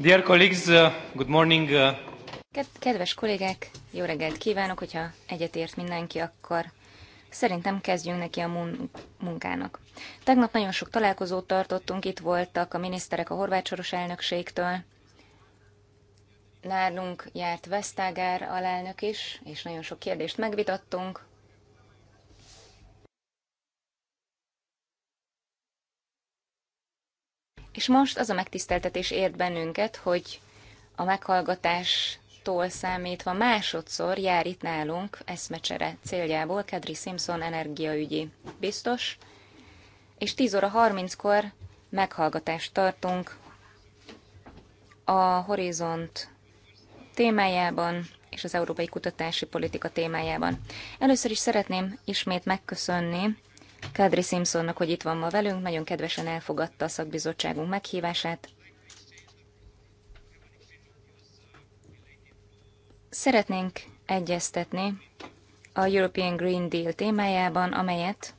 Dear colleagues, uh, good morning. Uh, kedves kollégák, jó reggelt kívánok, hogyha egyetért mindenki, akkor szerintem kezdjünk neki a mun munkának. Tegnap nagyon sok találkozót tartottunk, itt voltak a miniszterek a horvát soros elnökségtől, nálunk járt Vesztágár alelnök is, és nagyon sok kérdést megvitattunk, És most az a megtiszteltetés ért bennünket, hogy a meghallgatástól számítva másodszor jár itt nálunk eszmecsere céljából Kedri Simpson energiaügyi biztos, és 10 óra 30-kor meghallgatást tartunk a Horizont témájában és az európai kutatási politika témájában. Először is szeretném ismét megköszönni Kadri Simpsonnak, hogy itt van ma velünk, nagyon kedvesen elfogadta a szakbizottságunk meghívását. Szeretnénk egyeztetni a European Green Deal témájában, amelyet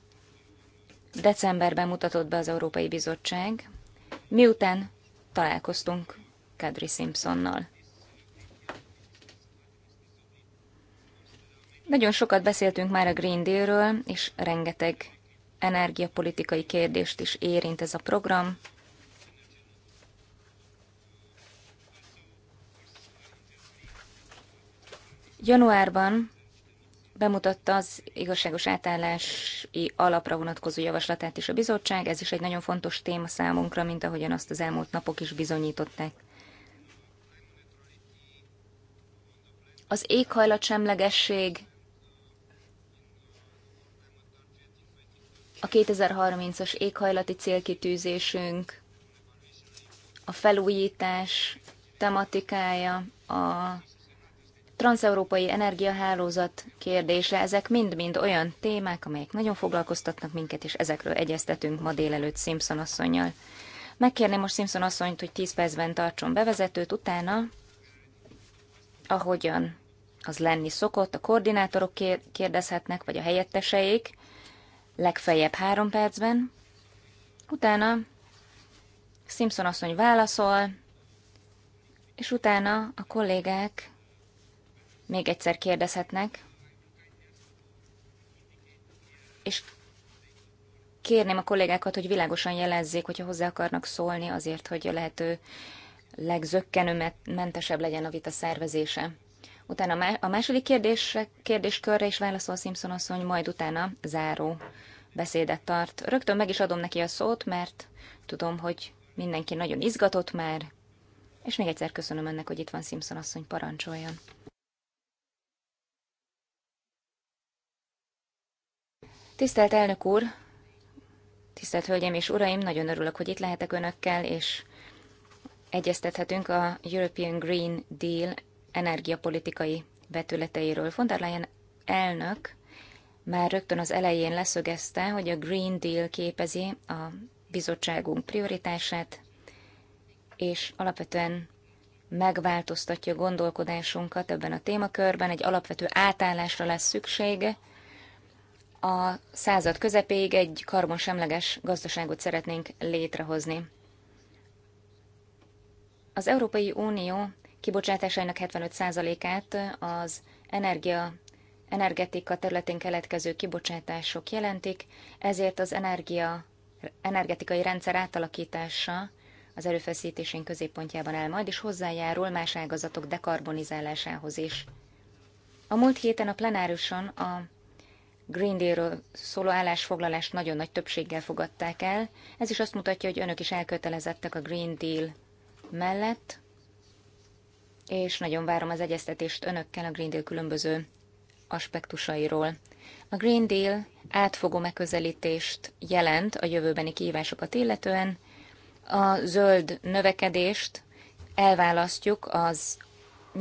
decemberben mutatott be az Európai Bizottság, miután találkoztunk Kadri Simpsonnal. Nagyon sokat beszéltünk már a Green Dealről, és rengeteg energiapolitikai kérdést is érint ez a program. Januárban bemutatta az igazságos átállási alapra vonatkozó javaslatát is a bizottság. Ez is egy nagyon fontos téma számunkra, mint ahogyan azt az elmúlt napok is bizonyították. Az éghajlatsemlegesség a 2030-as éghajlati célkitűzésünk, a felújítás tematikája, a transeurópai energiahálózat kérdése, ezek mind-mind olyan témák, amelyek nagyon foglalkoztatnak minket, és ezekről egyeztetünk ma délelőtt Simpson asszonynal. Megkérném most Simpson asszonyt, hogy 10 percben tartson bevezetőt, utána, ahogyan az lenni szokott, a koordinátorok kérdezhetnek, vagy a helyetteseik, legfeljebb három percben. Utána Simpson asszony válaszol, és utána a kollégák még egyszer kérdezhetnek, és kérném a kollégákat, hogy világosan jelezzék, hogyha hozzá akarnak szólni azért, hogy a lehető legzökkenőmentesebb legyen a vita szervezése. Utána a második kérdésre, kérdéskörre is válaszol Simpson asszony, majd utána záró beszédet tart. Rögtön meg is adom neki a szót, mert tudom, hogy mindenki nagyon izgatott már, és még egyszer köszönöm ennek, hogy itt van Simpson asszony, parancsoljon. Tisztelt elnök úr, tisztelt hölgyeim és uraim, nagyon örülök, hogy itt lehetek önökkel, és egyeztethetünk a European Green Deal energiapolitikai vetületeiről. Von der Leyen elnök már rögtön az elején leszögezte, hogy a Green Deal képezi a bizottságunk prioritását, és alapvetően megváltoztatja gondolkodásunkat ebben a témakörben, egy alapvető átállásra lesz szüksége. A század közepéig egy karbonsemleges gazdaságot szeretnénk létrehozni. Az Európai Unió kibocsátásainak 75%-át az energia energetika területén keletkező kibocsátások jelentik, ezért az energia, energetikai rendszer átalakítása az erőfeszítésén középpontjában áll majd, és hozzájárul más ágazatok dekarbonizálásához is. A múlt héten a plenárison a Green Deal-ről szóló állásfoglalást nagyon nagy többséggel fogadták el. Ez is azt mutatja, hogy önök is elkötelezettek a Green Deal mellett, és nagyon várom az egyeztetést önökkel a Green Deal különböző aspektusairól. A Green Deal átfogó megközelítést jelent a jövőbeni kihívásokat illetően, a zöld növekedést elválasztjuk az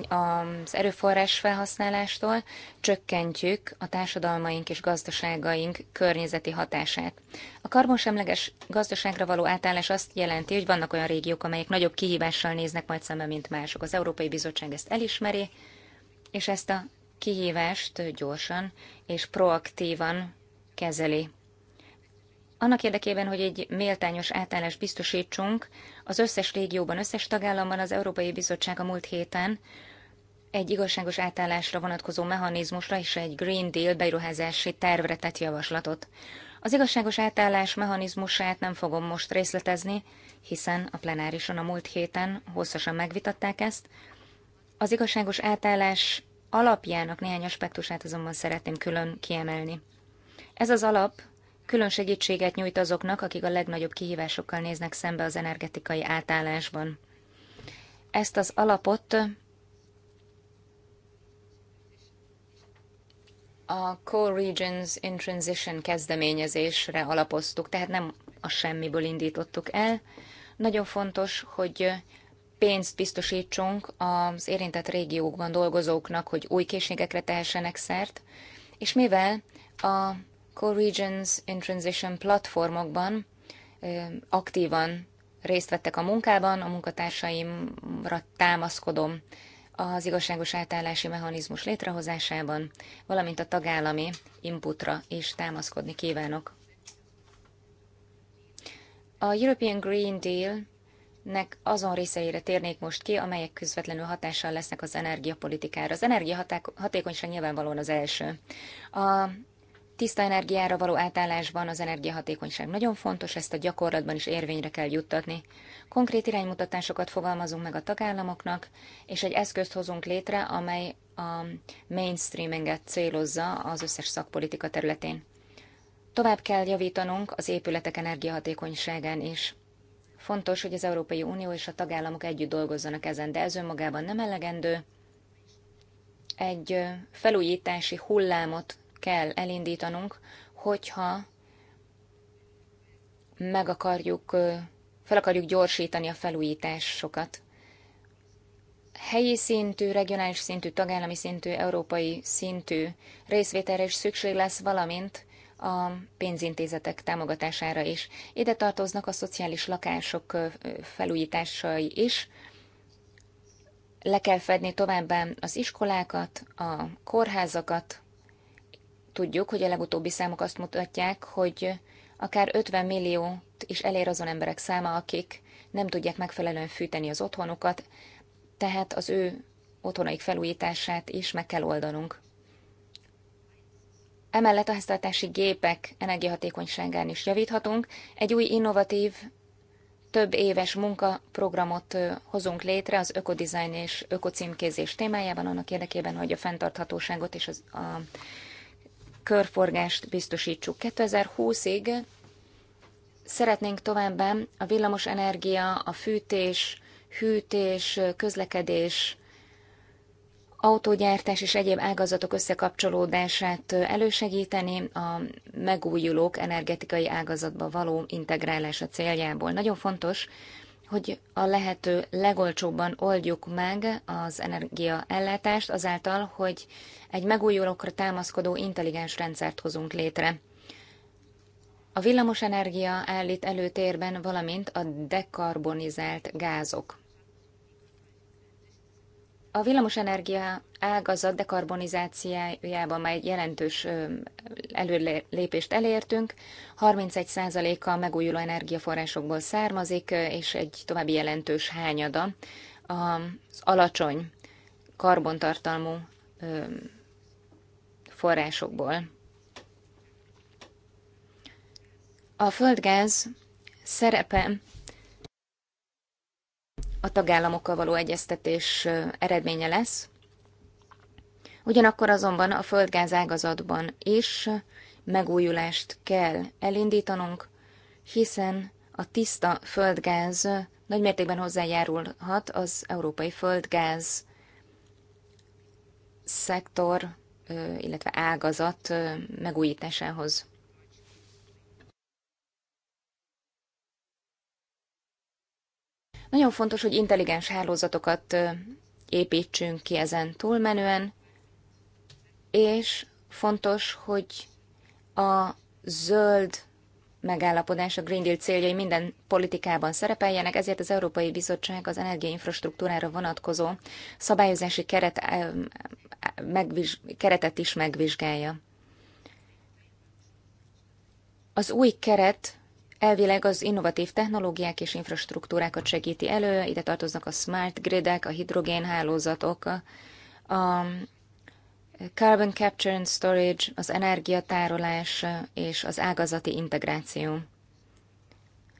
az erőforrás felhasználástól, csökkentjük a társadalmaink és gazdaságaink környezeti hatását. A karbonsemleges gazdaságra való átállás azt jelenti, hogy vannak olyan régiók, amelyek nagyobb kihívással néznek majd szembe, mint mások. Az Európai Bizottság ezt elismeri, és ezt a kihívást gyorsan és proaktívan kezeli. Annak érdekében, hogy egy méltányos átállást biztosítsunk, az összes régióban, összes tagállamban az Európai Bizottság a múlt héten egy igazságos átállásra vonatkozó mechanizmusra és egy Green Deal beruházási tervre tett javaslatot. Az igazságos átállás mechanizmusát nem fogom most részletezni, hiszen a plenárison a múlt héten hosszasan megvitatták ezt. Az igazságos átállás alapjának néhány aspektusát azonban szeretném külön kiemelni. Ez az alap Külön segítséget nyújt azoknak, akik a legnagyobb kihívásokkal néznek szembe az energetikai átállásban. Ezt az alapot a Core Regions in Transition kezdeményezésre alapoztuk, tehát nem a semmiből indítottuk el. Nagyon fontos, hogy pénzt biztosítsunk az érintett régiókban dolgozóknak, hogy új készségekre tehessenek szert, és mivel a Co-Regions in Transition platformokban aktívan részt vettek a munkában, a munkatársaimra támaszkodom az igazságos átállási mechanizmus létrehozásában, valamint a tagállami inputra is támaszkodni kívánok. A European Green Deal-nek azon részeire térnék most ki, amelyek közvetlenül hatással lesznek az energiapolitikára. Az energiahatékonyság nyilvánvalóan az első. A tiszta energiára való átállásban az energiahatékonyság nagyon fontos, ezt a gyakorlatban is érvényre kell juttatni. Konkrét iránymutatásokat fogalmazunk meg a tagállamoknak, és egy eszközt hozunk létre, amely a mainstreaminget célozza az összes szakpolitika területén. Tovább kell javítanunk az épületek energiahatékonyságán is. Fontos, hogy az Európai Unió és a tagállamok együtt dolgozzanak ezen, de ez önmagában nem elegendő. Egy felújítási hullámot kell elindítanunk, hogyha meg akarjuk, fel akarjuk gyorsítani a felújításokat. Helyi szintű, regionális szintű, tagállami szintű, európai szintű részvételre is szükség lesz, valamint a pénzintézetek támogatására is. Ide tartoznak a szociális lakások felújításai is. Le kell fedni továbbá az iskolákat, a kórházakat, Tudjuk, hogy a legutóbbi számok azt mutatják, hogy akár 50 milliót is elér azon emberek száma, akik nem tudják megfelelően fűteni az otthonukat, tehát az ő otthonaik felújítását is meg kell oldanunk. Emellett a háztartási gépek energiahatékonyságán is javíthatunk. Egy új innovatív, több éves munkaprogramot hozunk létre az ökodizájn és ökocímkézés témájában, annak érdekében, hogy a fenntarthatóságot és az, a körforgást biztosítsuk. 2020-ig szeretnénk továbbá a villamos energia, a fűtés, hűtés, közlekedés, autógyártás és egyéb ágazatok összekapcsolódását elősegíteni a megújulók energetikai ágazatba való integrálása céljából. Nagyon fontos, hogy a lehető legolcsóbban oldjuk meg az energiaellátást azáltal, hogy egy megújulókra támaszkodó intelligens rendszert hozunk létre. A villamos energia állít előtérben, valamint a dekarbonizált gázok. A villamosenergia ágazat dekarbonizációjában már egy jelentős előlépést elértünk. 31%-a megújuló energiaforrásokból származik, és egy további jelentős hányada az alacsony karbontartalmú forrásokból. A földgáz szerepe a tagállamokkal való egyeztetés eredménye lesz. Ugyanakkor azonban a földgáz ágazatban is megújulást kell elindítanunk, hiszen a tiszta földgáz nagymértékben hozzájárulhat az európai földgáz szektor, illetve ágazat megújításához. Nagyon fontos, hogy intelligens hálózatokat építsünk ki ezen túlmenően, és fontos, hogy a zöld megállapodás, a Green Deal céljai minden politikában szerepeljenek, ezért az Európai Bizottság az energiainfrastruktúrára vonatkozó szabályozási keret, megviz, keretet is megvizsgálja. Az új keret Elvileg az innovatív technológiák és infrastruktúrákat segíti elő, ide tartoznak a smart gridek, a hidrogénhálózatok, a carbon capture and storage, az energiatárolás és az ágazati integráció.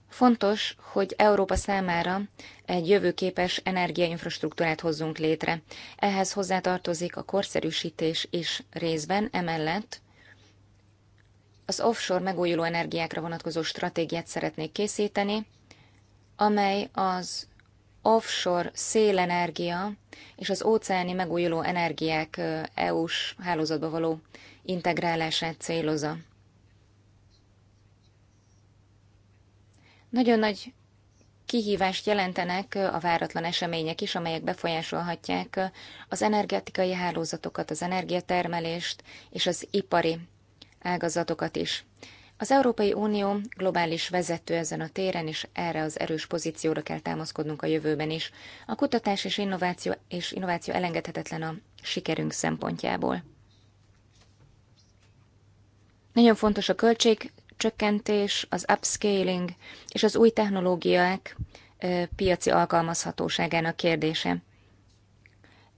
Fontos, hogy Európa számára egy jövőképes energiainfrastruktúrát hozzunk létre. Ehhez hozzátartozik a korszerűsítés is részben, emellett az offshore megújuló energiákra vonatkozó stratégiát szeretnék készíteni, amely az offshore szélenergia és az óceáni megújuló energiák EU-s hálózatba való integrálását céloza. Nagyon nagy kihívást jelentenek a váratlan események is, amelyek befolyásolhatják az energetikai hálózatokat, az energiatermelést és az ipari ágazatokat is. Az Európai Unió globális vezető ezen a téren, és erre az erős pozícióra kell támaszkodnunk a jövőben is. A kutatás és innováció, és innováció elengedhetetlen a sikerünk szempontjából. Nagyon fontos a költségcsökkentés, az upscaling és az új technológiák piaci alkalmazhatóságának kérdése.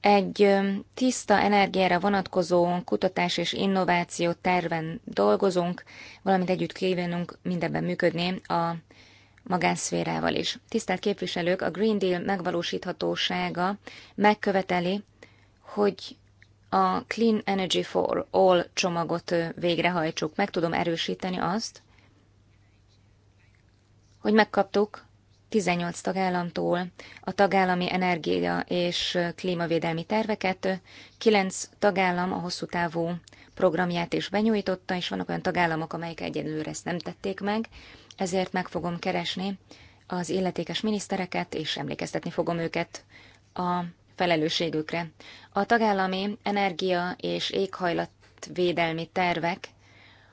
Egy tiszta energiára vonatkozó kutatás és innováció terven dolgozunk, valamint együtt kívánunk mindenben működni a magánszférával is. Tisztelt képviselők, a Green Deal megvalósíthatósága megköveteli, hogy a Clean Energy for All csomagot végrehajtsuk. Meg tudom erősíteni azt, hogy megkaptuk 18 tagállamtól a tagállami energia és klímavédelmi terveket, 9 tagállam a hosszú távú programját is benyújtotta, és vannak olyan tagállamok, amelyek egyelőre ezt nem tették meg, ezért meg fogom keresni az illetékes minisztereket, és emlékeztetni fogom őket a felelősségükre. A tagállami energia és éghajlatvédelmi tervek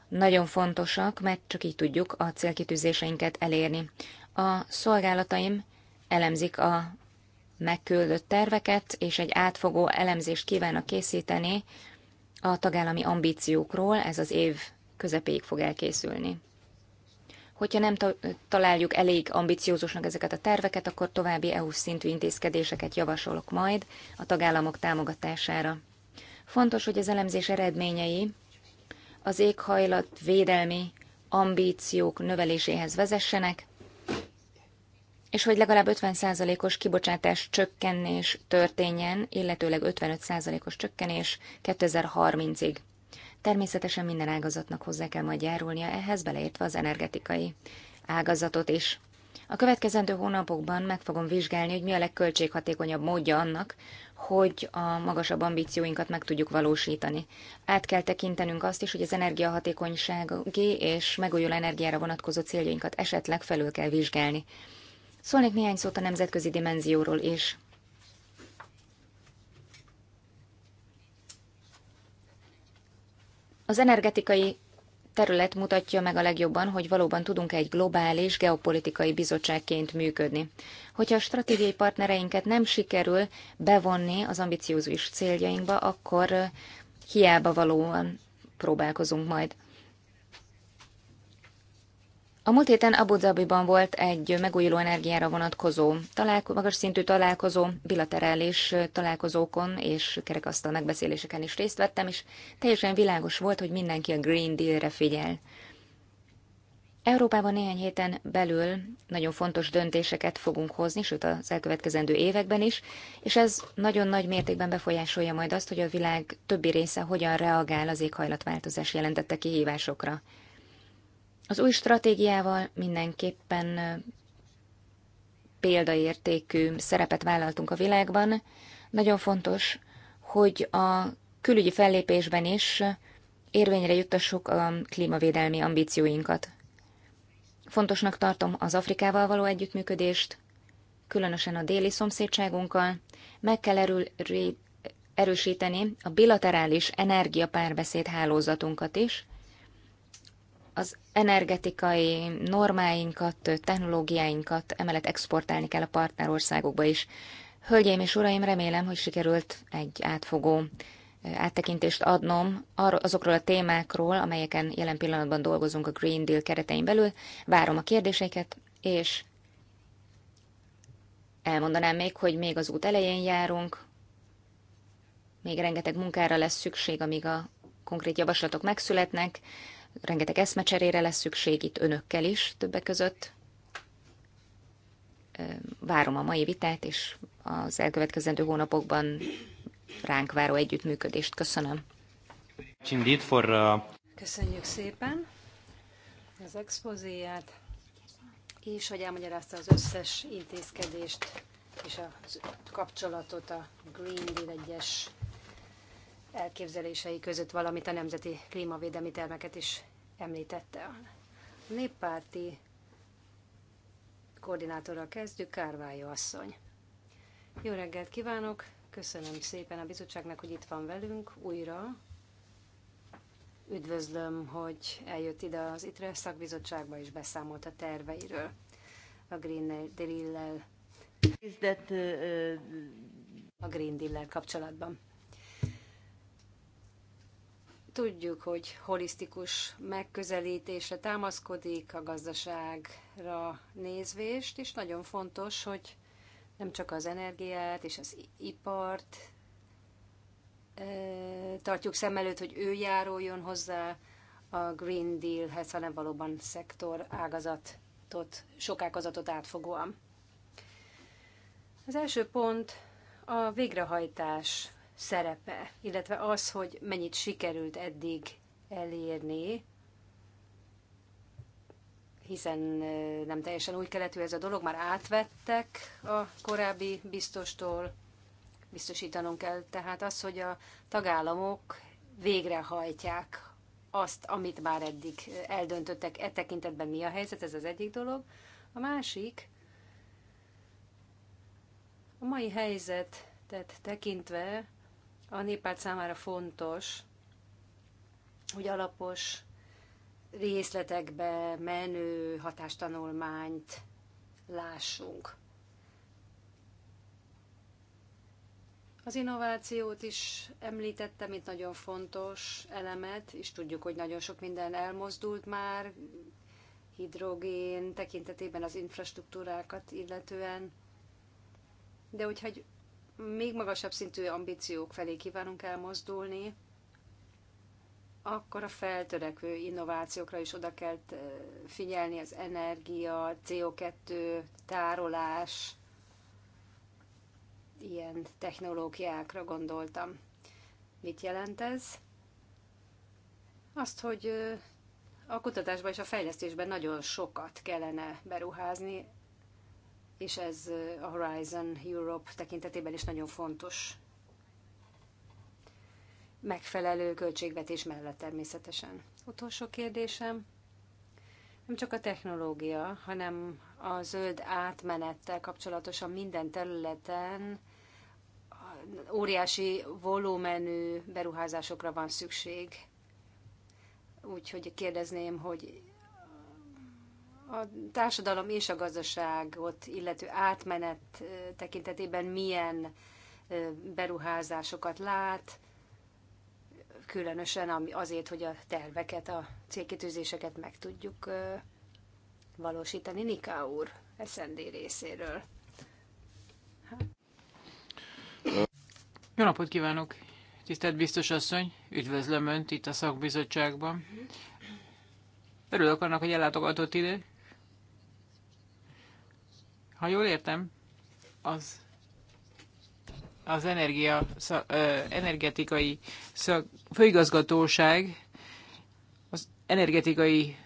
nagyon fontosak, mert csak így tudjuk a célkitűzéseinket elérni. A szolgálataim elemzik a megküldött terveket, és egy átfogó elemzést kívánnak készíteni a tagállami ambíciókról, ez az év közepéig fog elkészülni. Hogyha nem találjuk elég ambiciózusnak ezeket a terveket, akkor további EU szintű intézkedéseket javasolok majd a tagállamok támogatására. Fontos, hogy az elemzés eredményei az éghajlat védelmi ambíciók növeléséhez vezessenek, és hogy legalább 50%-os kibocsátás csökkenés történjen, illetőleg 55%-os csökkenés 2030-ig. Természetesen minden ágazatnak hozzá kell majd járulnia ehhez, beleértve az energetikai ágazatot is. A következendő hónapokban meg fogom vizsgálni, hogy mi a legköltséghatékonyabb módja annak, hogy a magasabb ambícióinkat meg tudjuk valósítani. Át kell tekintenünk azt is, hogy az energiahatékonysági és megújuló energiára vonatkozó céljainkat esetleg felül kell vizsgálni. Szólnék néhány szót a nemzetközi dimenzióról is. Az energetikai terület mutatja meg a legjobban, hogy valóban tudunk egy globális geopolitikai bizottságként működni. Hogyha a stratégiai partnereinket nem sikerül bevonni az ambiciózus céljainkba, akkor hiába valóan próbálkozunk majd. A múlt héten Abu Dhabiban volt egy megújuló energiára vonatkozó találko- magas szintű találkozó, bilaterális találkozókon és kerekasztal megbeszéléseken is részt vettem, és teljesen világos volt, hogy mindenki a Green Deal-re figyel. Európában néhány héten belül nagyon fontos döntéseket fogunk hozni, sőt az elkövetkezendő években is, és ez nagyon nagy mértékben befolyásolja majd azt, hogy a világ többi része hogyan reagál az éghajlatváltozás jelentette kihívásokra. Az új stratégiával mindenképpen példaértékű szerepet vállaltunk a világban. Nagyon fontos, hogy a külügyi fellépésben is érvényre juttassuk a klímavédelmi ambícióinkat. Fontosnak tartom az Afrikával való együttműködést, különösen a déli szomszédságunkkal, meg kell erül, erősíteni a bilaterális energiapárbeszéd hálózatunkat is, az energetikai normáinkat, technológiáinkat emellett exportálni kell a partnerországokba is. Hölgyeim és uraim, remélem, hogy sikerült egy átfogó áttekintést adnom azokról a témákról, amelyeken jelen pillanatban dolgozunk a Green Deal keretein belül. Várom a kérdéseket, és elmondanám még, hogy még az út elején járunk, még rengeteg munkára lesz szükség, amíg a konkrét javaslatok megszületnek rengeteg eszmecserére lesz szükség itt önökkel is többek között. Várom a mai vitát, és az elkövetkezendő hónapokban ránk váró együttműködést. Köszönöm. Uh, Köszönjük szépen az expozíját, és hogy elmagyarázta az összes intézkedést és a kapcsolatot a Green Deal egyes elképzelései között valamit a nemzeti klímavédelmi termeket is említette. A néppárti koordinátorral kezdjük, Kárvályó asszony. Jó reggelt kívánok, köszönöm szépen a bizottságnak, hogy itt van velünk újra. Üdvözlöm, hogy eljött ide az ITRE szakbizottságba és beszámolt a terveiről a Green Deal-lel. Uh, uh, a Green Deal-lel kapcsolatban. Tudjuk, hogy holisztikus megközelítésre támaszkodik a gazdaságra nézvést, és nagyon fontos, hogy nem csak az energiát és az ipart tartjuk szem előtt, hogy ő járuljon hozzá a Green Dealhez, hanem valóban szektor ágazatot, sok ágazatot átfogóan. Az első pont a végrehajtás szerepe, illetve az, hogy mennyit sikerült eddig elérni, hiszen nem teljesen új keletű ez a dolog, már átvettek a korábbi biztostól. Biztosítanunk kell tehát az, hogy a tagállamok végrehajtják azt, amit már eddig eldöntöttek. E tekintetben mi a helyzet, ez az egyik dolog. A másik, a mai helyzetet tekintve a néppárt számára fontos, hogy alapos részletekbe menő hatástanulmányt lássunk. Az innovációt is említettem, mint nagyon fontos elemet, és tudjuk, hogy nagyon sok minden elmozdult már, hidrogén tekintetében az infrastruktúrákat illetően. De hogyha egy még magasabb szintű ambíciók felé kívánunk elmozdulni, akkor a feltörekvő innovációkra is oda kell eh, figyelni, az energia, CO2, tárolás, ilyen technológiákra gondoltam. Mit jelent ez? Azt, hogy eh, a kutatásban és a fejlesztésben nagyon sokat kellene beruházni, és ez a Horizon Europe tekintetében is nagyon fontos. Megfelelő költségvetés mellett természetesen. Utolsó kérdésem. Nem csak a technológia, hanem a zöld átmenettel kapcsolatosan minden területen óriási volumenű beruházásokra van szükség. Úgyhogy kérdezném, hogy a társadalom és a gazdaságot illető átmenet tekintetében milyen beruházásokat lát, különösen azért, hogy a terveket, a célkitűzéseket meg tudjuk valósítani. Nika úr, SND részéről. Jó napot kívánok! Tisztelt biztos asszony, üdvözlöm Önt itt a szakbizottságban. Örülök annak, hogy ellátogatott ide. Ha jól értem, az az energia, szak, ö, energetikai szak, főigazgatóság az energetikai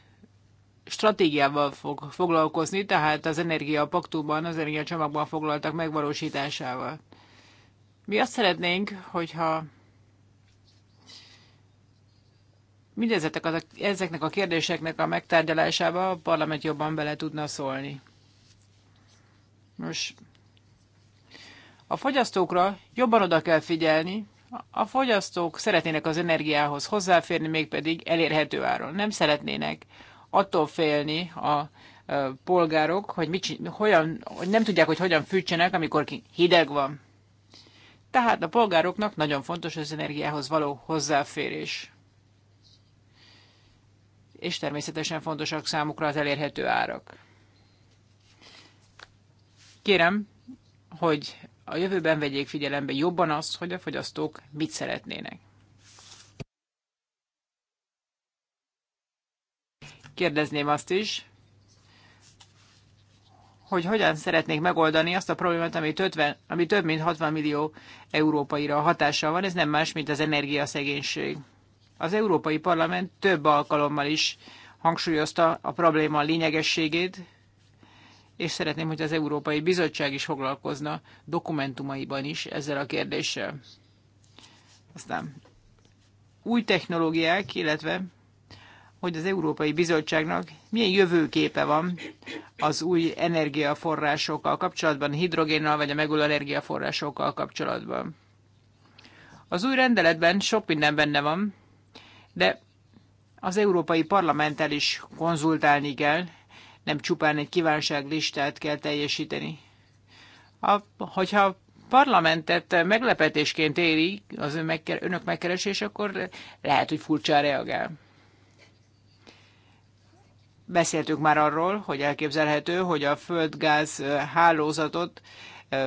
stratégiával fog foglalkozni, tehát az energiapaktumban, az energiacsomagban foglaltak megvalósításával. Mi azt szeretnénk, hogyha mindezeknek ezeknek a kérdéseknek a megtárgyalásába a parlament jobban bele tudna szólni. Nos, a fogyasztókra jobban oda kell figyelni, a fogyasztók szeretnének az energiához hozzáférni, mégpedig elérhető áron. Nem szeretnének attól félni a e, polgárok, hogy, mit, hogyan, hogy nem tudják, hogy hogyan fűtsenek, amikor hideg van. Tehát a polgároknak nagyon fontos az energiához való hozzáférés. És természetesen fontosak számukra az elérhető árak. Kérem, hogy a jövőben vegyék figyelembe jobban azt, hogy a fogyasztók mit szeretnének. Kérdezném azt is, hogy hogyan szeretnék megoldani azt a problémát, ami, tötven, ami több mint 60 millió európaira hatással van, ez nem más, mint az energiaszegénység. Az Európai Parlament több alkalommal is hangsúlyozta a probléma lényegességét, és szeretném, hogy az Európai Bizottság is foglalkozna dokumentumaiban is ezzel a kérdéssel. Aztán új technológiák, illetve hogy az Európai Bizottságnak milyen jövőképe van az új energiaforrásokkal kapcsolatban, hidrogénnal vagy a megújuló energiaforrásokkal kapcsolatban. Az új rendeletben sok minden benne van, de az Európai Parlamenttel is konzultálni kell, nem csupán egy kívánságlistát kell teljesíteni. A, hogyha parlamentet meglepetésként éri az ön megker- önök megkeresés, akkor lehet, hogy furcsa reagál. Beszéltük már arról, hogy elképzelhető, hogy a földgáz hálózatot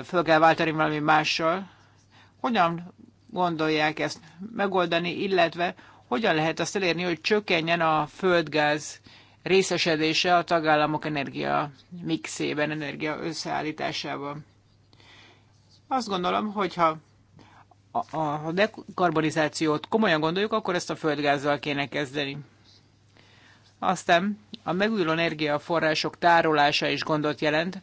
föl kell váltani valami mással. Hogyan gondolják ezt megoldani, illetve hogyan lehet azt elérni, hogy csökkenjen a földgáz részesedése a tagállamok energia mixében, energia összeállításában. Azt gondolom, hogyha a, a dekarbonizációt komolyan gondoljuk, akkor ezt a földgázzal kéne kezdeni. Aztán a megújuló energiaforrások tárolása is gondot jelent.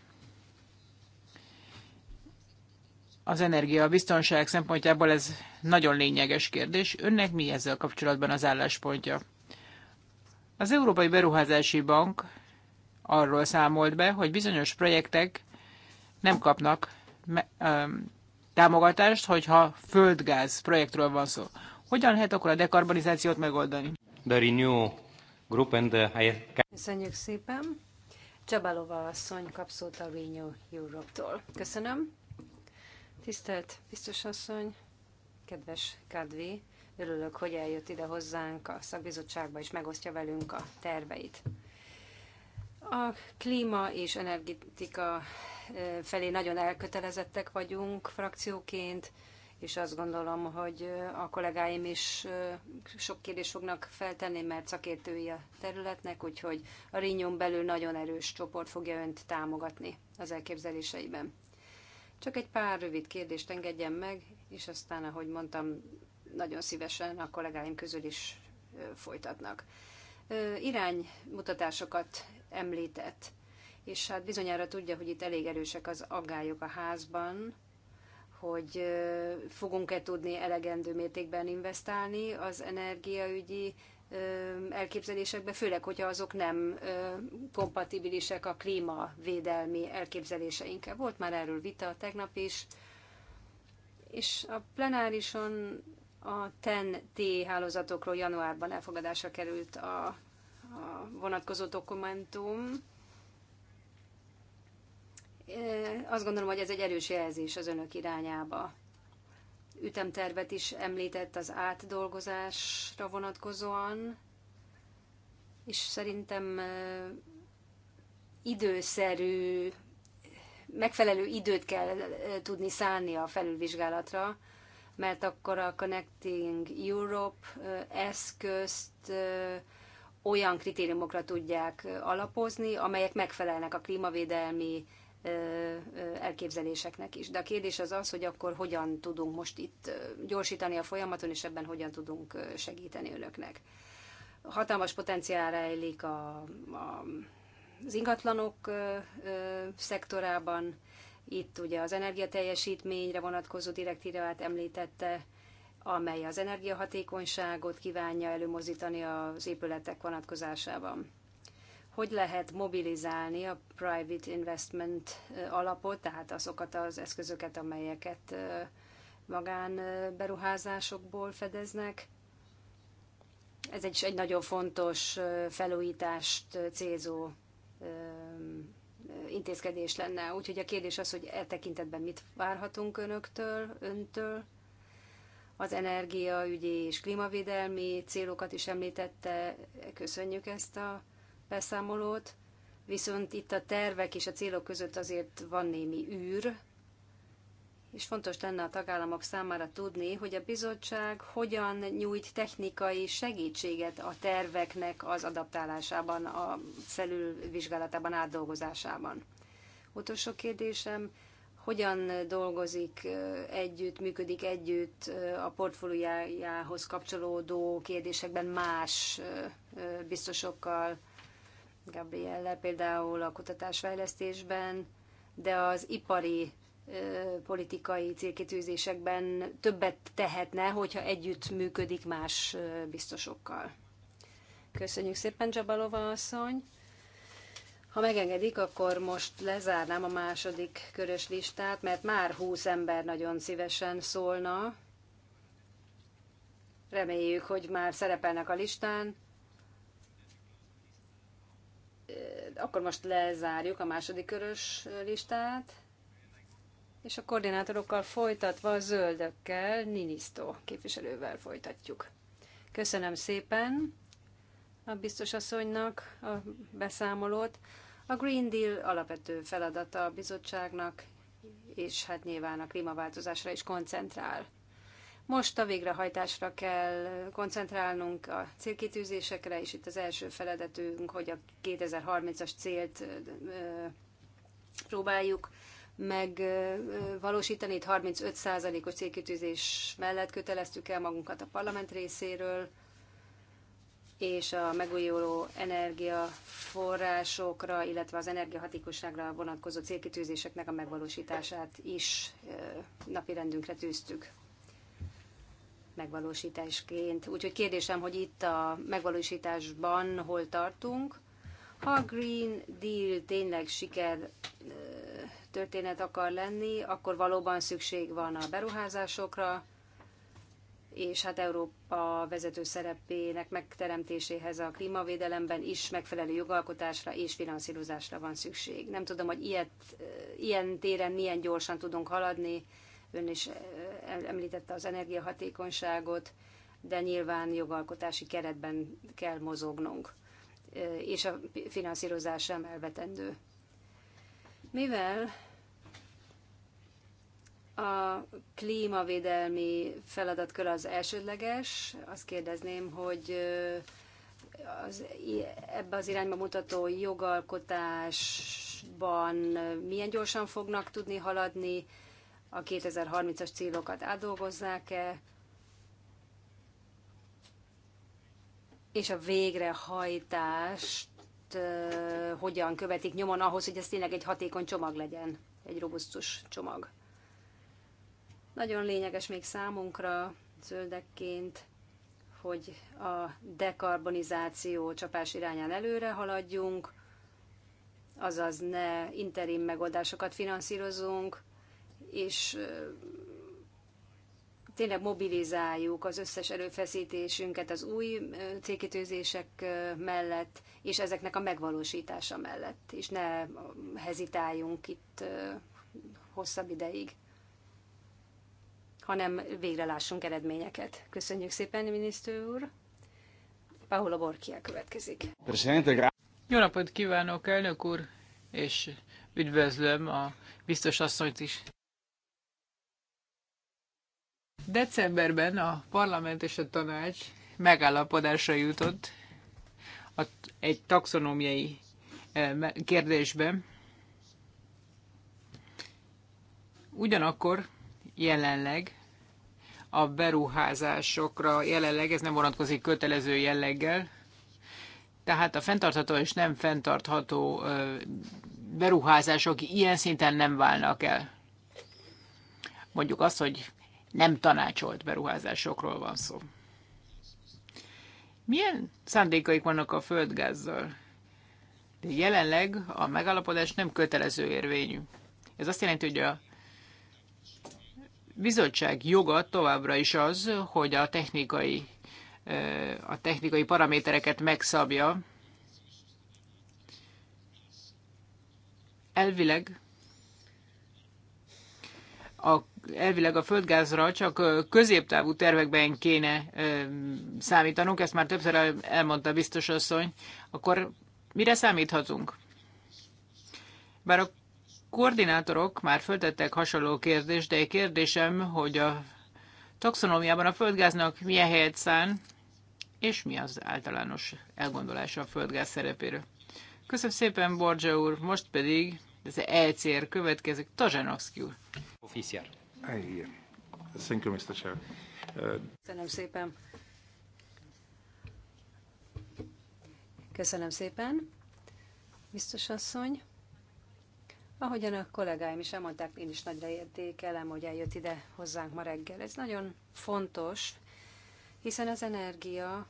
Az energia biztonság szempontjából ez nagyon lényeges kérdés. Önnek mi ezzel kapcsolatban az álláspontja? Az Európai Beruházási Bank arról számolt be, hogy bizonyos projektek nem kapnak támogatást, hogyha földgáz projektről van szó. Hogyan lehet akkor a dekarbonizációt megoldani? Group and the... Köszönjük szépen. Csabalova asszony kap szót a Renew Europe-tól. Köszönöm. Tisztelt biztos asszony, kedves Kadvi, Örülök, hogy eljött ide hozzánk a szakbizottságba, és megosztja velünk a terveit. A klíma és energetika felé nagyon elkötelezettek vagyunk frakcióként, és azt gondolom, hogy a kollégáim is sok kérdést fognak feltenni, mert szakértői a területnek, úgyhogy a Rinyon belül nagyon erős csoport fogja önt támogatni az elképzeléseiben. Csak egy pár rövid kérdést engedjen meg, és aztán, ahogy mondtam, nagyon szívesen a kollégáim közül is folytatnak. Iránymutatásokat említett, és hát bizonyára tudja, hogy itt elég erősek az aggályok a házban, hogy fogunk-e tudni elegendő mértékben investálni az energiaügyi elképzelésekbe, főleg, hogyha azok nem kompatibilisek a klímavédelmi elképzeléseinkkel. Volt már erről vita tegnap is, és a plenárison a TEN-T hálózatokról januárban elfogadásra került a, a vonatkozó dokumentum. Azt gondolom, hogy ez egy erős jelzés az önök irányába. Ütemtervet is említett az átdolgozásra vonatkozóan, és szerintem időszerű, megfelelő időt kell tudni szánni a felülvizsgálatra, mert akkor a Connecting Europe eszközt olyan kritériumokra tudják alapozni, amelyek megfelelnek a klímavédelmi elképzeléseknek is. De a kérdés az az, hogy akkor hogyan tudunk most itt gyorsítani a folyamaton, és ebben hogyan tudunk segíteni önöknek. Hatalmas potenciál rejlik a, a, az ingatlanok ö, ö, szektorában, itt ugye az energiateljesítményre vonatkozó direktívát említette, amely az energiahatékonyságot kívánja előmozítani az épületek vonatkozásában. Hogy lehet mobilizálni a private investment alapot, tehát azokat az eszközöket, amelyeket magánberuházásokból fedeznek? Ez egy, egy nagyon fontos felújítást célzó intézkedés lenne. Úgyhogy a kérdés az, hogy e tekintetben mit várhatunk önöktől, öntől. Az energiaügyi és klímavédelmi célokat is említette, köszönjük ezt a beszámolót. Viszont itt a tervek és a célok között azért van némi űr, és fontos lenne a tagállamok számára tudni, hogy a bizottság hogyan nyújt technikai segítséget a terveknek az adaptálásában, a felülvizsgálatában, átdolgozásában. Utolsó kérdésem, hogyan dolgozik együtt, működik együtt a portfóliójához kapcsolódó kérdésekben más biztosokkal, Gabrielle például a kutatásfejlesztésben, de az ipari politikai célkitűzésekben többet tehetne, hogyha együtt működik más biztosokkal. Köszönjük szépen, Csabalova asszony! Ha megengedik, akkor most lezárnám a második körös listát, mert már húsz ember nagyon szívesen szólna. Reméljük, hogy már szerepelnek a listán. Akkor most lezárjuk a második körös listát és a koordinátorokkal folytatva a zöldökkel, Ninisztó képviselővel folytatjuk. Köszönöm szépen a biztos asszonynak a beszámolót. A Green Deal alapvető feladata a bizottságnak, és hát nyilván a klímaváltozásra is koncentrál. Most a végrehajtásra kell koncentrálnunk a célkitűzésekre, és itt az első feladatunk, hogy a 2030-as célt próbáljuk megvalósítani. Itt 35%-os célkitűzés mellett köteleztük el magunkat a parlament részéről, és a megújuló energiaforrásokra, illetve az energiahatékosságra vonatkozó célkitűzéseknek a megvalósítását is napirendünkre tűztük megvalósításként. Úgyhogy kérdésem, hogy itt a megvalósításban hol tartunk. Ha a Green Deal tényleg siker történet akar lenni, akkor valóban szükség van a beruházásokra, és hát Európa vezető szerepének megteremtéséhez a klímavédelemben is megfelelő jogalkotásra és finanszírozásra van szükség. Nem tudom, hogy ilyet, ilyen téren milyen gyorsan tudunk haladni, ön is eh, említette az energiahatékonyságot, de nyilván jogalkotási keretben kell mozognunk, eh, és a finanszírozás sem elvetendő. Mivel a klímavédelmi feladatkör az elsődleges. Azt kérdezném, hogy az, ebbe az irányba mutató jogalkotásban milyen gyorsan fognak tudni haladni, a 2030-as célokat átdolgozzák-e, és a végrehajtást hogyan követik nyomon ahhoz, hogy ez tényleg egy hatékony csomag legyen, egy robusztus csomag. Nagyon lényeges még számunkra zöldekként, hogy a dekarbonizáció csapás irányán előre haladjunk, azaz ne interim megoldásokat finanszírozunk, és tényleg mobilizáljuk az összes erőfeszítésünket az új cégkitőzések mellett, és ezeknek a megvalósítása mellett, és ne hezitáljunk itt hosszabb ideig hanem végre lássunk eredményeket. Köszönjük szépen, miniszter úr! Paolo Borkia következik. Jó napot kívánok, elnök úr, és üdvözlöm a biztos asszonyt is. Decemberben a parlament és a tanács megállapodásra jutott egy taxonómiai eh, kérdésben. Ugyanakkor jelenleg a beruházásokra jelenleg ez nem vonatkozik kötelező jelleggel, tehát a fenntartható és nem fenntartható beruházások ilyen szinten nem válnak el. Mondjuk azt, hogy nem tanácsolt beruházásokról van szó. Milyen szándékaik vannak a földgázzal? De jelenleg a megállapodás nem kötelező érvényű. Ez azt jelenti, hogy a bizottság joga továbbra is az, hogy a technikai, a technikai paramétereket megszabja. Elvileg a, elvileg a földgázra csak középtávú tervekben kéne számítanunk, ezt már többször elmondta biztos asszony, akkor mire számíthatunk? Bár a koordinátorok már föltettek hasonló kérdést, de egy kérdésem, hogy a taxonómiában a földgáznak milyen helyet szán, és mi az általános elgondolása a földgáz szerepéről. Köszönöm szépen, Borja úr, most pedig az ECR következik, Tazsanovszki úr. Officiál. Köszönöm szépen. Köszönöm szépen, biztos asszony. Ahogyan a kollégáim is elmondták, én is nagyra értékelem, hogy eljött ide hozzánk ma reggel. Ez nagyon fontos, hiszen az energia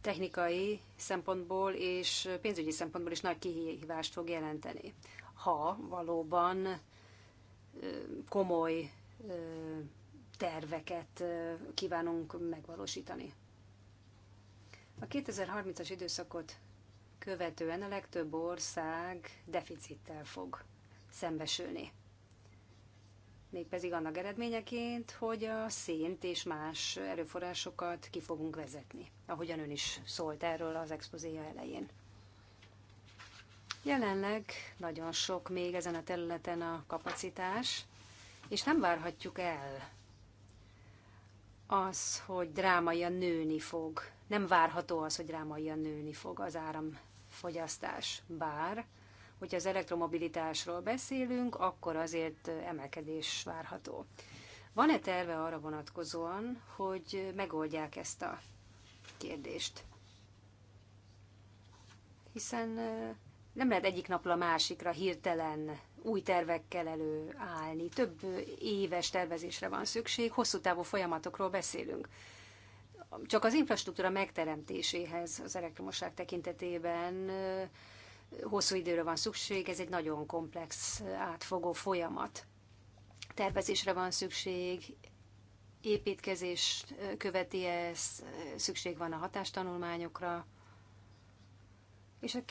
technikai szempontból és pénzügyi szempontból is nagy kihívást fog jelenteni, ha valóban komoly terveket kívánunk megvalósítani. A 2030-as időszakot követően a legtöbb ország deficittel fog szembesülni. Mégpedig annak eredményeként, hogy a szént és más erőforrásokat ki fogunk vezetni, ahogyan ön is szólt erről az expozéja elején. Jelenleg nagyon sok még ezen a területen a kapacitás, és nem várhatjuk el az, hogy drámaian nőni fog. Nem várható az, hogy drámaian nőni fog az áram fogyasztás. Bár, hogyha az elektromobilitásról beszélünk, akkor azért emelkedés várható. Van-e terve arra vonatkozóan, hogy megoldják ezt a kérdést? Hiszen nem lehet egyik napra a másikra hirtelen új tervekkel előállni. Több éves tervezésre van szükség, hosszú távú folyamatokról beszélünk csak az infrastruktúra megteremtéséhez az elektromosság tekintetében hosszú időre van szükség, ez egy nagyon komplex, átfogó folyamat. Tervezésre van szükség, építkezés követi ez, szükség van a hatástanulmányokra, és a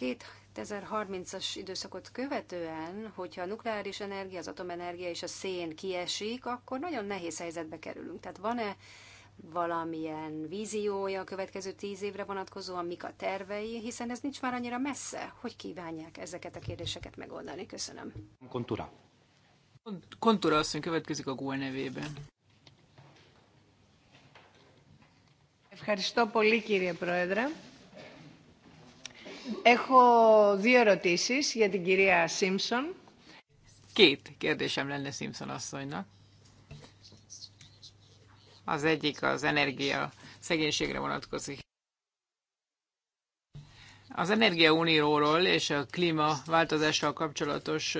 2030-as időszakot követően, hogyha a nukleáris energia, az atomenergia és a szén kiesik, akkor nagyon nehéz helyzetbe kerülünk. Tehát van-e valamilyen víziója a következő tíz évre vonatkozóan, mik a tervei, hiszen ez nincs már annyira messze. Hogy kívánják ezeket a kérdéseket megoldani? Köszönöm. Kontura. Kontura mondja, következik a GOL nevében. Ευχαριστώ πολύ κύριε Πρόεδρε. Έχω δύο ερωτήσεις για την κυρία Simpson. Két kérdésem lenne Simpson asszonynak. Az egyik az energia szegénységre vonatkozik. Az energiaunióról és a klímaváltozással kapcsolatos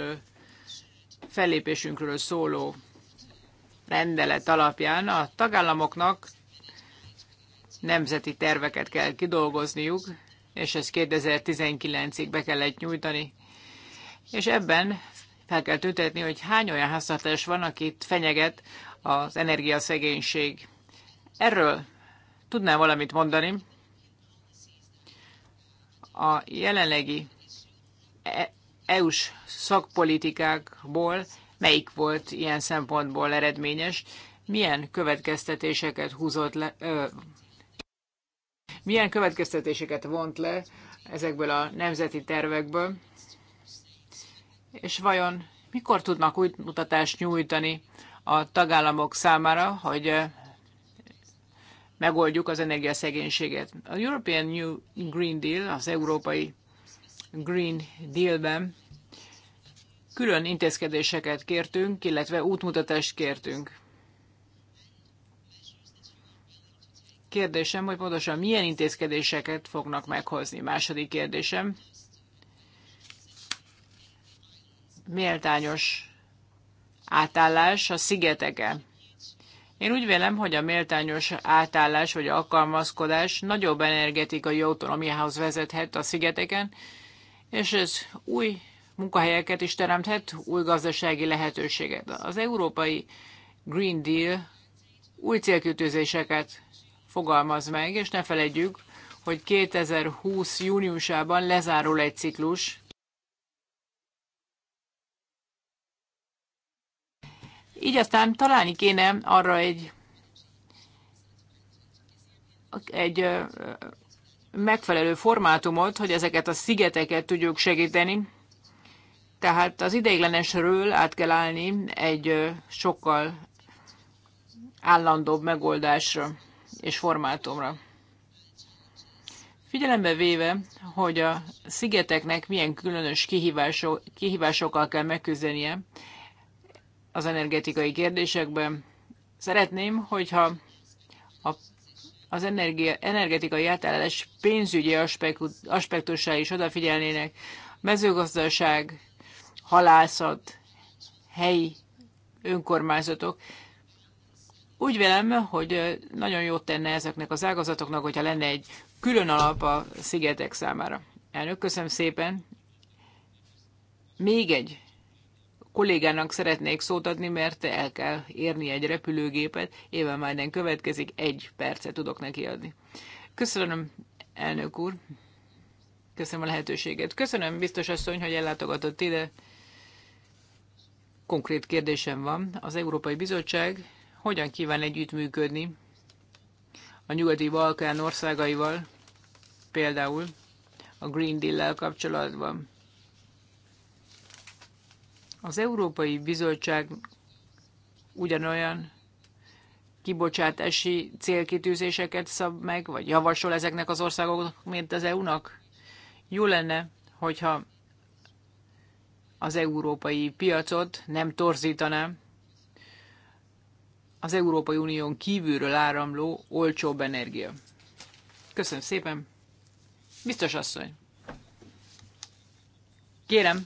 fellépésünkről szóló rendelet alapján a tagállamoknak nemzeti terveket kell kidolgozniuk, és ezt 2019-ig be kellett nyújtani. És ebben fel kell tüntetni, hogy hány olyan háztartás van, akit fenyeget az energiaszegénység. Erről tudnál valamit mondani? A jelenlegi EU-s e szakpolitikákból melyik volt ilyen szempontból eredményes? Milyen következtetéseket húzott le, ö, milyen következtetéseket vont le ezekből a nemzeti tervekből, és vajon mikor tudnak új mutatást nyújtani a tagállamok számára, hogy megoldjuk az energiaszegénységet. A European New Green Deal, az európai Green Dealben külön intézkedéseket kértünk, illetve útmutatást kértünk. Kérdésem, hogy pontosan milyen intézkedéseket fognak meghozni. Második kérdésem. Méltányos átállás a szigeteken. Én úgy vélem, hogy a méltányos átállás vagy alkalmazkodás nagyobb energetikai autonomiához vezethet a szigeteken, és ez új munkahelyeket is teremthet, új gazdasági lehetőséget. Az európai Green Deal új célkütőzéseket fogalmaz meg, és ne felejtjük, hogy 2020. júniusában lezárul egy ciklus, Így aztán találni kéne arra egy, egy megfelelő formátumot, hogy ezeket a szigeteket tudjuk segíteni. Tehát az ideiglenesről át kell állni egy sokkal állandóbb megoldásra és formátumra. Figyelembe véve, hogy a szigeteknek milyen különös kihívások, kihívásokkal kell megküzdenie, az energetikai kérdésekben. Szeretném, hogyha a, az energia, energetikai átállás pénzügyi aspektusai is odafigyelnének. Mezőgazdaság, halászat, helyi önkormányzatok. Úgy vélem, hogy nagyon jót tenne ezeknek az ágazatoknak, hogyha lenne egy külön alap a szigetek számára. Elnök, köszönöm szépen. Még egy kollégának szeretnék szót adni, mert el kell érni egy repülőgépet. Éven nem következik, egy percet tudok neki adni. Köszönöm, elnök úr. Köszönöm a lehetőséget. Köszönöm, biztos asszony, hogy ellátogatott ide. Konkrét kérdésem van. Az Európai Bizottság hogyan kíván együttműködni a nyugati Balkán országaival, például a Green Deal-lel kapcsolatban? Az Európai Bizottság ugyanolyan kibocsátási célkitűzéseket szab meg, vagy javasol ezeknek az országoknak, mint az EU-nak? Jó lenne, hogyha az európai piacot nem torzítaná az Európai Unión kívülről áramló olcsóbb energia. Köszönöm szépen! Biztos asszony! Kérem,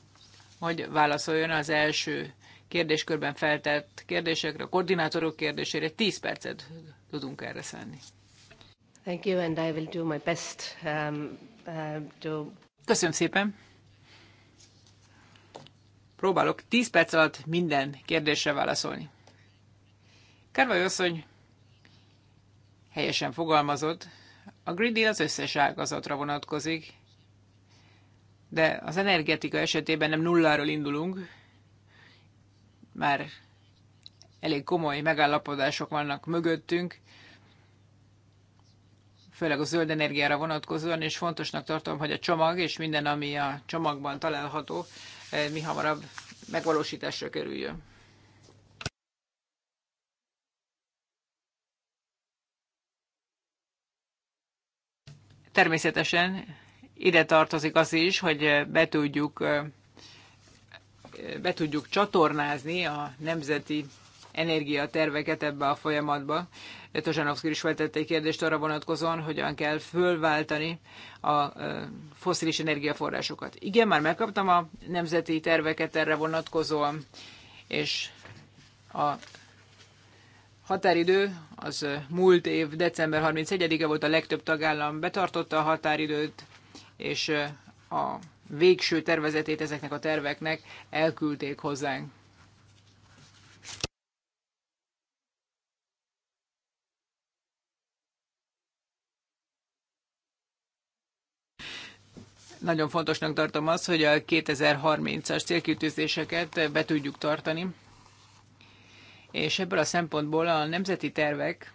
hogy válaszoljon az első kérdéskörben feltett kérdésekre, a koordinátorok kérdésére. 10 percet tudunk erre szenni. Thank you, and I will do my best um, uh, to... Köszönöm szépen. Próbálok 10 perc alatt minden kérdésre válaszolni. Kárvály asszony helyesen fogalmazott, a Green Deal az összes ágazatra vonatkozik, de az energetika esetében nem nulláról indulunk, már elég komoly megállapodások vannak mögöttünk, főleg a zöld energiára vonatkozóan, és fontosnak tartom, hogy a csomag és minden, ami a csomagban található, eh, mi hamarabb megvalósításra kerüljön. Természetesen ide tartozik az is, hogy be tudjuk, be tudjuk csatornázni a nemzeti energiaterveket ebbe a folyamatba. Tozsanovszki is feltette egy kérdést arra vonatkozóan, hogyan kell fölváltani a foszilis energiaforrásokat. Igen, már megkaptam a nemzeti terveket erre vonatkozóan, és a határidő az múlt év december 31-e volt, a legtöbb tagállam betartotta a határidőt, és a végső tervezetét ezeknek a terveknek elküldték hozzánk. Nagyon fontosnak tartom azt, hogy a 2030-as célkitűzéseket be tudjuk tartani, és ebből a szempontból a nemzeti tervek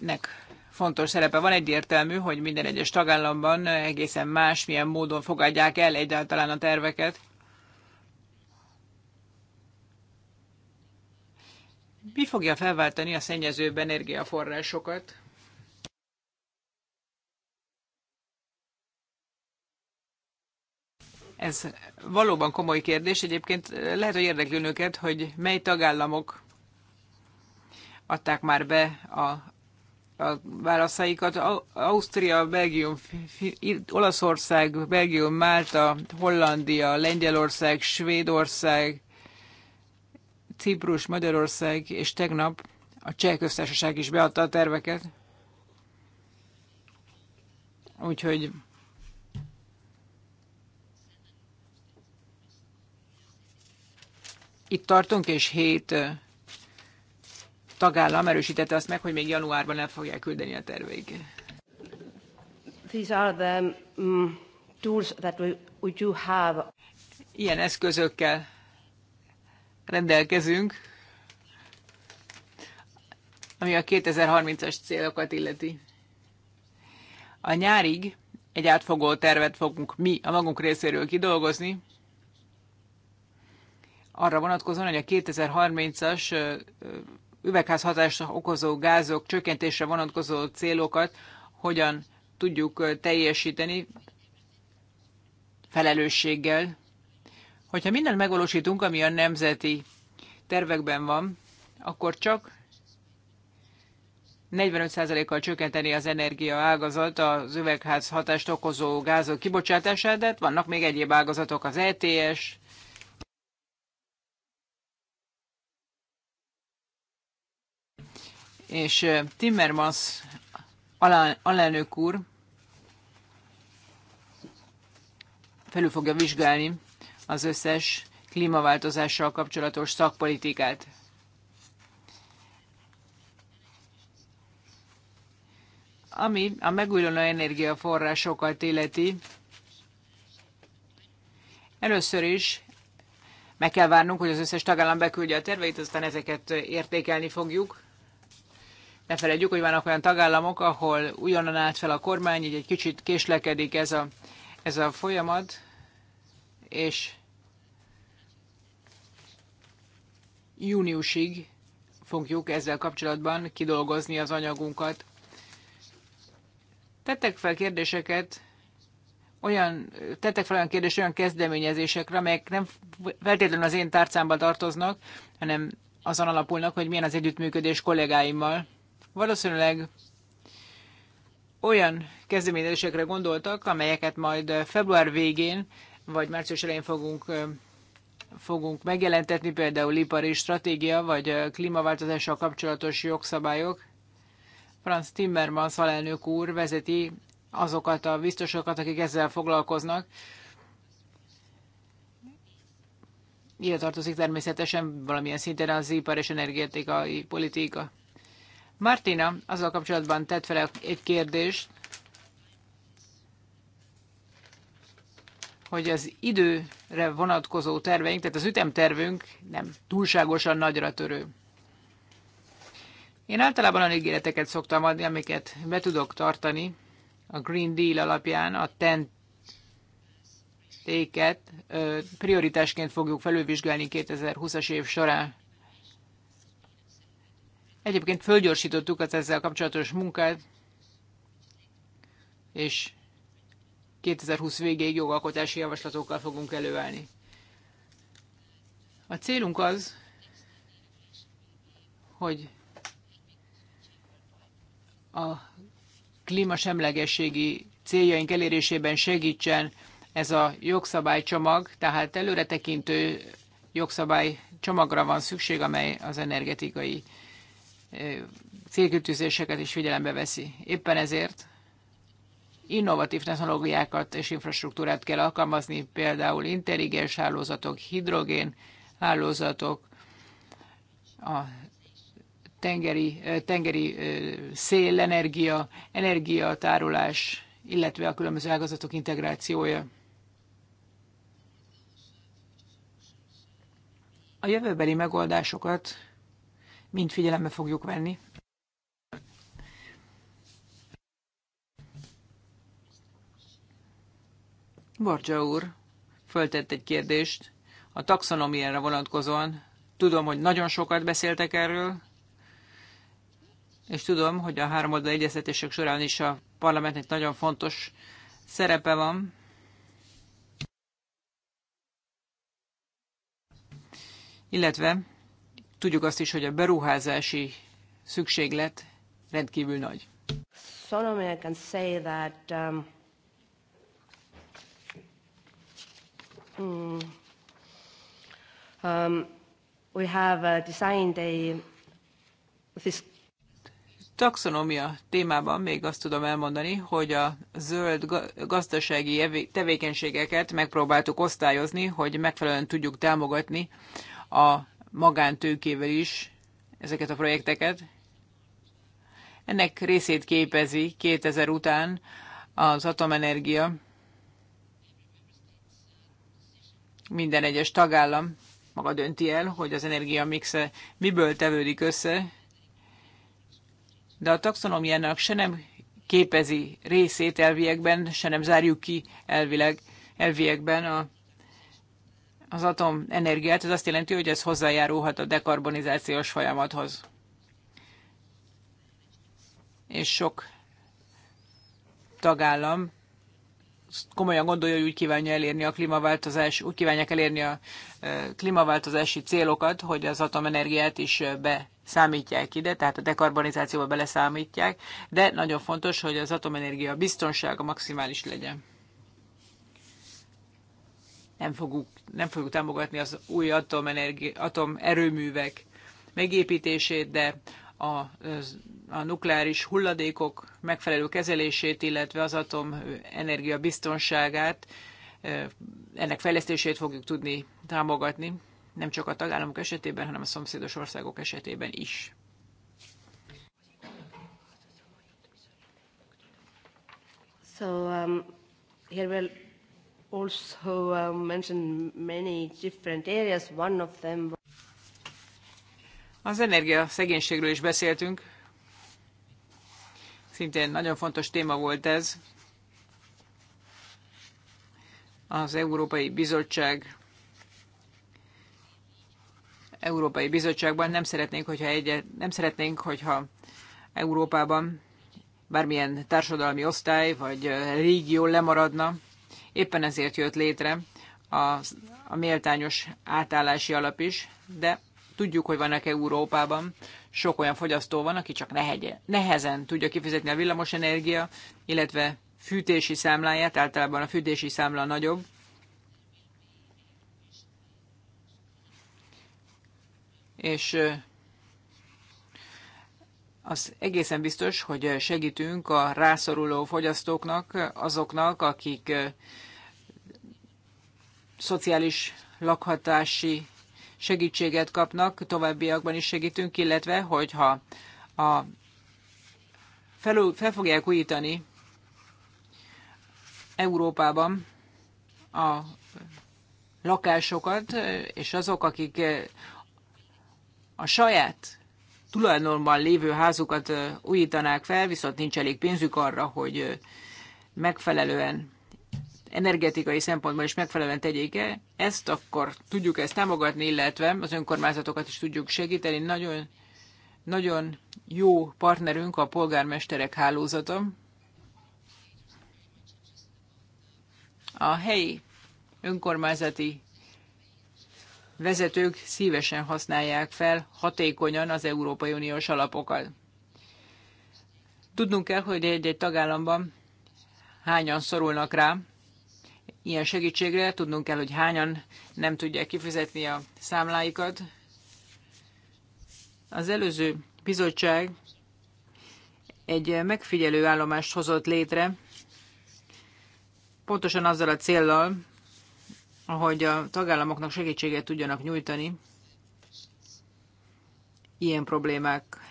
nek fontos szerepe van. Egyértelmű, hogy minden egyes tagállamban egészen más, milyen módon fogadják el egyáltalán a terveket. Mi fogja felváltani a szennyezőbb energiaforrásokat? Ez valóban komoly kérdés. Egyébként lehet, hogy érdekli önöket, hogy mely tagállamok adták már be a a válaszaikat. Ausztria, Belgium, Olaszország, Belgium, Málta, Hollandia, Lengyelország, Svédország, Ciprus, Magyarország, és tegnap a Cseh Köztársaság is beadta a terveket. Úgyhogy itt tartunk, és hét tagállam erősítette azt meg, hogy még januárban el fogják küldeni a terveiket. These are the mm, tools that we, we do have. Ilyen eszközökkel rendelkezünk, ami a 2030-as célokat illeti. A nyárig egy átfogó tervet fogunk mi a magunk részéről kidolgozni, arra vonatkozóan, hogy a 2030-as üvegházhatást okozó gázok csökkentésre vonatkozó célokat hogyan tudjuk teljesíteni felelősséggel. Hogyha mindent megvalósítunk, ami a nemzeti tervekben van, akkor csak 45%-kal csökkenteni az energia ágazat az üvegház hatást okozó gázok kibocsátását, de hát vannak még egyéb ágazatok, az ETS, és Timmermans alelnök úr felül fogja vizsgálni az összes klímaváltozással kapcsolatos szakpolitikát. Ami a megújuló energiaforrásokat illeti, először is meg kell várnunk, hogy az összes tagállam beküldje a terveit, aztán ezeket értékelni fogjuk. Ne felejtjük, hogy vannak olyan tagállamok, ahol ugyanan állt fel a kormány, így egy kicsit késlekedik ez a, ez a folyamat, és júniusig fogjuk ezzel kapcsolatban kidolgozni az anyagunkat. Tettek fel kérdéseket, olyan, tettek fel olyan kérdés, olyan kezdeményezésekre, amelyek nem feltétlenül az én tárcámba tartoznak, hanem azon alapulnak, hogy milyen az együttműködés kollégáimmal. Valószínűleg olyan kezdeményezésekre gondoltak, amelyeket majd február végén vagy március elején fogunk, fogunk megjelentetni, például ipari stratégia, vagy klímaváltozással kapcsolatos jogszabályok. Franz Timmermans alelnök úr vezeti azokat a biztosokat, akik ezzel foglalkoznak. Ilyen tartozik természetesen valamilyen szinten az ipar és energetikai politika. Martina azzal kapcsolatban tett fel egy kérdést, hogy az időre vonatkozó terveink, tehát az ütemtervünk nem túlságosan nagyra törő. Én általában a ígéreteket szoktam adni, amiket be tudok tartani a Green Deal alapján, a tentéket téket prioritásként fogjuk felülvizsgálni 2020-as év során. Egyébként fölgyorsítottuk az ezzel kapcsolatos munkát, és 2020 végéig jogalkotási javaslatokkal fogunk előállni. A célunk az, hogy a klímasemlegességi céljaink elérésében segítsen ez a jogszabálycsomag, tehát előretekintő jogszabálycsomagra van szükség, amely az energetikai célkütőzéseket is figyelembe veszi. Éppen ezért innovatív technológiákat és infrastruktúrát kell alkalmazni, például intelligens hálózatok, hidrogén hálózatok, a tengeri, tengeri szélenergia, energiatárolás, illetve a különböző ágazatok integrációja. A jövőbeli megoldásokat mind figyelembe fogjuk venni. Borja úr föltett egy kérdést a taxonomiára vonatkozóan. Tudom, hogy nagyon sokat beszéltek erről, és tudom, hogy a háromoldal egyeztetések során is a parlamentnek nagyon fontos szerepe van. Illetve Tudjuk azt is, hogy a beruházási szükséglet rendkívül nagy. Solomon, I can say that um, mm, um, we have uh, designed a this taxonomia témában még azt tudom elmondani, hogy a zöld gazdasági tevékenységeket megpróbáltuk osztályozni, hogy megfelelően tudjuk támogatni a magántőkével is ezeket a projekteket. Ennek részét képezi 2000 után az atomenergia. Minden egyes tagállam maga dönti el, hogy az energia mixe miből tevődik össze, de a taxonomiának se nem képezi részét elviekben, se nem zárjuk ki elvileg, elviekben a az atomenergiát, ez azt jelenti, hogy ez hozzájárulhat a dekarbonizációs folyamathoz. És sok tagállam komolyan gondolja, hogy úgy kívánja elérni a klímaváltozás, úgy kívánják elérni a klímaváltozási célokat, hogy az atomenergiát is be számítják ide, tehát a dekarbonizációba beleszámítják, de nagyon fontos, hogy az atomenergia biztonsága maximális legyen nem fogjuk, nem fogjuk támogatni az új atomenergi, atomerőművek megépítését, de a, a nukleáris hulladékok megfelelő kezelését, illetve az atomenergia biztonságát, ennek fejlesztését fogjuk tudni támogatni, nem csak a tagállamok esetében, hanem a szomszédos országok esetében is. So um, here we'll also uh, mentioned many different areas. One of them az energia szegénységről is beszéltünk. Szintén nagyon fontos téma volt ez. Az Európai Bizottság Európai Bizottságban nem szeretnénk, hogyha egyet, nem szeretnénk, hogyha Európában bármilyen társadalmi osztály vagy uh, régió lemaradna Éppen ezért jött létre a, a méltányos átállási alap is, de tudjuk, hogy vannak Európában sok olyan fogyasztó van, aki csak nehegye, nehezen tudja kifizetni a villamos illetve fűtési számláját, általában a fűtési számla nagyobb. És az egészen biztos, hogy segítünk a rászoruló fogyasztóknak, azoknak, akik szociális lakhatási segítséget kapnak, továbbiakban is segítünk, illetve hogyha a fel, fel fogják újítani Európában a lakásokat, és azok, akik a saját tulajdonban lévő házukat újítanák fel, viszont nincs elég pénzük arra, hogy megfelelően energetikai szempontból is megfelelően tegyék el, ezt akkor tudjuk ezt támogatni, illetve az önkormányzatokat is tudjuk segíteni. Nagyon, nagyon jó partnerünk a polgármesterek hálózata. A helyi önkormányzati vezetők szívesen használják fel hatékonyan az Európai Uniós alapokat. Tudnunk kell, hogy egy-egy tagállamban hányan szorulnak rá ilyen segítségre, tudnunk kell, hogy hányan nem tudják kifizetni a számláikat. Az előző bizottság egy megfigyelő állomást hozott létre, pontosan azzal a céllal, ahogy a tagállamoknak segítséget tudjanak nyújtani ilyen problémákkal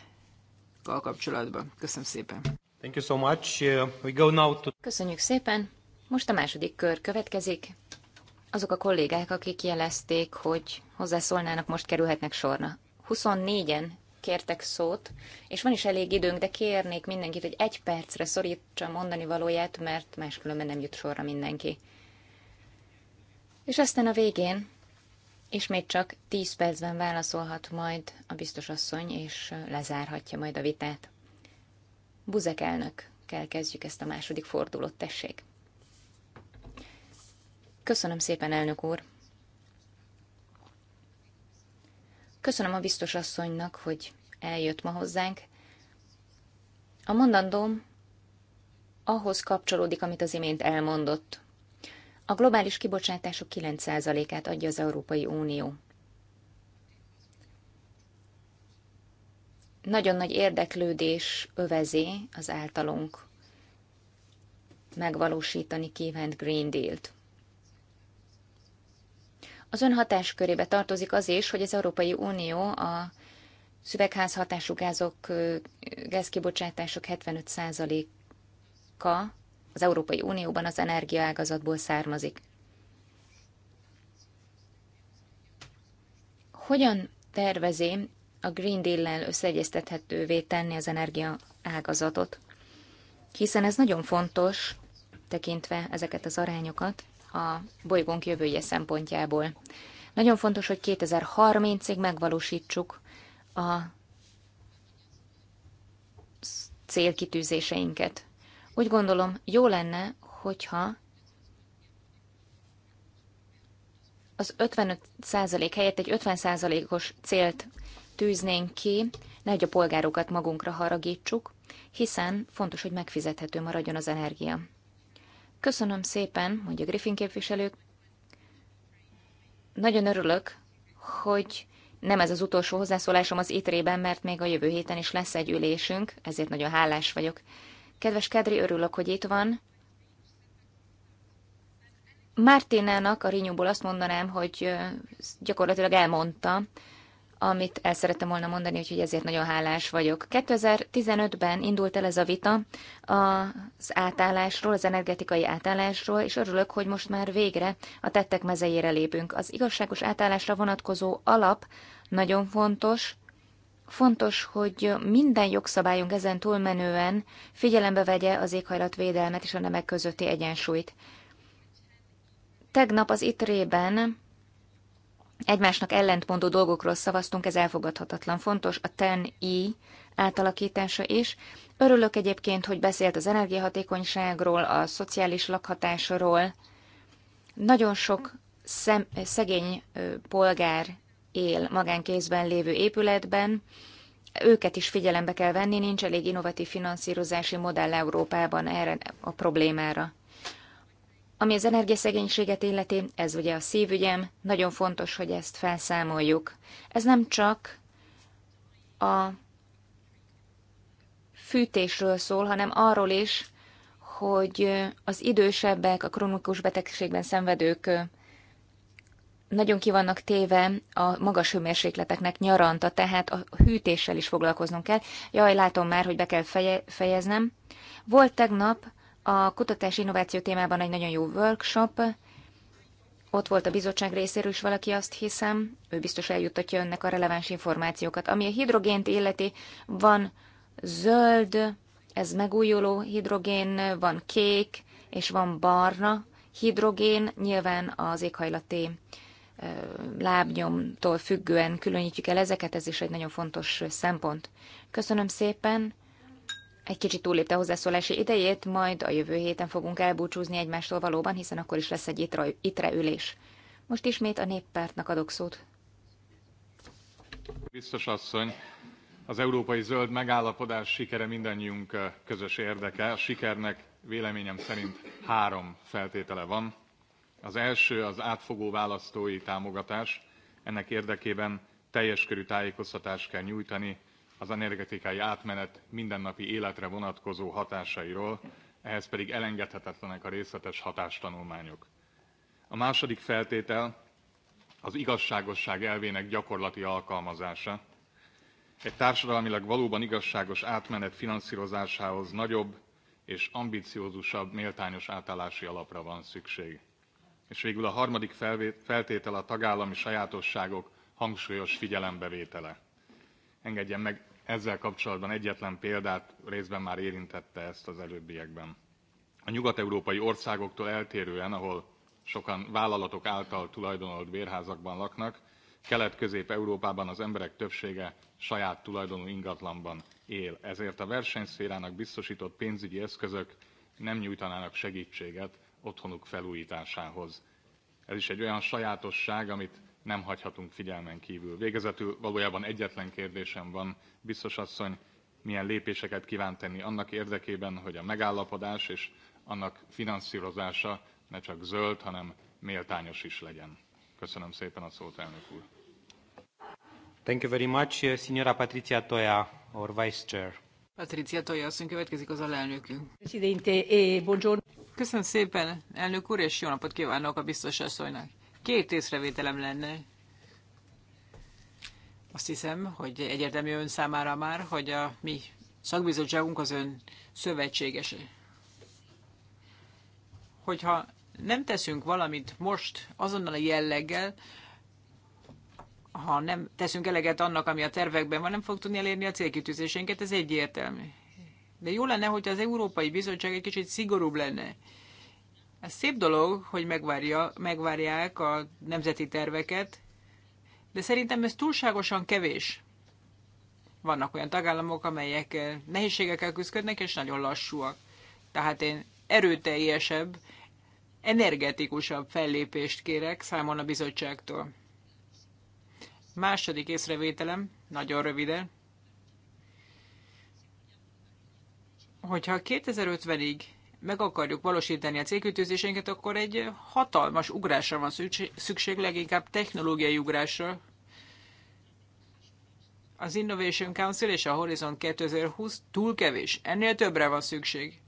kapcsolatban. Köszönöm szépen. Thank you so much. Uh, we go now to... Köszönjük szépen. Most a második kör következik. Azok a kollégák, akik jelezték, hogy hozzászólnának, most kerülhetnek sorna. 24-en kértek szót, és van is elég időnk, de kérnék mindenkit, hogy egy percre szorítsa mondani valóját, mert máskülönben nem jut sorra mindenki. És aztán a végén és még csak 10 percben válaszolhat majd a biztos asszony, és lezárhatja majd a vitát. Buzek elnök, kell kezdjük ezt a második fordulót, tessék. Köszönöm szépen, elnök úr. Köszönöm a biztos asszonynak, hogy eljött ma hozzánk. A mondandóm ahhoz kapcsolódik, amit az imént elmondott. A globális kibocsátások 9%-át adja az Európai Unió. Nagyon nagy érdeklődés övezi az általunk megvalósítani kívánt Green Deal-t. Az ön hatáskörébe tartozik az is, hogy az Európai Unió a szüvegház hatású gázok, gázkibocsátások 75%-a az Európai Unióban az energiaágazatból származik. Hogyan tervezi a Green Deal-lel összeegyeztethetővé tenni az energiaágazatot? Hiszen ez nagyon fontos, tekintve ezeket az arányokat a bolygónk jövője szempontjából. Nagyon fontos, hogy 2030-ig megvalósítsuk a célkitűzéseinket. Úgy gondolom, jó lenne, hogyha az 55% helyett egy 50%-os célt tűznénk ki, nehogy a polgárokat magunkra haragítsuk, hiszen fontos, hogy megfizethető maradjon az energia. Köszönöm szépen, mondja Griffin képviselő. Nagyon örülök, hogy nem ez az utolsó hozzászólásom az étrében, mert még a jövő héten is lesz egy ülésünk, ezért nagyon hálás vagyok Kedves Kedri, örülök, hogy itt van. Márténának a Rinyóból azt mondanám, hogy gyakorlatilag elmondta, amit el szerettem volna mondani, úgyhogy ezért nagyon hálás vagyok. 2015-ben indult el ez a vita az átállásról, az energetikai átállásról, és örülök, hogy most már végre a tettek mezejére lépünk. Az igazságos átállásra vonatkozó alap nagyon fontos, Fontos, hogy minden jogszabályunk ezen túlmenően figyelembe vegye az éghajlatvédelmet és a nemek közötti egyensúlyt. Tegnap az ITRE-ben egymásnak ellentmondó dolgokról szavaztunk, ez elfogadhatatlan. Fontos a TEN-I átalakítása is. Örülök egyébként, hogy beszélt az energiahatékonyságról, a szociális lakhatásról. Nagyon sok szem, szegény polgár él magánkézben lévő épületben, őket is figyelembe kell venni, nincs elég innovatív finanszírozási modell Európában erre a problémára. Ami az energiaszegénységet illeti, ez ugye a szívügyem, nagyon fontos, hogy ezt felszámoljuk. Ez nem csak a fűtésről szól, hanem arról is, hogy az idősebbek, a kronikus betegségben szenvedők nagyon vannak téve a magas hőmérsékleteknek nyaranta, tehát a hűtéssel is foglalkoznunk kell. Jaj, látom már, hogy be kell feje, fejeznem. Volt tegnap a kutatás innováció témában egy nagyon jó workshop, ott volt a bizottság részéről is valaki, azt hiszem, ő biztos eljuttatja önnek a releváns információkat. Ami a hidrogént illeti, van zöld, ez megújuló hidrogén, van kék, és van barna hidrogén, nyilván az éghajlati lábnyomtól függően különítjük el ezeket, ez is egy nagyon fontos szempont. Köszönöm szépen! Egy kicsit túllépte a hozzászólási idejét, majd a jövő héten fogunk elbúcsúzni egymástól valóban, hiszen akkor is lesz egy itra, itre ülés. Most ismét a néppártnak adok szót. Biztos asszony, az európai zöld megállapodás sikere mindannyiunk közös érdeke. A sikernek véleményem szerint három feltétele van. Az első az átfogó választói támogatás. Ennek érdekében teljes körű tájékoztatást kell nyújtani az energetikai átmenet mindennapi életre vonatkozó hatásairól, ehhez pedig elengedhetetlenek a részletes hatástanulmányok. A második feltétel az igazságosság elvének gyakorlati alkalmazása. Egy társadalmilag valóban igazságos átmenet finanszírozásához nagyobb és ambiciózusabb méltányos átállási alapra van szükség és végül a harmadik feltétel a tagállami sajátosságok hangsúlyos figyelembevétele. Engedjen meg ezzel kapcsolatban egyetlen példát, részben már érintette ezt az előbbiekben. A nyugat-európai országoktól eltérően, ahol sokan vállalatok által tulajdonolt bérházakban laknak, Kelet-Közép-Európában az emberek többsége saját tulajdonú ingatlanban él, ezért a versenyszférának biztosított pénzügyi eszközök nem nyújtanának segítséget otthonuk felújításához. Ez is egy olyan sajátosság, amit nem hagyhatunk figyelmen kívül. Végezetül valójában egyetlen kérdésem van, biztos asszony, milyen lépéseket kíván tenni annak érdekében, hogy a megállapodás és annak finanszírozása ne csak zöld, hanem méltányos is legyen. Köszönöm szépen a szót, elnök úr. Thank you very much, eh, signora Patricia Toia, our Vice Chair. Patricia Toia, azt következik az alelnökünk. Presidente, eh, buongiorno. Köszönöm szépen, elnök úr, és jó napot kívánok a biztos asszonynak. Két észrevételem lenne. Azt hiszem, hogy egyértelmű ön számára már, hogy a mi szakbizottságunk az ön szövetségese. Hogyha nem teszünk valamit most azonnal a jelleggel, ha nem teszünk eleget annak, ami a tervekben van, nem fog tudni elérni a célkitűzésénket, ez egyértelmű. De jó lenne, hogy az Európai Bizottság egy kicsit szigorúbb lenne. Ez szép dolog, hogy megvárja, megvárják a nemzeti terveket, de szerintem ez túlságosan kevés. Vannak olyan tagállamok, amelyek eh, nehézségekkel küzdködnek, és nagyon lassúak. Tehát én erőteljesebb, energetikusabb fellépést kérek számon a bizottságtól. Második észrevételem, nagyon röviden. hogyha 2050-ig meg akarjuk valósítani a célkütőzéseinket, akkor egy hatalmas ugrásra van szükség, leginkább technológiai ugrásra. Az Innovation Council és a Horizon 2020 túl kevés, ennél többre van szükség.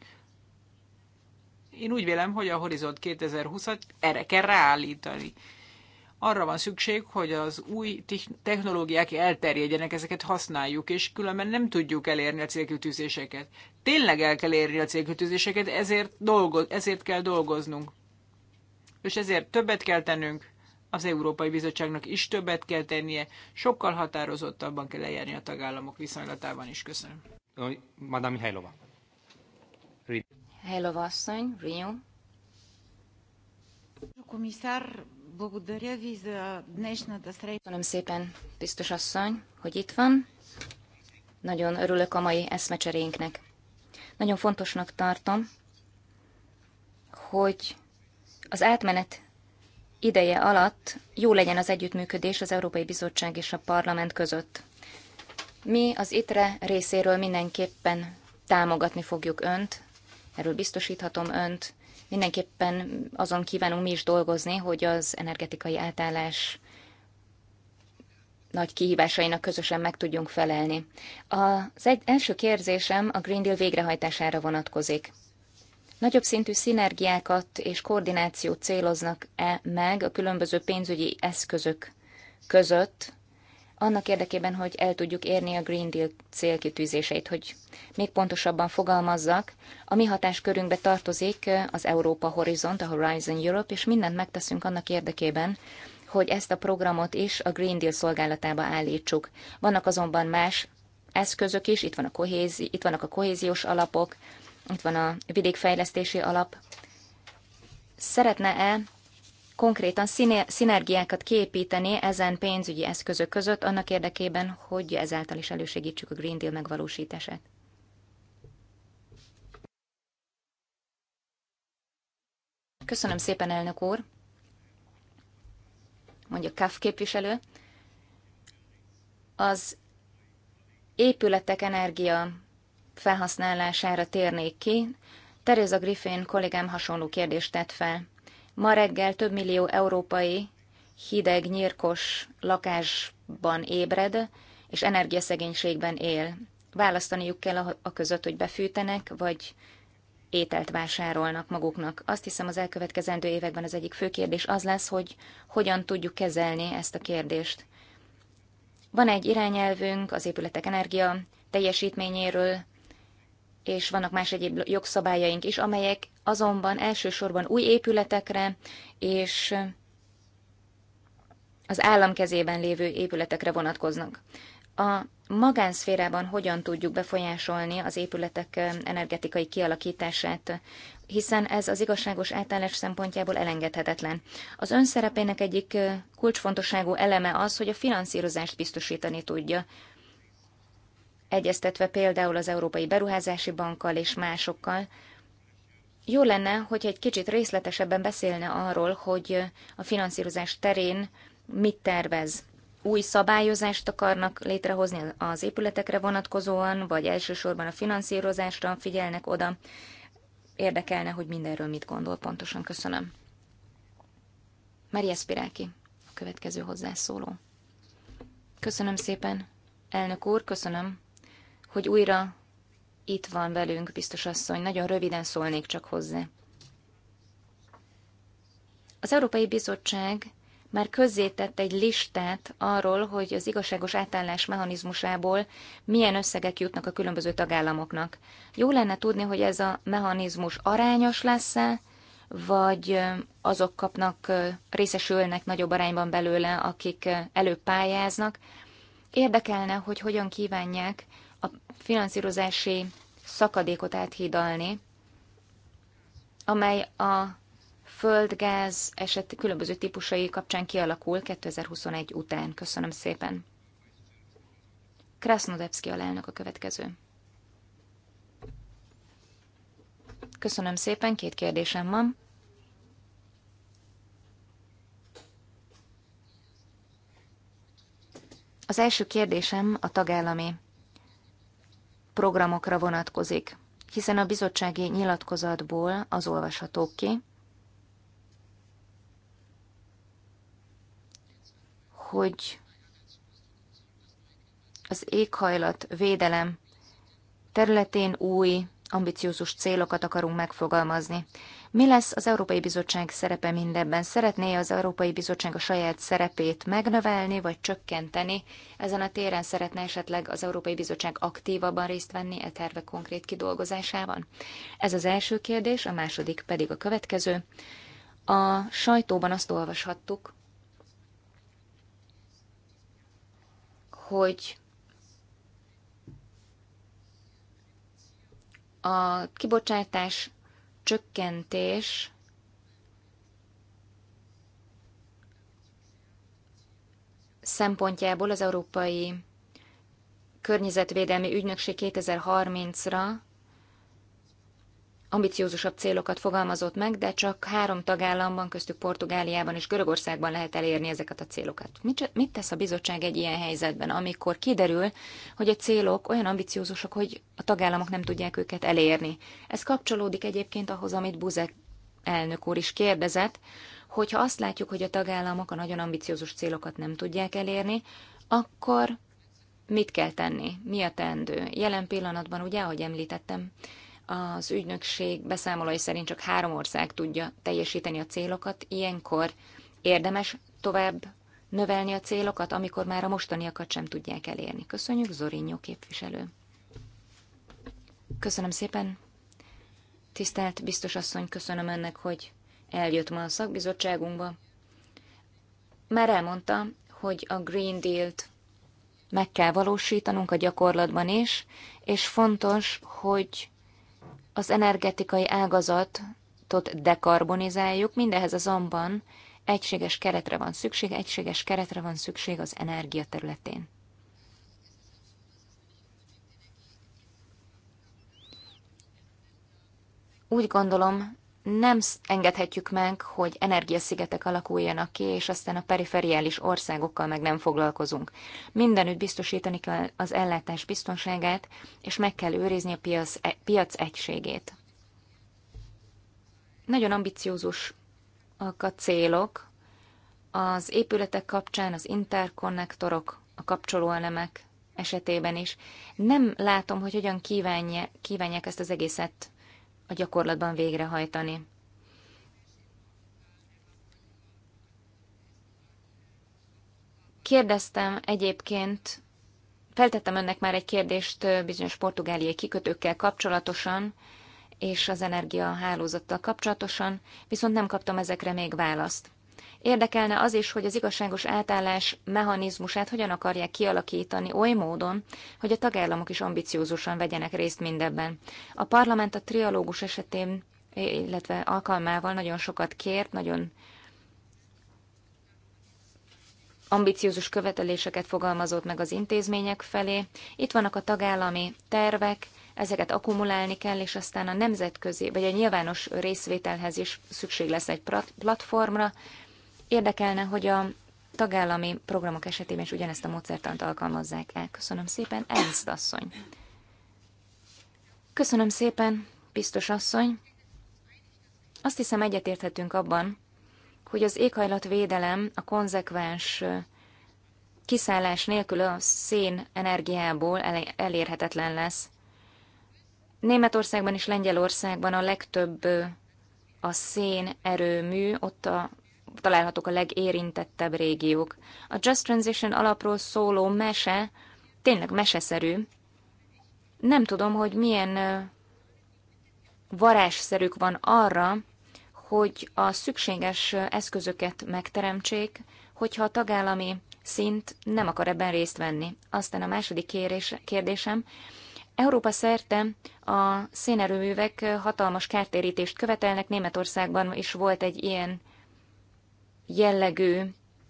Én úgy vélem, hogy a Horizon 2020-at erre kell ráállítani arra van szükség, hogy az új technológiák elterjedjenek, ezeket használjuk, és különben nem tudjuk elérni a célkütőzéseket. Tényleg el kell érni a célkütőzéseket, ezért, dolgoz, ezért kell dolgoznunk. És ezért többet kell tennünk, az Európai Bizottságnak is többet kell tennie, sokkal határozottabban kell eljárni a tagállamok viszonylatában is. Köszönöm. Madame Helova. Helova asszony, Rio. Komisár, Köszönöm szépen, biztos asszony, hogy itt van. Nagyon örülök a mai eszmecserénknek. Nagyon fontosnak tartom, hogy az átmenet ideje alatt jó legyen az együttműködés az Európai Bizottság és a Parlament között. Mi az ITRE részéről mindenképpen támogatni fogjuk Önt, erről biztosíthatom Önt, Mindenképpen azon kívánunk mi is dolgozni, hogy az energetikai átállás nagy kihívásainak közösen meg tudjunk felelni. Az egy, első kérdésem a Green Deal végrehajtására vonatkozik. Nagyobb szintű szinergiákat és koordinációt céloznak-e meg a különböző pénzügyi eszközök között annak érdekében, hogy el tudjuk érni a Green Deal célkitűzéseit, hogy még pontosabban fogalmazzak, a mi hatáskörünkbe tartozik az Európa Horizont, a Horizon Europe, és mindent megteszünk annak érdekében, hogy ezt a programot is a Green Deal szolgálatába állítsuk. Vannak azonban más eszközök is, itt, van a kohézi, itt vannak a kohéziós alapok, itt van a vidékfejlesztési alap. Szeretne-e konkrétan szinergiákat képíteni ezen pénzügyi eszközök között annak érdekében, hogy ezáltal is elősegítsük a Green Deal megvalósítását. Köszönöm szépen, elnök úr, mondja KAF képviselő. Az épületek energia felhasználására térnék ki. Teresa Griffin kollégám hasonló kérdést tett fel. Ma reggel több millió európai hideg, nyírkos lakásban ébred, és energiaszegénységben él. Választaniuk kell a, között, hogy befűtenek, vagy ételt vásárolnak maguknak. Azt hiszem az elkövetkezendő években az egyik fő kérdés az lesz, hogy hogyan tudjuk kezelni ezt a kérdést. Van egy irányelvünk az épületek energia teljesítményéről, és vannak más egyéb jogszabályaink is, amelyek azonban elsősorban új épületekre és az állam kezében lévő épületekre vonatkoznak. A magánszférában hogyan tudjuk befolyásolni az épületek energetikai kialakítását, hiszen ez az igazságos átállás szempontjából elengedhetetlen. Az önszerepének egyik kulcsfontosságú eleme az, hogy a finanszírozást biztosítani tudja, egyeztetve például az Európai Beruházási Bankkal és másokkal. Jó lenne, hogy egy kicsit részletesebben beszélne arról, hogy a finanszírozás terén mit tervez. Új szabályozást akarnak létrehozni az épületekre vonatkozóan, vagy elsősorban a finanszírozásra figyelnek oda. Érdekelne, hogy mindenről mit gondol pontosan. Köszönöm. Maria Spiráki, a következő hozzászóló. Köszönöm szépen. Elnök úr, köszönöm hogy újra itt van velünk, biztos asszony. Nagyon röviden szólnék csak hozzá. Az Európai Bizottság már közzétett egy listát arról, hogy az igazságos átállás mechanizmusából milyen összegek jutnak a különböző tagállamoknak. Jó lenne tudni, hogy ez a mechanizmus arányos lesz-e, vagy azok kapnak, részesülnek nagyobb arányban belőle, akik előbb pályáznak. Érdekelne, hogy hogyan kívánják finanszírozási szakadékot áthidalni, amely a földgáz eset különböző típusai kapcsán kialakul 2021 után. Köszönöm szépen. a alelnök a következő. Köszönöm szépen, két kérdésem van. Az első kérdésem a tagállami programokra vonatkozik, hiszen a bizottsági nyilatkozatból az olvasható ki, hogy az éghajlat védelem területén új ambiciózus célokat akarunk megfogalmazni. Mi lesz az Európai Bizottság szerepe mindebben? Szeretné az Európai Bizottság a saját szerepét megnövelni vagy csökkenteni? Ezen a téren szeretne esetleg az Európai Bizottság aktívabban részt venni e terve konkrét kidolgozásában? Ez az első kérdés, a második pedig a következő. A sajtóban azt olvashattuk, hogy a kibocsátás csökkentés szempontjából az Európai Környezetvédelmi Ügynökség 2030-ra ambiciózusabb célokat fogalmazott meg, de csak három tagállamban, köztük Portugáliában és Görögországban lehet elérni ezeket a célokat. Mit, mit tesz a bizottság egy ilyen helyzetben, amikor kiderül, hogy a célok olyan ambiciózusak, hogy a tagállamok nem tudják őket elérni? Ez kapcsolódik egyébként ahhoz, amit Buzek elnök úr is kérdezett, hogyha azt látjuk, hogy a tagállamok a nagyon ambiciózus célokat nem tudják elérni, akkor mit kell tenni? Mi a tendő? Jelen pillanatban, ugye, ahogy említettem, az ügynökség beszámolói szerint csak három ország tudja teljesíteni a célokat. Ilyenkor érdemes tovább növelni a célokat, amikor már a mostaniakat sem tudják elérni. Köszönjük, Zorinyó képviselő. Köszönöm szépen. Tisztelt biztos asszony, köszönöm ennek, hogy eljött ma a szakbizottságunkba. Már elmondta, hogy a Green Deal-t meg kell valósítanunk a gyakorlatban is, és fontos, hogy az energetikai ágazatot dekarbonizáljuk, mindehez azonban egységes keretre van szükség, egységes keretre van szükség az energia területén. Úgy gondolom, nem engedhetjük meg, hogy energiaszigetek alakuljanak ki, és aztán a periferiális országokkal meg nem foglalkozunk. Mindenütt biztosítani kell az ellátás biztonságát, és meg kell őrizni a piac, e- piac egységét. Nagyon ambiciózus a célok az épületek kapcsán, az interkonnektorok, a kapcsolóelemek esetében is. Nem látom, hogy hogyan kívánja, kívánják ezt az egészet a gyakorlatban végrehajtani. Kérdeztem egyébként, feltettem önnek már egy kérdést bizonyos portugáliai kikötőkkel kapcsolatosan, és az energiahálózattal kapcsolatosan, viszont nem kaptam ezekre még választ. Érdekelne az is, hogy az igazságos átállás mechanizmusát hogyan akarják kialakítani oly módon, hogy a tagállamok is ambiciózusan vegyenek részt mindebben. A parlament a trialógus esetén, illetve alkalmával nagyon sokat kért, nagyon ambiciózus követeléseket fogalmazott meg az intézmények felé. Itt vannak a tagállami tervek, ezeket akkumulálni kell, és aztán a nemzetközi, vagy a nyilvános részvételhez is szükség lesz egy platformra, Érdekelne, hogy a tagállami programok esetében is ugyanezt a módszertant alkalmazzák el. Köszönöm szépen, Ernst asszony. Köszönöm szépen, biztos asszony. Azt hiszem egyetérthetünk abban, hogy az éghajlatvédelem a konzekvens kiszállás nélkül a szén energiából elérhetetlen lesz. Németországban és Lengyelországban a legtöbb a szén erőmű, ott a találhatók a legérintettebb régiók. A Just Transition alapról szóló mese tényleg meseszerű. Nem tudom, hogy milyen varázsszerük van arra, hogy a szükséges eszközöket megteremtsék, hogyha a tagállami szint nem akar ebben részt venni. Aztán a második kérés, kérdésem, Európa szerte a szénerőművek hatalmas kártérítést követelnek, Németországban is volt egy ilyen jellegű,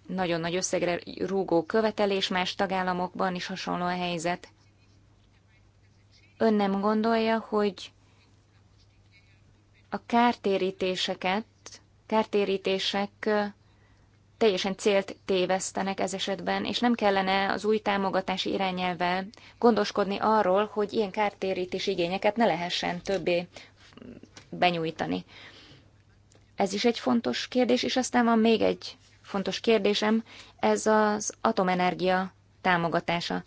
nagyon nagy összegre rúgó követelés, más tagállamokban is hasonló a helyzet. Ön nem gondolja, hogy a kártérítéseket, kártérítések teljesen célt tévesztenek ez esetben, és nem kellene az új támogatási irányelvvel gondoskodni arról, hogy ilyen kártérítés igényeket ne lehessen többé benyújtani. Ez is egy fontos kérdés, és aztán van még egy fontos kérdésem, ez az atomenergia támogatása.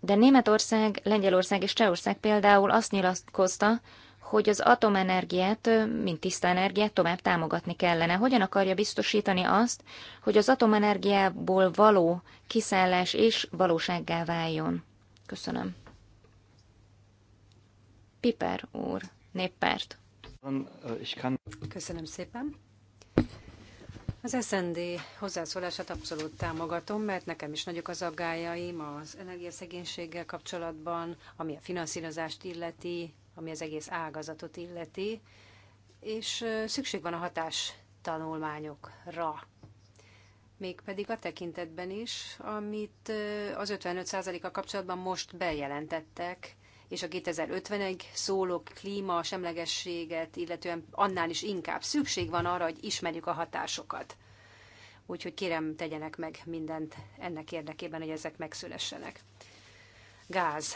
De Németország, Lengyelország és Csehország például azt nyilatkozta, hogy az atomenergiát, mint tiszta energiát tovább támogatni kellene. Hogyan akarja biztosítani azt, hogy az atomenergiából való kiszállás is valósággá váljon? Köszönöm. Piper úr, néppárt. Köszönöm szépen. Az SND hozzászólását abszolút támogatom, mert nekem is nagyok az aggájaim az energiaszegénységgel kapcsolatban, ami a finanszírozást illeti, ami az egész ágazatot illeti, és szükség van a hatás tanulmányokra. Mégpedig a tekintetben is, amit az 55%-a kapcsolatban most bejelentettek, és a 2050-ig szóló klíma semlegességet, illetően annál is inkább szükség van arra, hogy ismerjük a hatásokat. Úgyhogy kérem, tegyenek meg mindent ennek érdekében, hogy ezek megszülessenek. Gáz.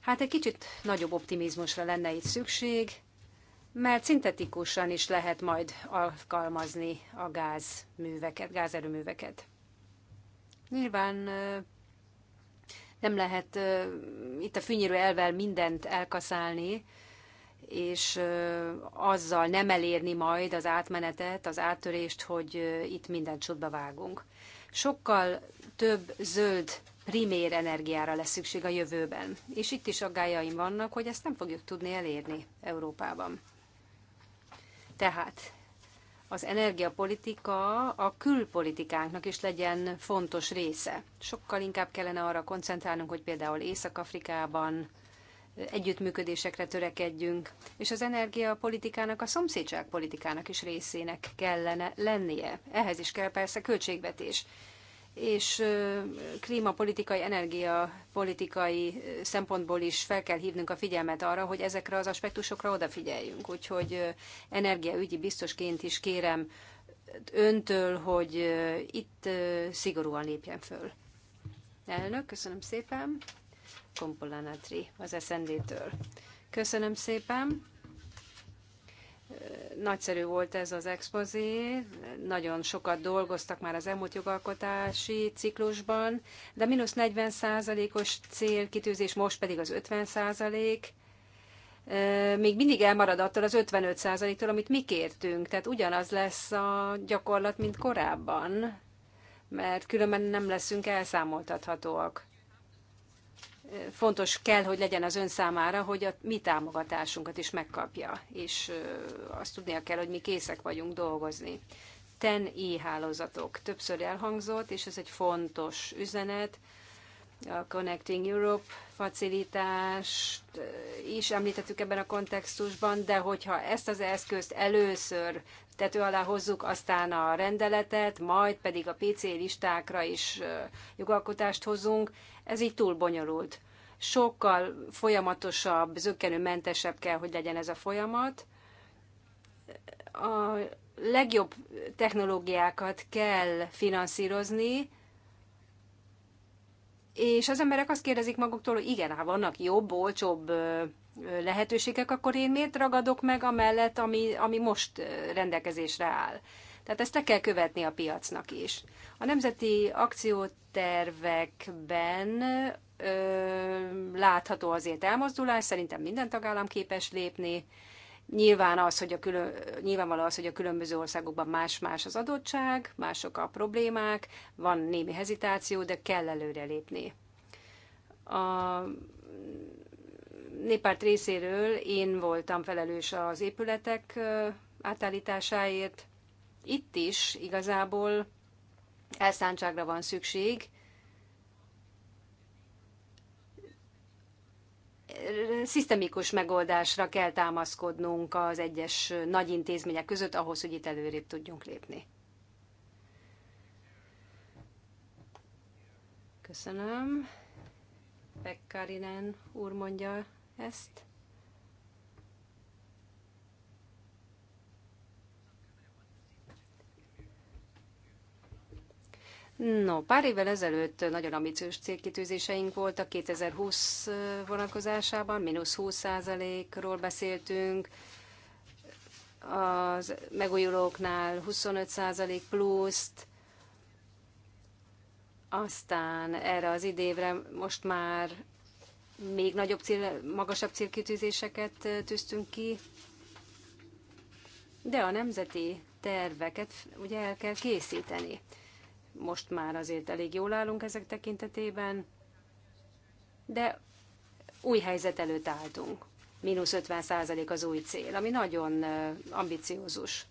Hát egy kicsit nagyobb optimizmusra lenne itt szükség, mert szintetikusan is lehet majd alkalmazni a gázműveket, gázerőműveket. Nyilván nem lehet uh, itt a fűnyírő elvel mindent elkaszálni, és uh, azzal nem elérni majd az átmenetet, az áttörést, hogy uh, itt mindent csodba vágunk. Sokkal több zöld primér energiára lesz szükség a jövőben. És itt is aggájaim vannak, hogy ezt nem fogjuk tudni elérni Európában. Tehát az energiapolitika a külpolitikánknak is legyen fontos része. Sokkal inkább kellene arra koncentrálnunk, hogy például Észak-Afrikában együttműködésekre törekedjünk, és az energiapolitikának a szomszédságpolitikának is részének kellene lennie. Ehhez is kell persze költségvetés és klímapolitikai, energiapolitikai szempontból is fel kell hívnunk a figyelmet arra, hogy ezekre az aspektusokra odafigyeljünk. Úgyhogy energiaügyi biztosként is kérem öntől, hogy itt szigorúan lépjen föl. Elnök, köszönöm szépen. Kompolánatri az SND-től. Köszönöm szépen. Nagyszerű volt ez az expozé, nagyon sokat dolgoztak már az elmúlt jogalkotási ciklusban, de mínusz 40 százalékos célkitűzés, most pedig az 50 százalék, még mindig elmarad attól az 55 százaléktól, amit mi kértünk. Tehát ugyanaz lesz a gyakorlat, mint korábban, mert különben nem leszünk elszámoltathatóak fontos kell, hogy legyen az ön számára, hogy a mi támogatásunkat is megkapja, és azt tudnia kell, hogy mi készek vagyunk dolgozni. TEN-I hálózatok többször elhangzott, és ez egy fontos üzenet. A Connecting Europe facilitást is említettük ebben a kontextusban, de hogyha ezt az eszközt először tető alá hozzuk, aztán a rendeletet, majd pedig a PC listákra is jogalkotást hozunk. Ez így túl bonyolult. Sokkal folyamatosabb, zöggenőmentesebb kell, hogy legyen ez a folyamat. A legjobb technológiákat kell finanszírozni, és az emberek azt kérdezik maguktól, hogy igen, ha hát vannak jobb, olcsóbb lehetőségek, akkor én miért ragadok meg amellett, ami, ami most rendelkezésre áll. Tehát ezt le kell követni a piacnak is. A nemzeti akciótervekben ö, látható azért elmozdulás, szerintem minden tagállam képes lépni, Nyilván az, hogy a külön, nyilvánvaló az, hogy a különböző országokban más-más az adottság, mások a problémák, van némi hezitáció, de kell lépni. A néppárt részéről én voltam felelős az épületek átállításáért. Itt is igazából elszántságra van szükség, szisztemikus megoldásra kell támaszkodnunk az egyes nagy intézmények között ahhoz, hogy itt előrébb tudjunk lépni. Köszönöm. Pekkarinen úr mondja ezt. No, pár évvel ezelőtt nagyon ambiciós célkitűzéseink voltak, 2020 vonatkozásában mínusz 20%-ról beszéltünk, az megújulóknál 25% pluszt, aztán erre az idévre most már még nagyobb cél, magasabb célkitűzéseket tűztünk ki, de a nemzeti terveket ugye el kell készíteni most már azért elég jól állunk ezek tekintetében, de új helyzet előtt álltunk. Mínusz 50 százalék az új cél, ami nagyon ambiciózus.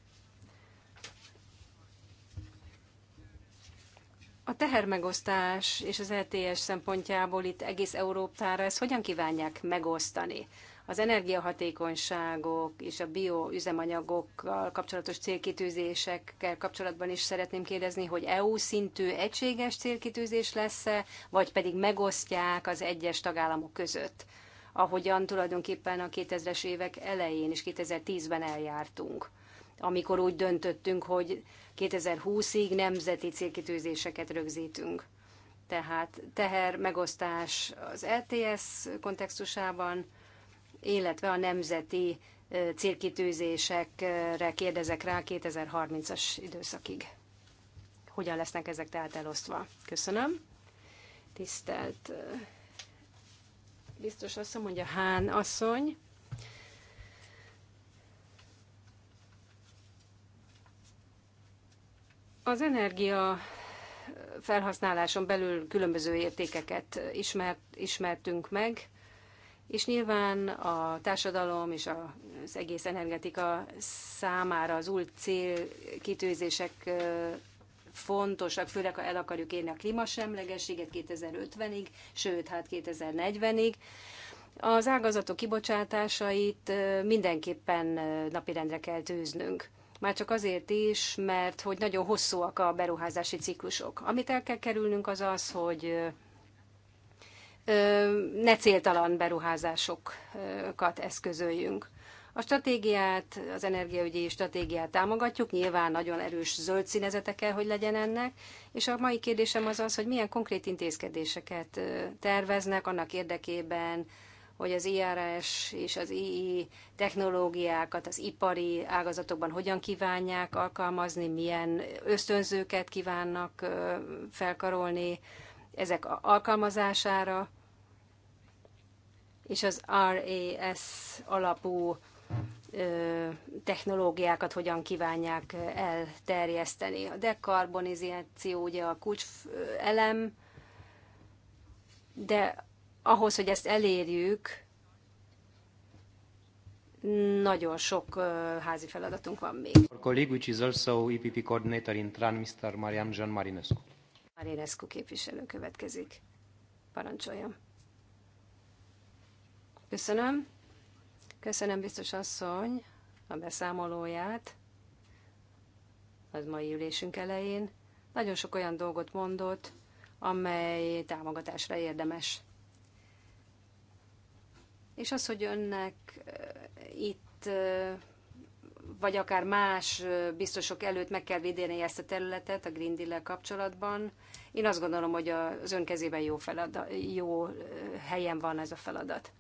A tehermegosztás és az ETS szempontjából itt egész Európára ezt hogyan kívánják megosztani? az energiahatékonyságok és a bioüzemanyagokkal kapcsolatos célkitűzésekkel kapcsolatban is szeretném kérdezni, hogy EU szintű egységes célkitűzés lesz-e, vagy pedig megosztják az egyes tagállamok között, ahogyan tulajdonképpen a 2000-es évek elején és 2010-ben eljártunk amikor úgy döntöttünk, hogy 2020-ig nemzeti célkitűzéseket rögzítünk. Tehát teher megosztás az LTS e kontextusában, illetve a nemzeti célkitűzésekre kérdezek rá 2030-as időszakig. Hogyan lesznek ezek tehát elosztva? Köszönöm. Tisztelt biztos asszony, mondja Hán asszony. Az energia felhasználáson belül különböző értékeket ismert, ismertünk meg, és nyilván a társadalom és az egész energetika számára az új célkitűzések fontosak, főleg ha el akarjuk érni a klímasemlegességet 2050-ig, sőt, hát 2040-ig. Az ágazatok kibocsátásait mindenképpen napirendre kell tűznünk. Már csak azért is, mert hogy nagyon hosszúak a beruházási ciklusok. Amit el kell kerülnünk az az, hogy ne céltalan beruházásokat eszközöljünk. A stratégiát, az energiaügyi stratégiát támogatjuk, nyilván nagyon erős zöld színezete kell, hogy legyen ennek, és a mai kérdésem az az, hogy milyen konkrét intézkedéseket terveznek annak érdekében, hogy az IRS és az II technológiákat az ipari ágazatokban hogyan kívánják alkalmazni, milyen ösztönzőket kívánnak felkarolni ezek alkalmazására, és az RAS alapú technológiákat hogyan kívánják elterjeszteni. A dekarbonizáció ugye a kulcs elem, de ahhoz, hogy ezt elérjük, nagyon sok házi feladatunk van még. A colleague, which is also EPP coordinator in TRAN, Mr. Mariam Jean Marinescu. Marinescu képviselő következik. Parancsoljon. Köszönöm. Köszönöm biztos asszony a beszámolóját az mai ülésünk elején. Nagyon sok olyan dolgot mondott, amely támogatásra érdemes. És az, hogy önnek eh, itt, eh, vagy akár más eh, biztosok előtt meg kell védeni ezt a területet a Green deal kapcsolatban, én azt gondolom, hogy az ön kezében jó, feladat, jó helyen van ez a feladat.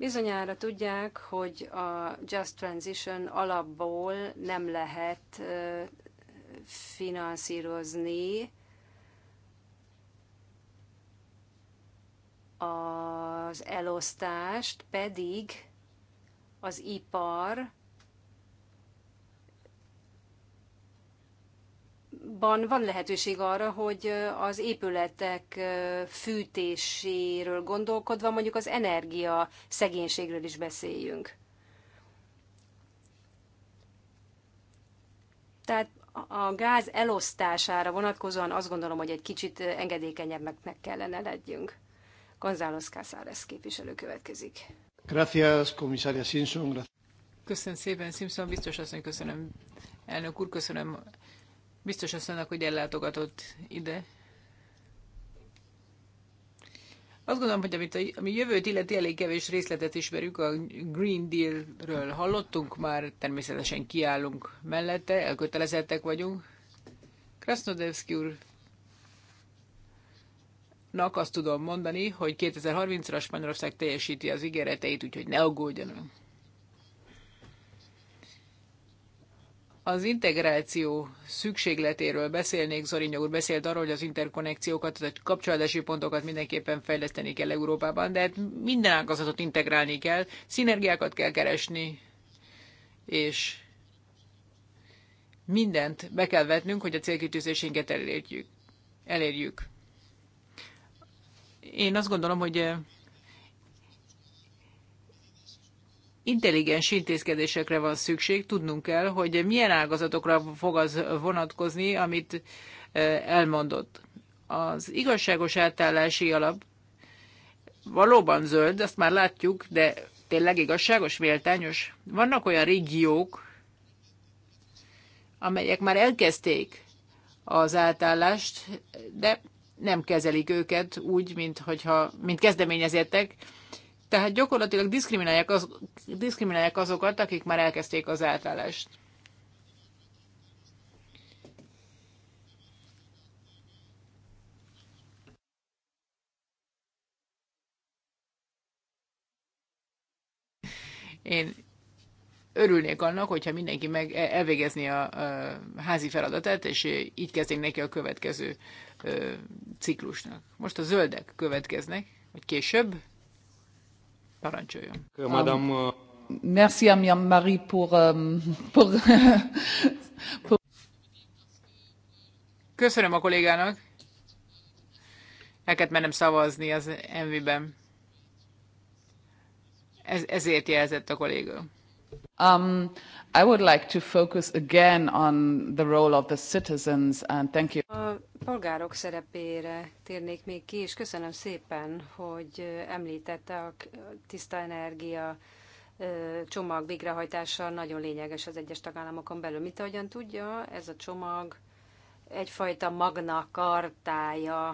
Bizonyára tudják, hogy a Just Transition alapból nem lehet finanszírozni az elosztást, pedig az ipar ban van lehetőség arra, hogy az épületek fűtéséről gondolkodva mondjuk az energia szegénységről is beszéljünk. Tehát a gáz elosztására vonatkozóan azt gondolom, hogy egy kicsit engedékenyebbnek kellene legyünk. González Cázares képviselő következik. Gracias, komisária Simpson. Köszönöm szépen, Simpson biztos asszony, köszönöm. Elnök úr, köszönöm Biztos asszonynak, hogy ellátogatott ide. Azt gondolom, hogy amit a, ami jövőt illeti, elég kevés részletet ismerünk, A Green Deal-ről hallottunk már, természetesen kiállunk mellette, elkötelezettek vagyunk. Krasnodevsky úr nak azt tudom mondani, hogy 2030-ra Spanyolország teljesíti az ígéreteit, úgyhogy ne aggódjanak. Az integráció szükségletéről beszélnék, Zorinja úr beszélt arról, hogy az interkonnekciókat, a kapcsolódási pontokat mindenképpen fejleszteni kell Európában, de hát minden ágazatot integrálni kell, szinergiákat kell keresni, és mindent be kell vetnünk, hogy a célkitűzésünket elérjük. elérjük. Én azt gondolom, hogy intelligens intézkedésekre van szükség, tudnunk kell, hogy milyen ágazatokra fog az vonatkozni, amit elmondott. Az igazságos átállási alap valóban zöld, azt már látjuk, de tényleg igazságos, méltányos. Vannak olyan régiók, amelyek már elkezdték az átállást, de nem kezelik őket úgy, mint, hogyha, mint kezdeményezettek, tehát gyakorlatilag diszkriminálják, az, diszkriminálják azokat, akik már elkezdték az átállást. Én örülnék annak, hogyha mindenki meg e- elvégezni a, a házi feladatát, és így kezdjék neki a következő ö, ciklusnak. Most a zöldek következnek, vagy később, Parancsoljon. Madame... Um, uh, merci pour, um, pour, pour... Köszönöm a kollégának. El kellett mennem szavazni az MV-ben. Ez, ezért jelzett a kolléga. Um, I would like to focus again on the role of the citizens and thank you. A polgárok szerepére térnék még ki, és köszönöm szépen, hogy említette a tiszta energia csomag végrehajtása nagyon lényeges az egyes tagállamokon belül. Mit ahogyan tudja, ez a csomag egyfajta magna kartája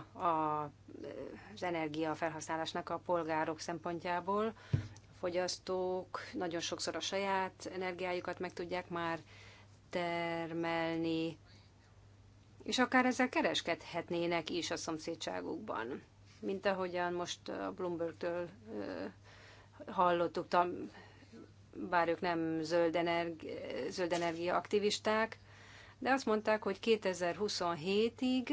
az energiafelhasználásnak a polgárok szempontjából, fogyasztók nagyon sokszor a saját energiájukat meg tudják már termelni, és akár ezzel kereskedhetnének is a szomszédságukban. Mint ahogyan most a Bloomberg-től hallottuk, bár ők nem zöld, energi, zöld energia aktivisták, de azt mondták, hogy 2027-ig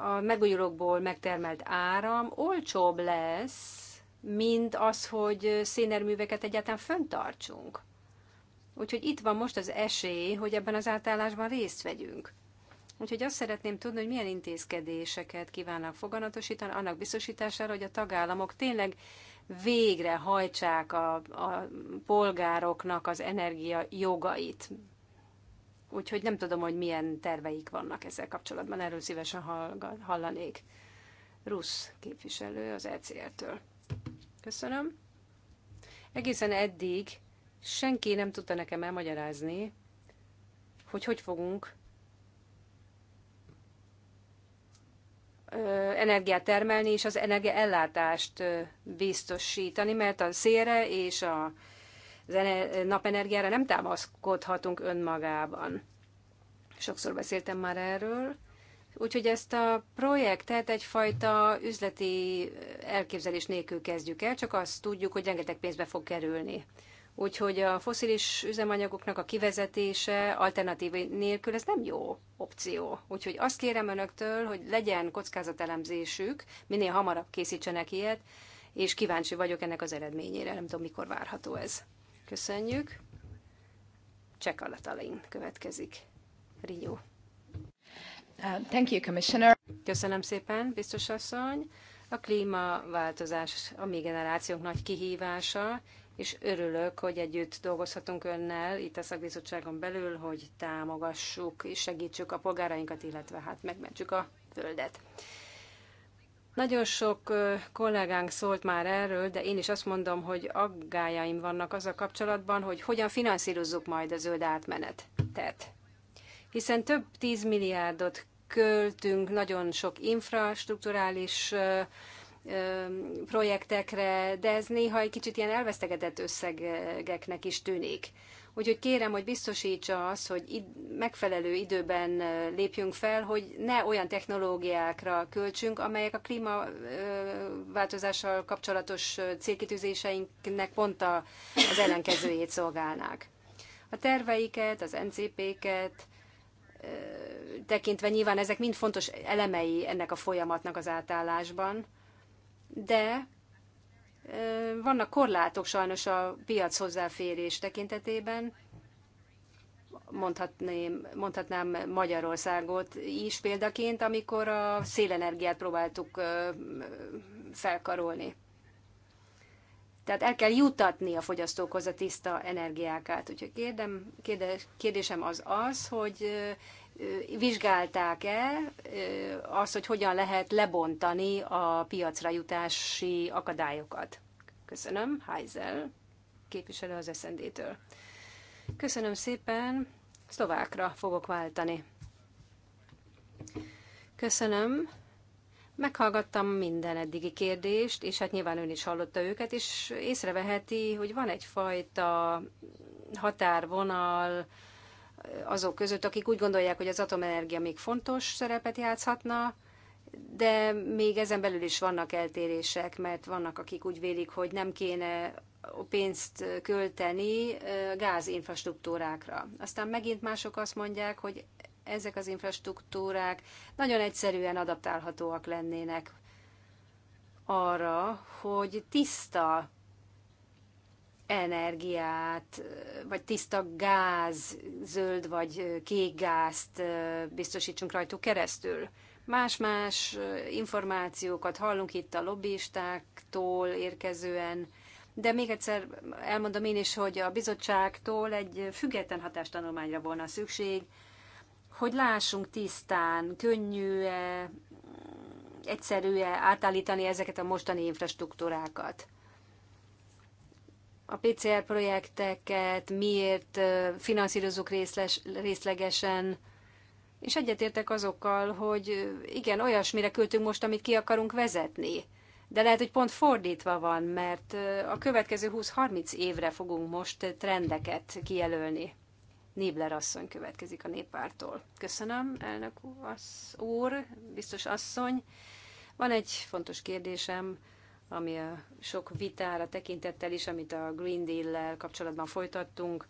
a megújulókból megtermelt áram olcsóbb lesz, mint az, hogy szénerműveket egyáltalán föntartsunk. Úgyhogy itt van most az esély, hogy ebben az átállásban részt vegyünk. Úgyhogy azt szeretném tudni, hogy milyen intézkedéseket kívánnak foganatosítani annak biztosítására, hogy a tagállamok tényleg végre hajtsák a, a polgároknak az energia jogait. Úgyhogy nem tudom, hogy milyen terveik vannak ezzel kapcsolatban, erről szívesen hallanék. Rusz képviselő az ECR-től. Köszönöm. Egészen eddig senki nem tudta nekem elmagyarázni, hogy hogy fogunk energiát termelni, és az energiaellátást biztosítani, mert a szélre és a napenergiára nem támaszkodhatunk önmagában. Sokszor beszéltem már erről, Úgyhogy ezt a projektet egyfajta üzleti eh, elképzelés nélkül kezdjük el, csak azt tudjuk, hogy rengeteg pénzbe fog kerülni. Úgyhogy a foszilis üzemanyagoknak a kivezetése alternatív nélkül ez nem jó opció. Úgyhogy azt kérem önöktől, hogy legyen kockázatelemzésük, minél hamarabb készítsenek ilyet, és kíváncsi vagyok ennek az eredményére. Nem tudom, mikor várható ez. Köszönjük. Csekalatalin következik. Rinyó. Uh, thank you, Commissioner. Köszönöm szépen, biztos asszony. A klímaváltozás a mi generációnk nagy kihívása, és örülök, hogy együtt dolgozhatunk önnel itt a szakbizottságon belül, hogy támogassuk és segítsük a polgárainkat, illetve hát megmentsük a földet. Nagyon sok kollégánk szólt már erről, de én is azt mondom, hogy aggájaim vannak az a kapcsolatban, hogy hogyan finanszírozzuk majd a zöld átmenetet. Hiszen több tíz milliárdot költünk nagyon sok infrastruktúrális projektekre, de ez néha egy kicsit ilyen elvesztegetett összegeknek is tűnik. Úgyhogy kérem, hogy biztosítsa azt, hogy id- megfelelő időben lépjünk fel, hogy ne olyan technológiákra költsünk, amelyek a klímaváltozással kapcsolatos célkitűzéseinknek pont a, az ellenkezőjét szolgálnák. A terveiket, az NCP-ket tekintve nyilván ezek mind fontos elemei ennek a folyamatnak az átállásban, de vannak korlátok sajnos a piac hozzáférés tekintetében, mondhatném, mondhatnám Magyarországot is példaként, amikor a szélenergiát próbáltuk felkarolni. Tehát el kell jutatni a fogyasztókhoz a tiszta energiákat. Úgyhogy kérdem, kérde, kérdésem az az, hogy vizsgálták-e azt, hogy hogyan lehet lebontani a piacra jutási akadályokat? Köszönöm, Heisel, képviselő az SZND-től. Köszönöm szépen, szlovákra fogok váltani. Köszönöm. Meghallgattam minden eddigi kérdést, és hát nyilván ön is hallotta őket, és észreveheti, hogy van egyfajta határvonal, azok között, akik úgy gondolják, hogy az atomenergia még fontos szerepet játszhatna, de még ezen belül is vannak eltérések, mert vannak, akik úgy vélik, hogy nem kéne pénzt költeni gázinfrastruktúrákra. Aztán megint mások azt mondják, hogy ezek az infrastruktúrák nagyon egyszerűen adaptálhatóak lennének arra, hogy tiszta energiát, vagy tiszta gáz, zöld vagy kék gázt biztosítsunk rajtuk keresztül. Más-más információkat hallunk itt a lobbistáktól érkezően, de még egyszer elmondom én is, hogy a bizottságtól egy független hatástanulmányra volna szükség, hogy lássunk tisztán, könnyű -e, egyszerű -e átállítani ezeket a mostani infrastruktúrákat a PCR projekteket, miért finanszírozunk részles, részlegesen, és egyetértek azokkal, hogy igen, olyasmire költünk most, amit ki akarunk vezetni. De lehet, hogy pont fordítva van, mert a következő 20-30 évre fogunk most trendeket kijelölni. Nébler asszony következik a néppártól. Köszönöm, elnök úr, biztos asszony. Van egy fontos kérdésem ami a sok vitára tekintettel is, amit a Green Deal-lel kapcsolatban folytattunk,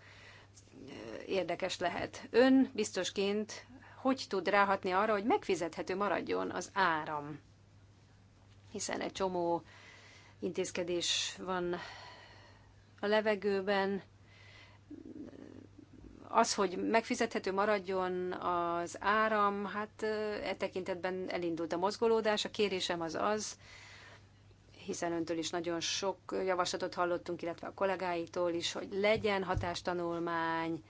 érdekes lehet. Ön biztosként hogy tud ráhatni arra, hogy megfizethető maradjon az áram? Hiszen egy csomó intézkedés van a levegőben. Az, hogy megfizethető maradjon az áram, hát e tekintetben elindult a mozgolódás. A kérésem az az, hiszen öntől is nagyon sok javaslatot hallottunk, illetve a kollégáitól is, hogy legyen hatástanulmány,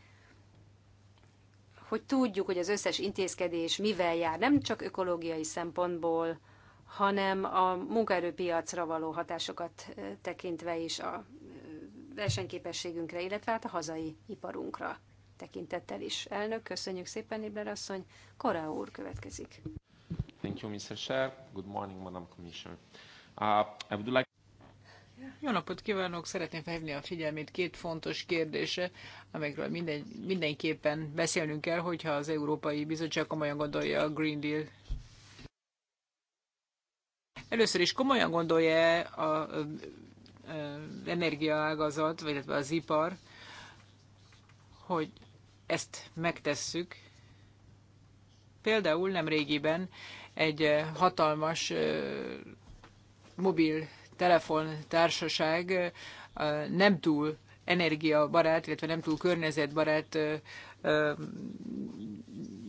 hogy tudjuk, hogy az összes intézkedés mivel jár, nem csak ökológiai szempontból, hanem a munkaerőpiacra való hatásokat tekintve is a versenyképességünkre, illetve hát a hazai iparunkra tekintettel is. Elnök, köszönjük szépen, Ibler asszony. Kora úr következik. Thank you, Mr. Chair. Good morning, Madam Commissioner. Uh, I would like... Jó napot kívánok! Szeretném felhívni a figyelmét két fontos kérdése, amelyekről minden, mindenképpen beszélnünk kell, hogyha az Európai Bizottság komolyan gondolja a Green Deal először is komolyan gondolja a energiaágazat, illetve az ipar, hogy ezt megtesszük. Például nem régiben egy hatalmas mobil társaság nem túl energiabarát, illetve nem túl környezetbarát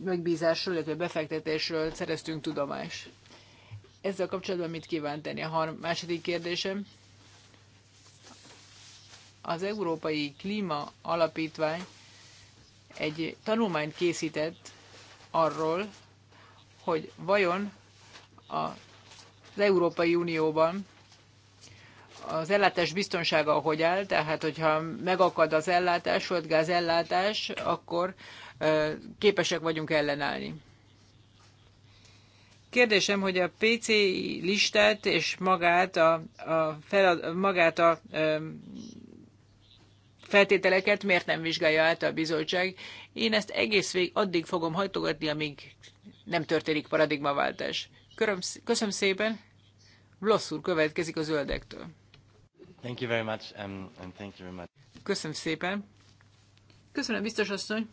megbízásról, illetve befektetésről szereztünk tudomást. Ezzel kapcsolatban mit kíván tenni? A második kérdésem. Az Európai Klíma Alapítvány egy tanulmányt készített arról, hogy vajon a az Európai Unióban az ellátás biztonsága hogy áll, tehát hogyha megakad az ellátás, földgáz ellátás, akkor képesek vagyunk ellenállni. Kérdésem, hogy a PC listát és magát a, a, fel, magát a feltételeket miért nem vizsgálja át a bizottság. Én ezt egész vég addig fogom hajtogatni, amíg nem történik paradigmaváltás. Köszönöm szépen. Blossz úr következik a zöldektől. Thank you very much, um, and thank you very much. Köszönöm szépen. Köszönöm, biztos asszony.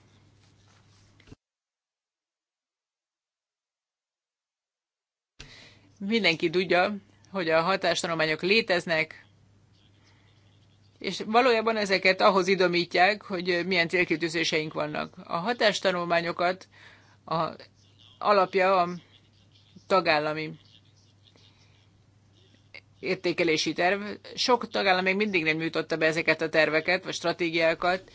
Mindenki tudja, hogy a hatástanulmányok léteznek, és valójában ezeket ahhoz idomítják, hogy milyen célkitűzéseink vannak. A hatástanulmányokat a alapja a tagállami értékelési terv. Sok tagállam még mindig nem nyújtotta be ezeket a terveket, vagy stratégiákat.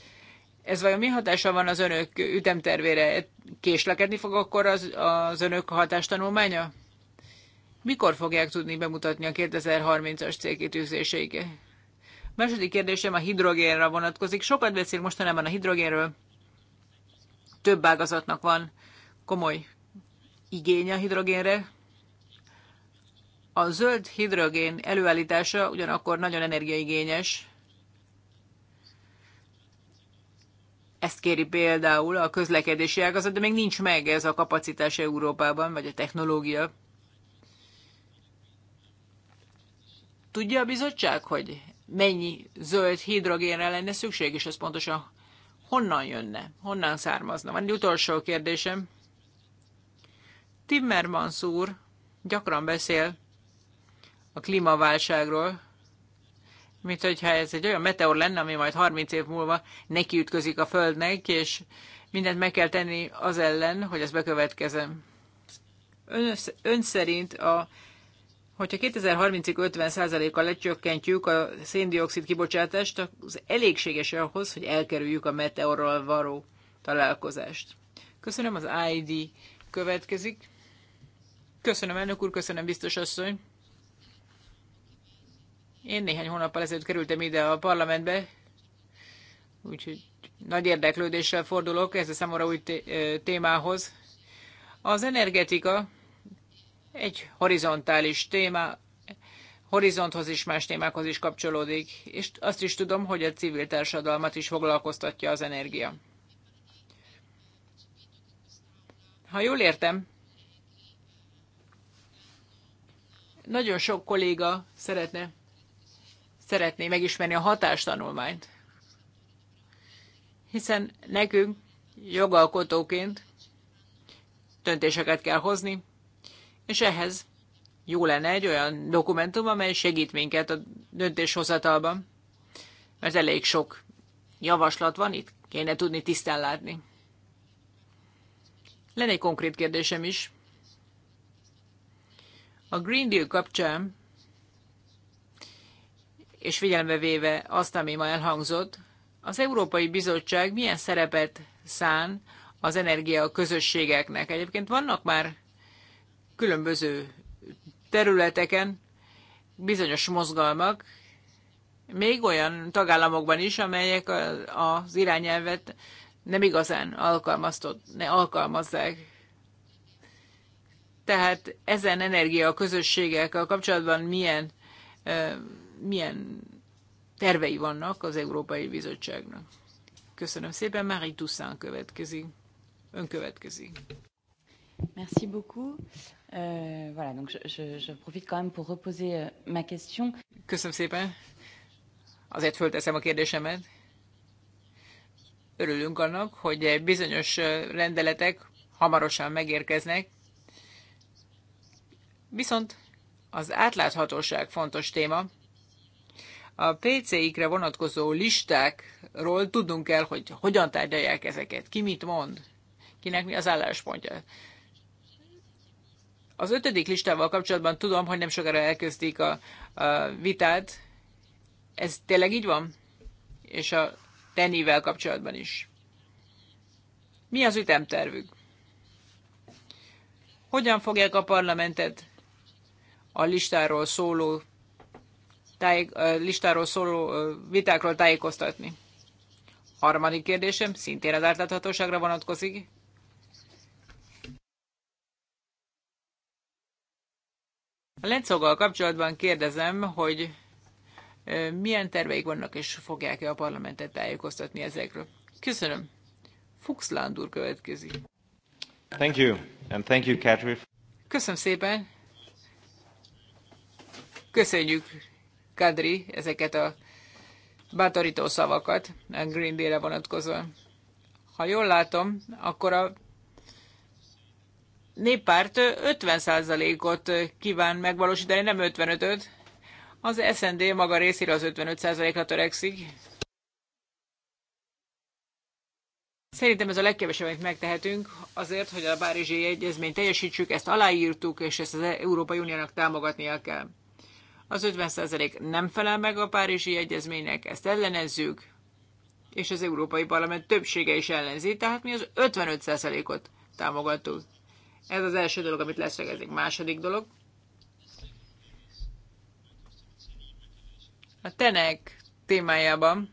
Ez vajon mi hatása van az önök ütemtervére? Késlekedni fog akkor az, az önök hatástanulmánya? Mikor fogják tudni bemutatni a 2030-as célkitűzéseiket? A második kérdésem a hidrogénre vonatkozik. Sokat beszél mostanában a hidrogénről. Több ágazatnak van komoly igény a hidrogénre. A zöld hidrogén előállítása ugyanakkor nagyon energiaigényes. Ezt kéri például a közlekedési ágazat, de még nincs meg ez a kapacitás Európában, vagy a technológia. Tudja a bizottság, hogy mennyi zöld hidrogénre lenne szükség, és ez pontosan honnan jönne, honnan származna? Van egy utolsó kérdésem. Timmermans úr gyakran beszél a klímaválságról, mint hogyha ez egy olyan meteor lenne, ami majd 30 év múlva nekiütközik a Földnek, és mindent meg kell tenni az ellen, hogy ez bekövetkezem. Ön, ön szerint, a, hogyha 2030-ig 50%-kal lecsökkentjük a széndiokszid kibocsátást, az elégséges ahhoz, hogy elkerüljük a meteorral való találkozást. Köszönöm, az ID következik. Köszönöm, elnök úr, köszönöm, biztos asszony. Én néhány hónappal ezelőtt kerültem ide a parlamentbe, úgyhogy nagy érdeklődéssel fordulok ez a számomra új témához. Az energetika egy horizontális téma, horizonthoz is, más témákhoz is kapcsolódik, és azt is tudom, hogy a civil társadalmat is foglalkoztatja az energia. Ha jól értem, Nagyon sok kolléga szeretne, szeretné megismerni a hatástanulmányt, hiszen nekünk jogalkotóként döntéseket kell hozni, és ehhez jó lenne egy olyan dokumentum, amely segít minket a döntéshozatalban, mert elég sok javaslat van, itt kéne tudni tisztán látni. Lenne egy konkrét kérdésem is. A Green Deal kapcsán, és figyelembe véve azt, ami ma elhangzott, az Európai Bizottság milyen szerepet szán az energia közösségeknek. Egyébként vannak már különböző területeken bizonyos mozgalmak, még olyan tagállamokban is, amelyek az irányelvet nem igazán alkalmazott, ne alkalmazzák. Tehát ezen energia a közösségekkel kapcsolatban milyen, milyen tervei vannak az Európai Bizottságnak. Köszönöm szépen, Marie Toussaint következik. Ön következik. Merci beaucoup. Euh, voilà, donc je, je, je profite quand même pour reposer euh, ma question. Köszönöm szépen. Azért fölteszem a kérdésemet. Örülünk annak, hogy bizonyos rendeletek hamarosan megérkeznek, Viszont az átláthatóság fontos téma. A PC-ikre vonatkozó listákról tudunk kell, hogy hogyan tárgyalják ezeket, ki mit mond, kinek mi az álláspontja. Az ötödik listával kapcsolatban tudom, hogy nem sokára elkezdik a, a vitát. Ez tényleg így van? És a tenivel kapcsolatban is. Mi az ütemtervük? Hogyan fogják a parlamentet a listáról szóló, táj, listáról szóló vitákról tájékoztatni. Harmadik kérdésem szintén az átláthatóságra vonatkozik. A lencoggal kapcsolatban kérdezem, hogy milyen terveik vannak, és fogják-e a parlamentet tájékoztatni ezekről. Köszönöm. Fuchs Landur következik. Thank you, and thank you, Katri. Köszönöm szépen, Köszönjük, Kadri, ezeket a bátorító szavakat a Green Deal-re vonatkozóan. Ha jól látom, akkor a néppárt 50%-ot kíván megvalósítani, nem 55-öt. Az SND maga részére az 55%-ra törekszik. Szerintem ez a legkevesebb, amit megtehetünk azért, hogy a Párizsi Egyezményt teljesítsük, ezt aláírtuk, és ezt az Európai Uniónak támogatnia kell. Az 50% nem felel meg a Párizsi Egyezménynek, ezt ellenezzük, és az Európai Parlament többsége is ellenzi, tehát mi az 55%-ot támogatunk. Ez az első dolog, amit leszögezik. Második dolog. A tenek témájában,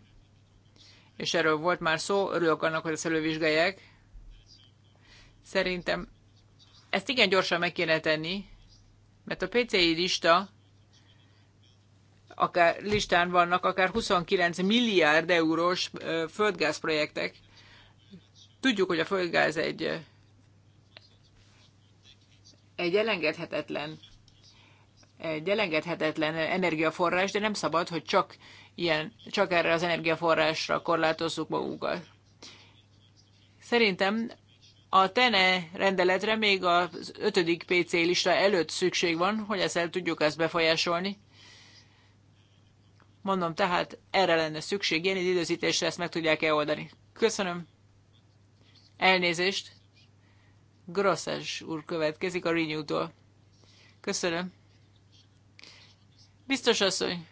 és erről volt már szó, örülök annak, hogy ezt elővizsgálják. Szerintem ezt igen gyorsan meg kéne tenni, mert a PCI lista akár listán vannak akár 29 milliárd eurós földgázprojektek. Tudjuk, hogy a földgáz egy, egy elengedhetetlen egy elengedhetetlen energiaforrás, de nem szabad, hogy csak, ilyen, csak erre az energiaforrásra korlátozzuk magunkat. Szerintem a TENE rendeletre még az ötödik PC lista előtt szükség van, hogy ezzel tudjuk ezt befolyásolni. Mondom, tehát erre lenne szükség, ilyen időzítésre ezt meg tudják-e oldani. Köszönöm. Elnézést. Grosses úr következik a Renew-tól. Köszönöm. Biztos asszony,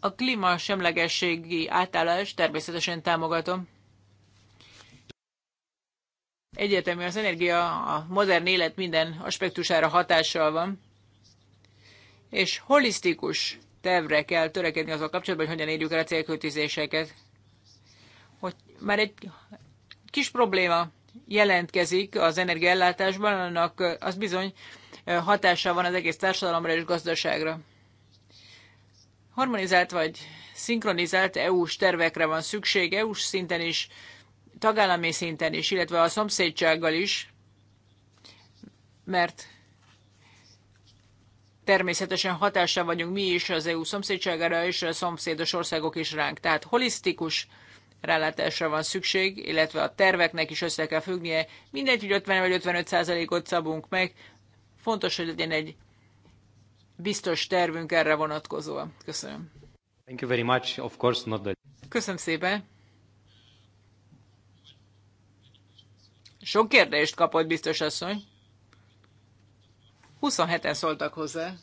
a klíma semlegességi átállás természetesen támogatom. Egyértelmű, az energia a modern élet minden aspektusára hatással van, és holisztikus tervre kell törekedni azzal kapcsolatban, hogy hogyan érjük el a célkötőzéseket. Hogy már egy kis probléma jelentkezik az energiaellátásban, annak eh, az bizony eh, hatása van az egész társadalomra és gazdaságra. Harmonizált vagy szinkronizált EU-s tervekre van szükség, EU-s szinten is, tagállami szinten is, illetve a szomszédsággal is, mert természetesen hatással vagyunk mi is az EU szomszédságára, és a szomszédos országok is ránk. Tehát holisztikus rálátásra van szükség, illetve a terveknek is össze kell függnie. Mindegy, hogy 50 vagy 55 százalékot szabunk meg. Fontos, hogy legyen egy biztos tervünk erre vonatkozóan. Köszönöm. Thank you very much. Of course not the... Köszönöm szépen. Sok kérdést kapott biztos asszony. 27-en szóltak hozzá.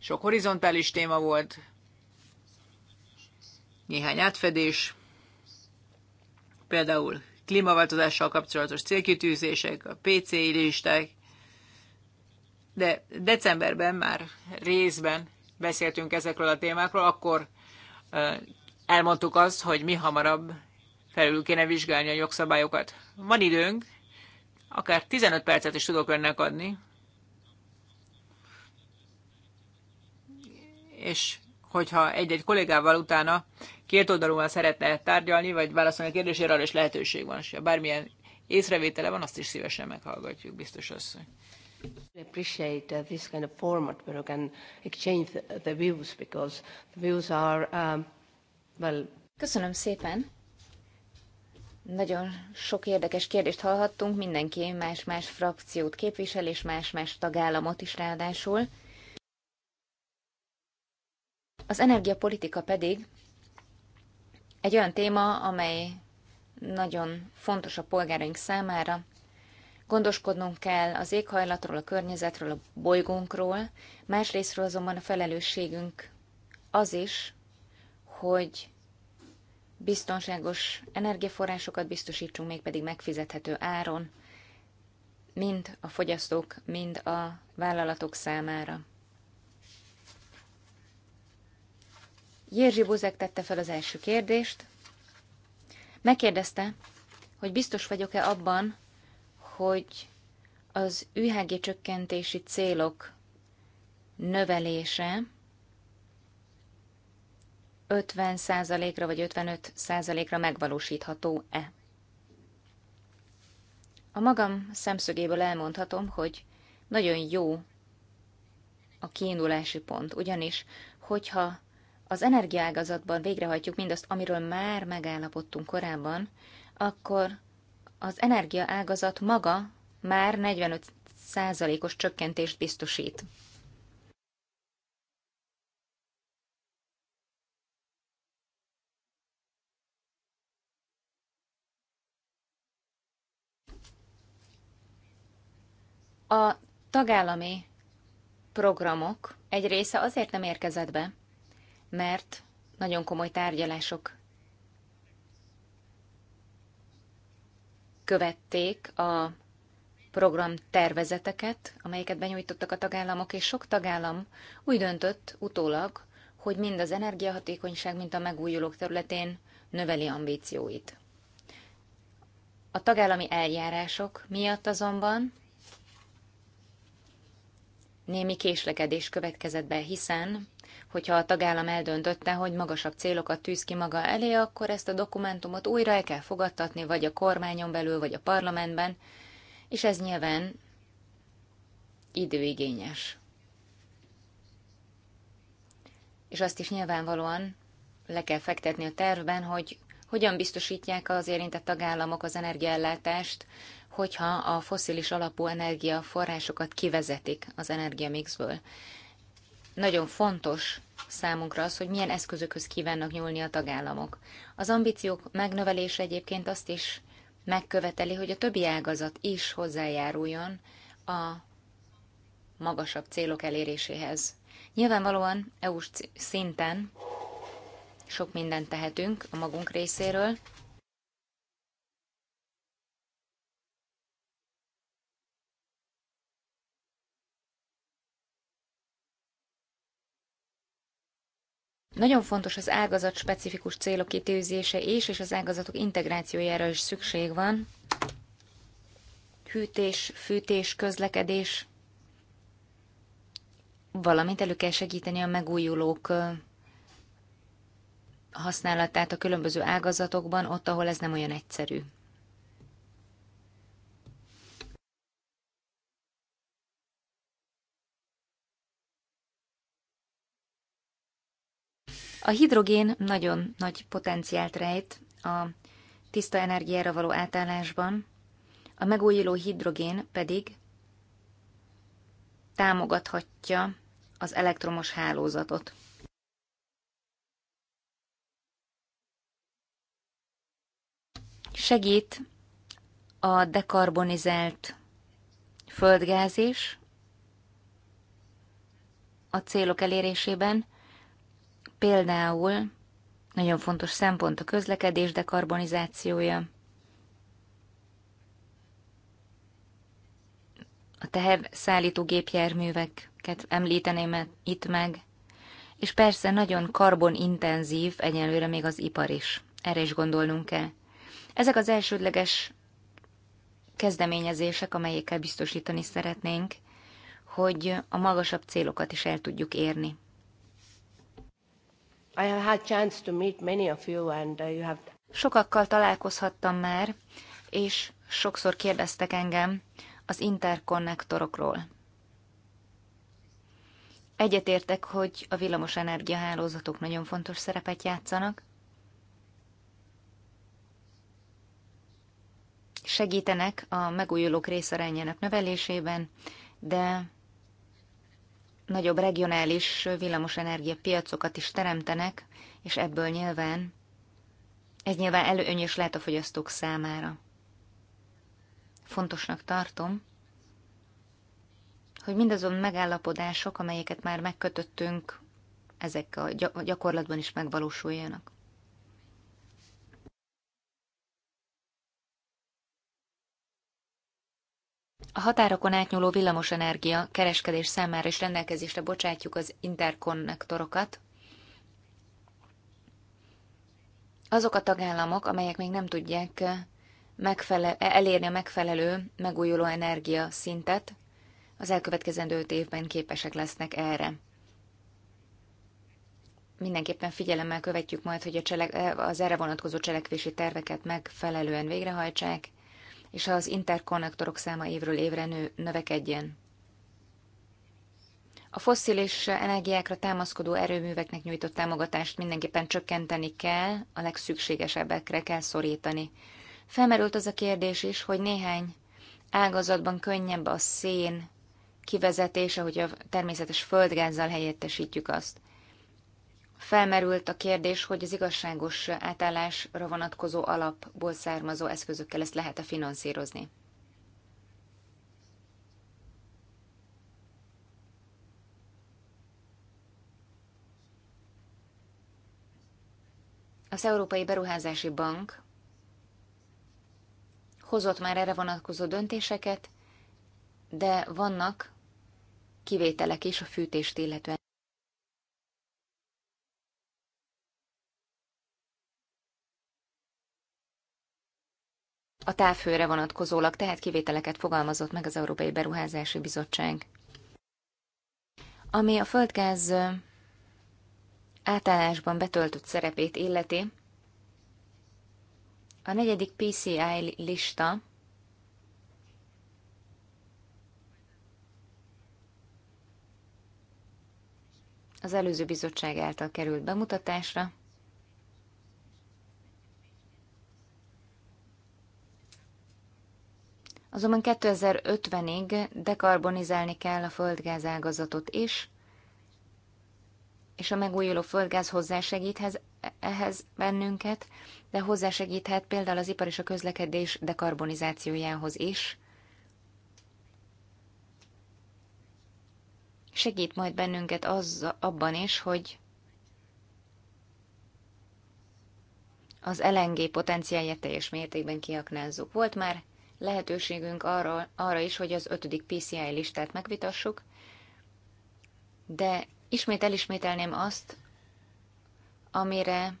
Sok horizontális téma volt, néhány átfedés, például klímaváltozással kapcsolatos célkitűzések, a PC listák, de decemberben már részben beszéltünk ezekről a témákról, akkor elmondtuk azt, hogy mi hamarabb felül kéne vizsgálni a jogszabályokat. Van időnk, akár 15 percet is tudok önnek adni, és hogyha egy-egy kollégával utána két oldalúan szeretne tárgyalni, vagy válaszolni a kérdésére, arra is lehetőség van. És ha bármilyen észrevétele van, azt is szívesen meghallgatjuk, biztos asszony. I appreciate uh, this kind of format where we can exchange the views because the views are, um, well... Köszönöm szépen. Nagyon sok érdekes kérdést hallhattunk, mindenki más-más frakciót képvisel, és más-más tagállamot is ráadásul. Az energiapolitika pedig egy olyan téma, amely nagyon fontos a polgáraink számára. Gondoskodnunk kell az éghajlatról, a környezetről, a bolygónkról, másrésztről azonban a felelősségünk az is, hogy biztonságos energiaforrásokat biztosítsunk, mégpedig megfizethető áron, mind a fogyasztók, mind a vállalatok számára. Jerzy Buzek tette fel az első kérdést. Megkérdezte, hogy biztos vagyok-e abban, hogy az UHG csökkentési célok növelése 50%-ra vagy 55%-ra megvalósítható-e. A magam szemszögéből elmondhatom, hogy nagyon jó a kiindulási pont, ugyanis, hogyha az energiaágazatban végrehajtjuk mindazt, amiről már megállapodtunk korábban, akkor az energiaágazat maga már 45 százalékos csökkentést biztosít. A tagállami programok egy része azért nem érkezett be, mert nagyon komoly tárgyalások követték a program tervezeteket, amelyeket benyújtottak a tagállamok, és sok tagállam úgy döntött utólag, hogy mind az energiahatékonyság, mint a megújulók területén növeli ambícióit. A tagállami eljárások miatt azonban némi késlekedés következett be, hiszen hogyha a tagállam eldöntötte, hogy magasabb célokat tűz ki maga elé, akkor ezt a dokumentumot újra el kell fogadtatni, vagy a kormányon belül, vagy a parlamentben, és ez nyilván időigényes. És azt is nyilvánvalóan le kell fektetni a tervben, hogy hogyan biztosítják az érintett tagállamok az energiaellátást hogyha a foszilis alapú energiaforrásokat kivezetik az energiamixből. Nagyon fontos számunkra az, hogy milyen eszközökhöz kívánnak nyúlni a tagállamok. Az ambíciók megnövelése egyébként azt is megköveteli, hogy a többi ágazat is hozzájáruljon a magasabb célok eléréséhez. Nyilvánvalóan EU-s szinten sok mindent tehetünk a magunk részéről, Nagyon fontos az ágazat specifikus célok kitűzése is, és az ágazatok integrációjára is szükség van. Hűtés, fűtés, közlekedés, valamint elő kell segíteni a megújulók használatát a különböző ágazatokban, ott, ahol ez nem olyan egyszerű. A hidrogén nagyon nagy potenciált rejt a tiszta energiára való átállásban, a megújuló hidrogén pedig támogathatja az elektromos hálózatot. Segít a dekarbonizált földgáz is a célok elérésében, Például nagyon fontos szempont a közlekedés dekarbonizációja, a teherszállító gépjárműveket említeném e- itt meg, és persze nagyon karbonintenzív egyenlőre még az ipar is. Erre is gondolnunk kell. Ezek az elsődleges kezdeményezések, amelyekkel biztosítani szeretnénk, hogy a magasabb célokat is el tudjuk érni. I have had chance to meet many of you and uh, you have... Sokakkal találkozhattam már, és sokszor kérdeztek engem az interkonnektorokról. Egyetértek, hogy a villamos energiahálózatok nagyon fontos szerepet játszanak. Segítenek a megújulók részarányának növelésében, de nagyobb regionális villamosenergia piacokat is teremtenek, és ebből nyilván, ez nyilván előnyös lehet a fogyasztók számára. Fontosnak tartom, hogy mindazon megállapodások, amelyeket már megkötöttünk, ezek a gyakorlatban is megvalósuljanak. A határokon átnyúló villamosenergia kereskedés számára is rendelkezésre bocsátjuk az interkonnektorokat. Azok a tagállamok, amelyek még nem tudják eh, megfele- eh, elérni a megfelelő megújuló energia szintet, az elkövetkezendő öt évben képesek lesznek erre. Mindenképpen figyelemmel követjük majd, hogy a csele- eh, az erre vonatkozó cselekvési terveket megfelelően végrehajtsák, és az interkonnektorok száma évről évre nő, növekedjen. A fosszilis energiákra támaszkodó erőműveknek nyújtott támogatást mindenképpen csökkenteni kell, a legszükségesebbekre kell szorítani. Felmerült az a kérdés is, hogy néhány ágazatban könnyebb a szén kivezetése, hogy a természetes földgázzal helyettesítjük azt. Felmerült a kérdés, hogy az igazságos átállásra vonatkozó alapból származó eszközökkel ezt lehet-e finanszírozni. Az Európai Beruházási Bank hozott már erre vonatkozó döntéseket, de vannak kivételek is a fűtést illetően. a távhőre vonatkozólag, tehát kivételeket fogalmazott meg az Európai Beruházási Bizottság. Ami a földgáz átállásban betöltött szerepét illeti, a negyedik PCI lista az előző bizottság által került bemutatásra, Azonban 2050-ig dekarbonizálni kell a földgáz ágazatot is, és a megújuló földgáz hozzásegíthez ehhez bennünket, de hozzásegíthet például az ipar és a közlekedés dekarbonizációjához is. Segít majd bennünket az, abban is, hogy az LNG potenciálját teljes mértékben kiaknázzuk. Volt már lehetőségünk arra, arra is, hogy az ötödik PCI listát megvitassuk, de ismét elismételném azt, amire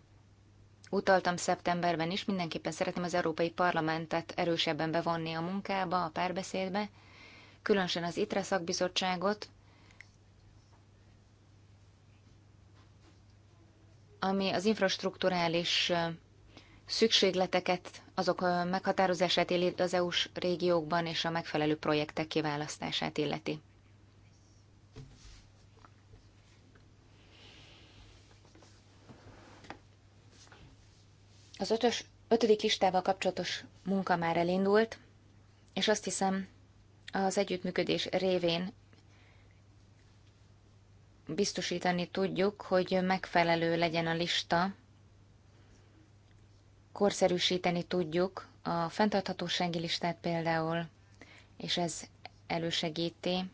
utaltam szeptemberben is, mindenképpen szeretném az Európai Parlamentet erősebben bevonni a munkába, a párbeszédbe, különösen az ITRE szakbizottságot, ami az infrastruktúrális szükségleteket, azok meghatározását illeti az EU-s régiókban és a megfelelő projektek kiválasztását illeti. Az ötös, ötödik listával kapcsolatos munka már elindult, és azt hiszem, az együttműködés révén biztosítani tudjuk, hogy megfelelő legyen a lista korszerűsíteni tudjuk a fenntarthatósági listát például, és ez elősegíti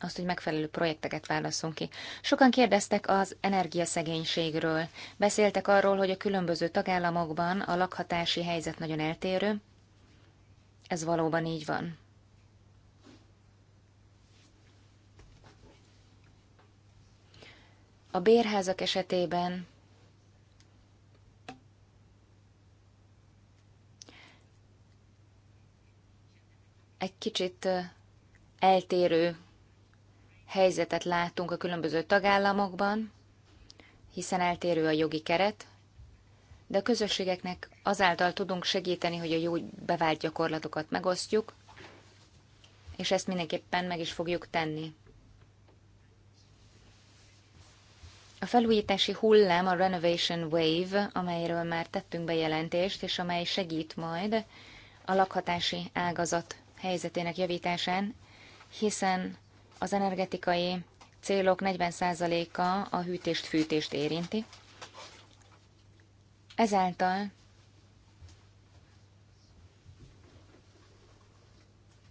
azt, hogy megfelelő projekteket válaszunk ki. Sokan kérdeztek az energiaszegénységről. Beszéltek arról, hogy a különböző tagállamokban a lakhatási helyzet nagyon eltérő. Ez valóban így van. A bérházak esetében egy kicsit eltérő helyzetet látunk a különböző tagállamokban, hiszen eltérő a jogi keret, de a közösségeknek azáltal tudunk segíteni, hogy a jó bevált gyakorlatokat megosztjuk, és ezt mindenképpen meg is fogjuk tenni. A felújítási hullám, a Renovation Wave, amelyről már tettünk bejelentést, és amely segít majd a lakhatási ágazat helyzetének javításán, hiszen az energetikai célok 40%-a a hűtést-fűtést érinti. Ezáltal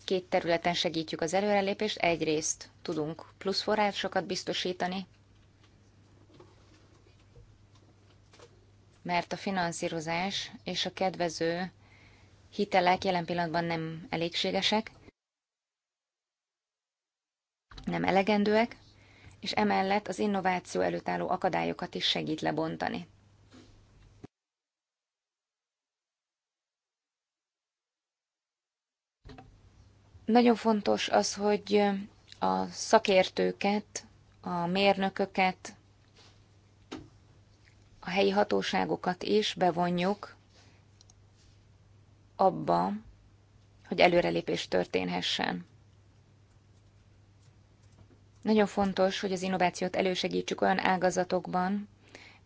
Két területen segítjük az előrelépést, egyrészt tudunk plusz forrásokat biztosítani, mert a finanszírozás és a kedvező hitelek jelen pillanatban nem elégségesek, nem elegendőek, és emellett az innováció előtt álló akadályokat is segít lebontani. Nagyon fontos az, hogy a szakértőket, a mérnököket, a helyi hatóságokat is bevonjuk abba, hogy előrelépés történhessen. Nagyon fontos, hogy az innovációt elősegítsük olyan ágazatokban,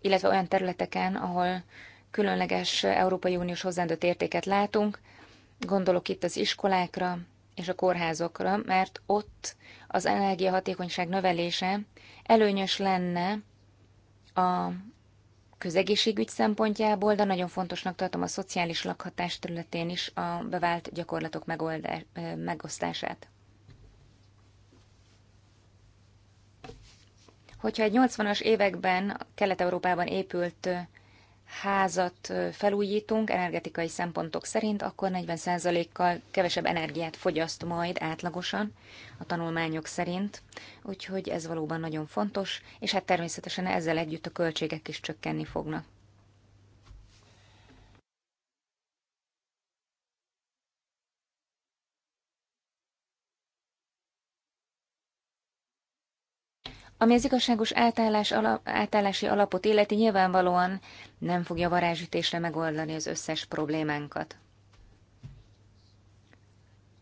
illetve olyan területeken, ahol különleges Európai Uniós hozzáadott értéket látunk. Gondolok itt az iskolákra és a kórházokra, mert ott az energiahatékonyság növelése előnyös lenne a közegészségügy szempontjából, de nagyon fontosnak tartom a szociális lakhatás területén is a bevált gyakorlatok megoldás, megosztását. Hogyha egy 80-as években Kelet-Európában épült házat felújítunk energetikai szempontok szerint, akkor 40%-kal kevesebb energiát fogyaszt majd átlagosan a tanulmányok szerint. Úgyhogy ez valóban nagyon fontos, és hát természetesen ezzel együtt a költségek is csökkenni fognak. Ami az igazságos átállás alap, átállási alapot illeti, nyilvánvalóan nem fogja varázsütésre megoldani az összes problémánkat.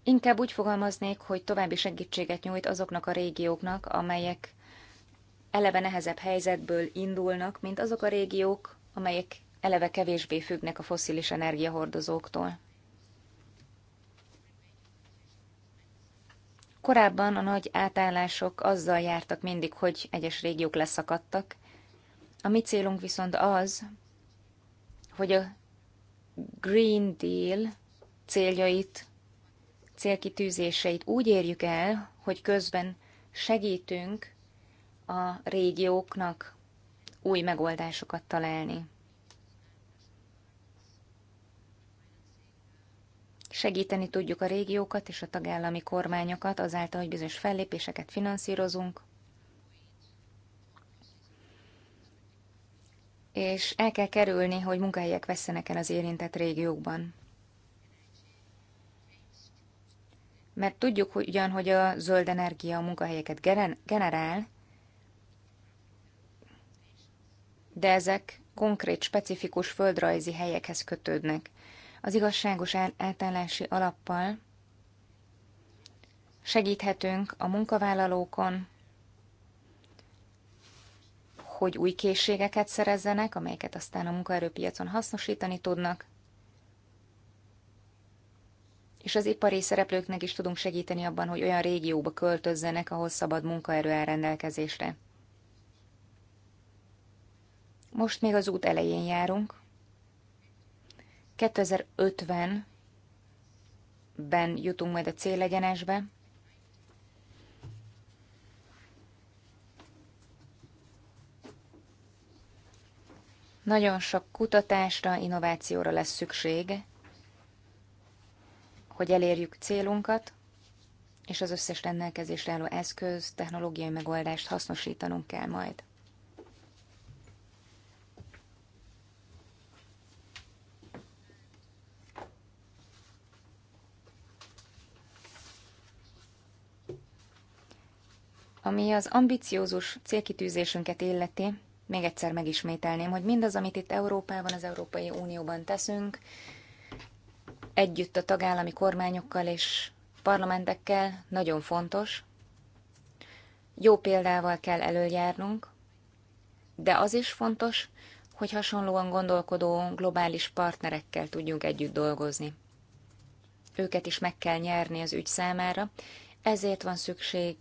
Inkább úgy fogalmaznék, hogy további segítséget nyújt azoknak a régióknak, amelyek eleve nehezebb helyzetből indulnak, mint azok a régiók, amelyek eleve kevésbé függnek a foszilis energiahordozóktól. Korábban a nagy átállások azzal jártak mindig, hogy egyes régiók leszakadtak. A mi célunk viszont az, hogy a Green Deal céljait, célkitűzéseit úgy érjük el, hogy közben segítünk a régióknak új megoldásokat találni. Segíteni tudjuk a régiókat és a tagállami kormányokat azáltal, hogy bizonyos fellépéseket finanszírozunk, és el kell kerülni, hogy munkahelyek vesztenek el az érintett régiókban. Mert tudjuk hogy ugyan, hogy a zöld energia a munkahelyeket generál, de ezek konkrét, specifikus földrajzi helyekhez kötődnek az igazságos átállási alappal segíthetünk a munkavállalókon, hogy új készségeket szerezzenek, amelyeket aztán a munkaerőpiacon hasznosítani tudnak, és az ipari szereplőknek is tudunk segíteni abban, hogy olyan régióba költözzenek, ahol szabad munkaerő áll rendelkezésre. Most még az út elején járunk, 2050-ben jutunk majd a célegyenesbe, Nagyon sok kutatásra, innovációra lesz szükség, hogy elérjük célunkat, és az összes rendelkezésre álló eszköz, technológiai megoldást hasznosítanunk kell majd. Ami az ambiciózus célkitűzésünket illeti, még egyszer megismételném, hogy mindaz, amit itt Európában, az Európai Unióban teszünk, együtt a tagállami kormányokkal és parlamentekkel nagyon fontos. Jó példával kell előjárnunk, de az is fontos, hogy hasonlóan gondolkodó globális partnerekkel tudjunk együtt dolgozni. Őket is meg kell nyerni az ügy számára, ezért van szükség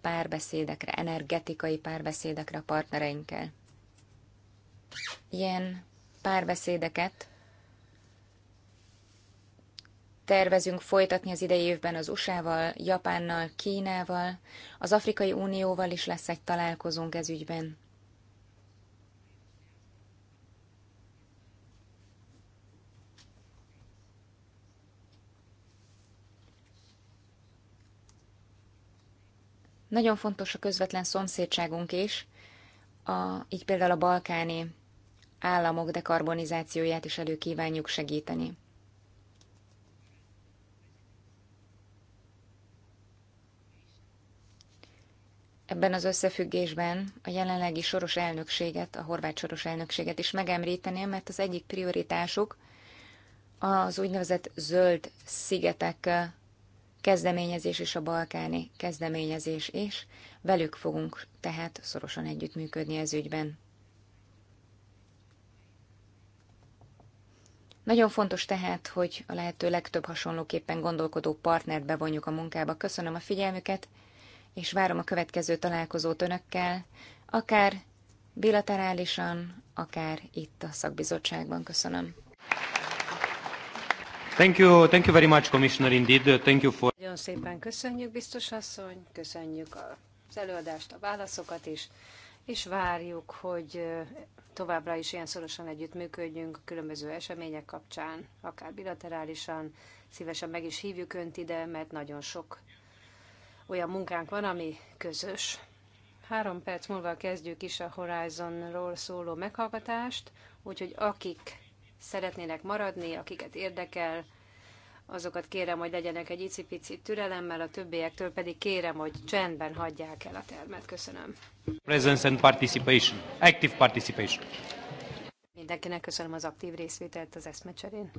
párbeszédekre, energetikai párbeszédekre a partnereinkkel. Ilyen párbeszédeket tervezünk folytatni az idei évben az USA-val, Japánnal, Kínával, az Afrikai Unióval is lesz egy találkozónk ez ügyben. Nagyon fontos a közvetlen szomszédságunk is, a, így például a balkáni államok dekarbonizációját is elő kívánjuk segíteni. Ebben az összefüggésben a jelenlegi soros elnökséget, a horvát soros elnökséget is megemlíteném, mert az egyik prioritásuk az úgynevezett zöld szigetek kezdeményezés és a balkáni kezdeményezés és Velük fogunk tehát szorosan együttműködni ez ügyben. Nagyon fontos tehát, hogy a lehető legtöbb hasonlóképpen gondolkodó partnert bevonjuk a munkába. Köszönöm a figyelmüket, és várom a következő találkozót önökkel, akár bilaterálisan, akár itt a szakbizottságban. Köszönöm. Thank you, thank you very much, Commissioner, indeed. Thank you for... Nagyon szépen köszönjük, biztos asszony, köszönjük az előadást, a válaszokat is, és várjuk, hogy továbbra is ilyen szorosan együttműködjünk a különböző események kapcsán, akár bilaterálisan. Szívesen meg is hívjuk Önt ide, mert nagyon sok olyan munkánk van, ami közös. Három perc múlva kezdjük is a Horizonról szóló meghallgatást, úgyhogy akik szeretnének maradni, akiket érdekel, azokat kérem, hogy legyenek egy icipicit türelemmel, a többiektől pedig kérem, hogy csendben hagyják el a termet. Köszönöm. Presence and participation. Active participation. Mindenkinek köszönöm az aktív részvételt az eszmecserén.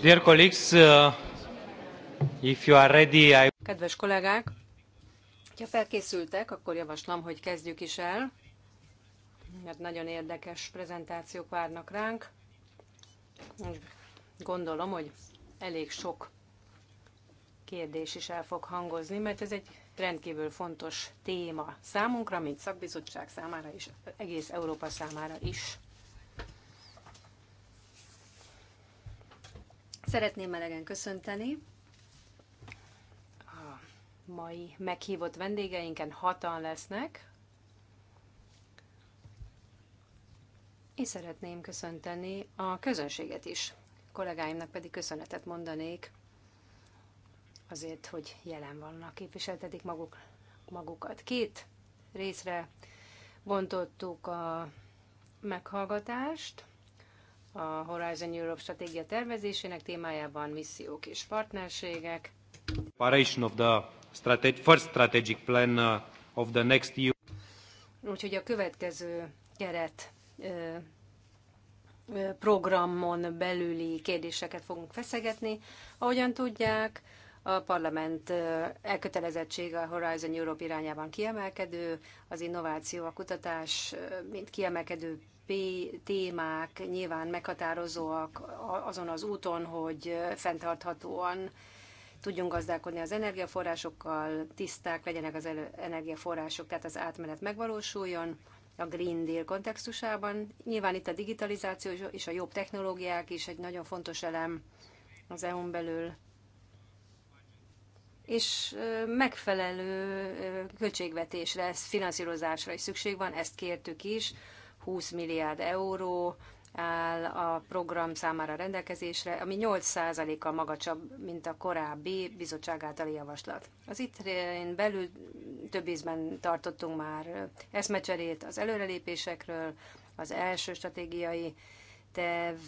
Dear colleagues, uh, if you are ready, I... Kedves kollégák, ha felkészültek, akkor javaslom, hogy kezdjük is el, mert nagyon érdekes prezentációk várnak ránk. Gondolom, hogy elég sok kérdés is el fog hangozni, mert ez egy rendkívül fontos téma számunkra, mint szakbizottság számára és egész Európa számára is. Szeretném melegen köszönteni a mai meghívott vendégeinken hatan lesznek, és szeretném köszönteni a közönséget is. A kollégáimnak pedig köszönetet mondanék azért, hogy jelen vannak, képviseltetik maguk, magukat. Két részre bontottuk a meghallgatást a Horizon Europe stratégia tervezésének témájában missziók és partnerségek. of the strategy, first strategic plan uh, of the next year. Úgyhogy a következő keret programon belüli kérdéseket fogunk feszegetni. Ahogyan tudják, a parlament elkötelezettsége a Horizon Europe irányában kiemelkedő, az innováció, a kutatás, mint kiemelkedő témák nyilván meghatározóak azon az úton, hogy fenntarthatóan tudjunk gazdálkodni az energiaforrásokkal, tiszták legyenek az energiaforrások, tehát az átmenet megvalósuljon a Green Deal kontextusában. Nyilván itt a digitalizáció és a jobb technológiák is egy nagyon fontos elem az EU-n belül. És megfelelő költségvetésre, finanszírozásra is szükség van, ezt kértük is 20 milliárd euró áll a program számára rendelkezésre, ami 8%-kal magasabb, mint a korábbi bizottság általi javaslat. Az ITRÉN belül több ízben tartottunk már eszmecserét az előrelépésekről, az első stratégiai tev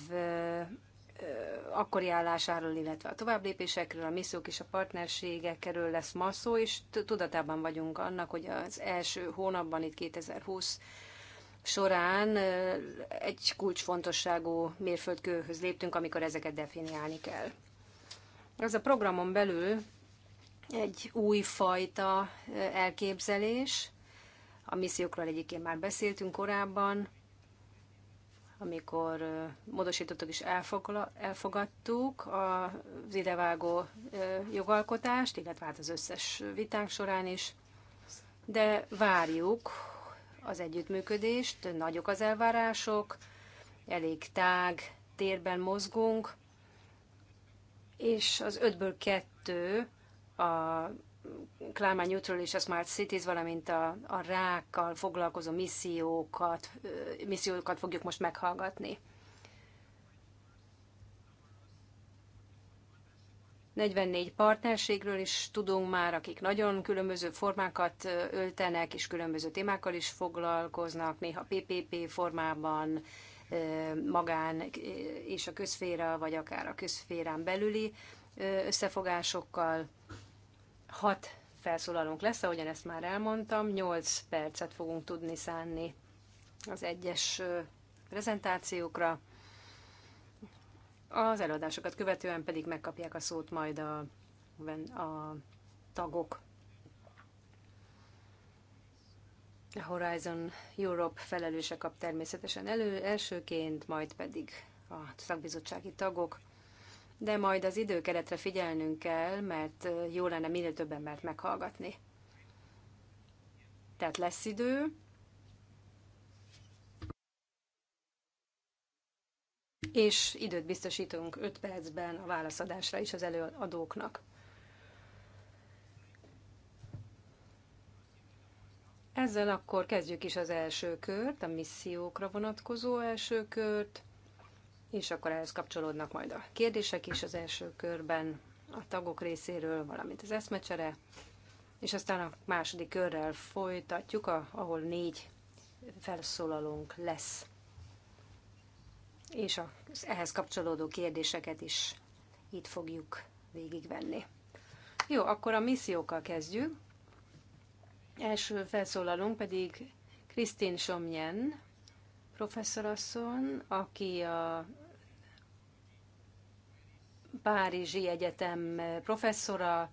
akkori állásáról, illetve a tovább lépésekről, a missziók és a partnerségekről lesz ma szó, és tudatában vagyunk annak, hogy az első hónapban, itt 2020 során egy kulcsfontosságú mérföldkőhöz léptünk, amikor ezeket definiálni kell. Ez a programon belül egy újfajta elképzelés, a missziókról egyébként már beszéltünk korábban, amikor módosítottuk és elfogadtuk az idevágó jogalkotást, illetve hát az összes vitánk során is, de várjuk, az együttműködést, nagyok az elvárások, elég tág térben mozgunk, és az ötből kettő a Climate Neutral és a Smart Cities, valamint a, a rákkal foglalkozó missziókat, missziókat fogjuk most meghallgatni. 44 partnerségről is tudunk már, akik nagyon különböző formákat öltenek, és különböző témákkal is foglalkoznak, néha PPP formában, magán és a közféra, vagy akár a közférán belüli összefogásokkal. Hat felszólalónk lesz, ahogyan ezt már elmondtam, 8 percet fogunk tudni szánni az egyes prezentációkra. Az előadásokat követően pedig megkapják a szót majd a, a tagok. A Horizon Europe felelőse kap természetesen elő, elsőként, majd pedig a szakbizottsági tagok. De majd az időkeretre figyelnünk kell, mert eh, jó lenne minél több embert meghallgatni. Tehát lesz idő, és időt biztosítunk 5 percben a válaszadásra is az előadóknak. Ezzel akkor kezdjük is az első kört, a missziókra vonatkozó első kört, és akkor ehhez kapcsolódnak majd a kérdések is az első körben a tagok részéről, valamint az eszmecsere, és aztán a második körrel folytatjuk, ahol négy felszólalónk lesz és az ehhez kapcsolódó kérdéseket is itt fogjuk végigvenni. Jó, akkor a missziókkal kezdjük. Első felszólalunk pedig Krisztin Somjen, professzorasszon, aki a Párizsi Egyetem professzora,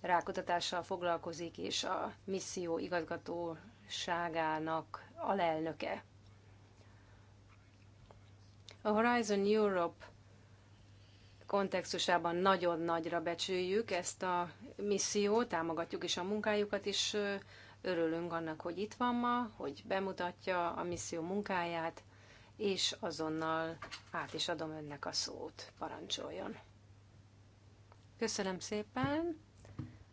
rákutatással foglalkozik, és a misszió igazgatóságának alelnöke. A Horizon Europe kontextusában nagyon nagyra becsüljük ezt a missziót, támogatjuk is a munkájukat, és örülünk annak, hogy itt van ma, hogy bemutatja a misszió munkáját, és azonnal át is adom önnek a szót. Parancsoljon! Köszönöm szépen!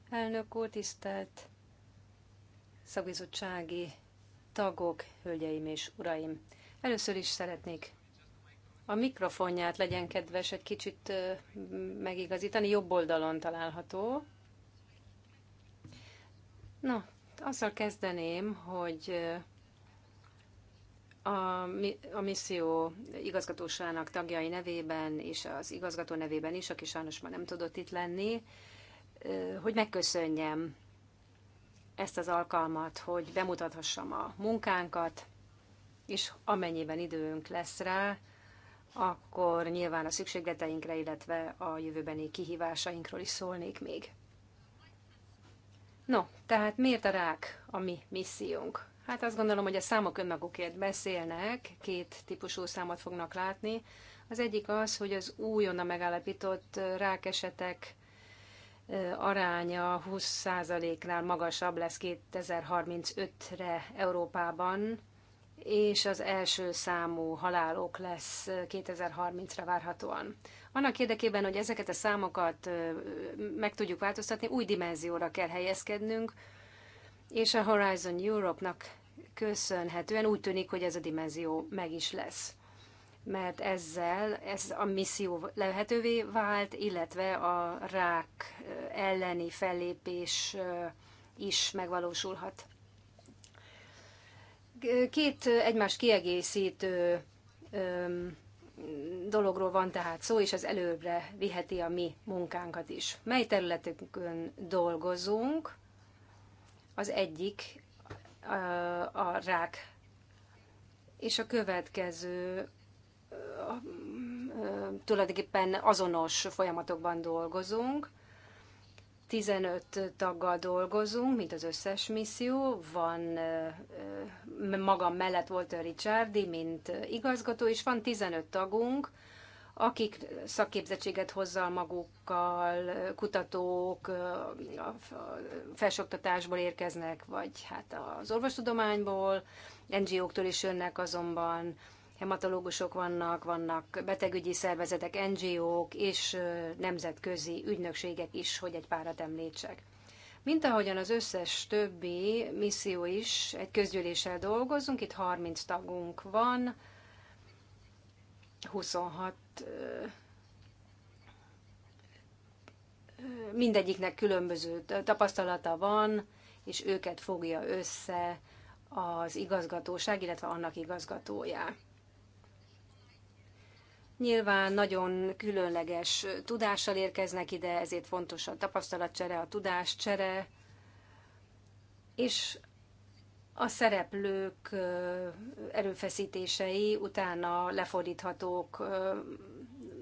Elnök úr, tisztelt szakbizottsági tagok, hölgyeim és uraim! Először is szeretnék a mikrofonját legyen kedves egy kicsit megigazítani, jobb oldalon található. Na, azzal kezdeném, hogy a, a misszió igazgatósának tagjai nevében és az igazgató nevében is, aki sajnos már nem tudott itt lenni, hogy megköszönjem ezt az alkalmat, hogy bemutathassam a munkánkat, és amennyiben időnk lesz rá, akkor nyilván a szükségleteinkre, illetve a jövőbeni kihívásainkról is szólnék még. No, tehát miért a rák a mi missziónk? Hát azt gondolom, hogy a számok önmagukért beszélnek, két típusú számot fognak látni. Az egyik az, hogy az újonnan megállapított rákesetek aránya 20%-nál magasabb lesz 2035-re Európában, és az első számú halálok lesz 2030-ra várhatóan. Annak érdekében, hogy ezeket a számokat meg tudjuk változtatni, új dimenzióra kell helyezkednünk, és a Horizon Europe-nak köszönhetően úgy tűnik, hogy ez a dimenzió meg is lesz. Mert ezzel ez a misszió lehetővé vált, illetve a rák elleni fellépés is megvalósulhat. Két egymást kiegészítő dologról van tehát szó, és az előbbre viheti a mi munkánkat is. Mely területünkön dolgozunk? Az egyik a rák, és a következő tulajdonképpen azonos folyamatokban dolgozunk. 15 taggal dolgozunk, mint az összes misszió. Van magam mellett a Richardi, mint igazgató, és van 15 tagunk, akik szakképzettséget hozza magukkal, kutatók, a felsoktatásból érkeznek, vagy hát az orvostudományból, NGO-któl is jönnek azonban, hematológusok vannak, vannak betegügyi szervezetek, NGO-k és nemzetközi ügynökségek is, hogy egy párat említsek. Mint ahogyan az összes többi misszió is, egy közgyűléssel dolgozunk, itt 30 tagunk van, 26 mindegyiknek különböző tapasztalata van, és őket fogja össze az igazgatóság, illetve annak igazgatója. Nyilván nagyon különleges tudással érkeznek ide, ezért fontos a tapasztalatcsere, a tudáscsere, és a szereplők erőfeszítései utána lefordíthatók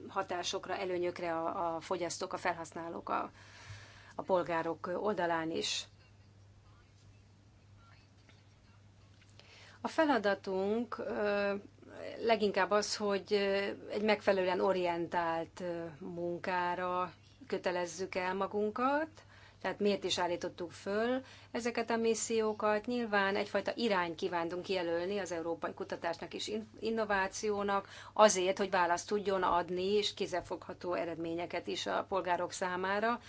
hatásokra, előnyökre a, a fogyasztók, a felhasználók, a, a polgárok oldalán is. A feladatunk leginkább az, hogy egy megfelelően orientált munkára kötelezzük el magunkat, tehát miért is állítottuk föl ezeket a missziókat. Nyilván egyfajta irány kívántunk jelölni az európai kutatásnak és innovációnak, azért, hogy választ tudjon adni és kézzelfogható eredményeket is a polgárok számára,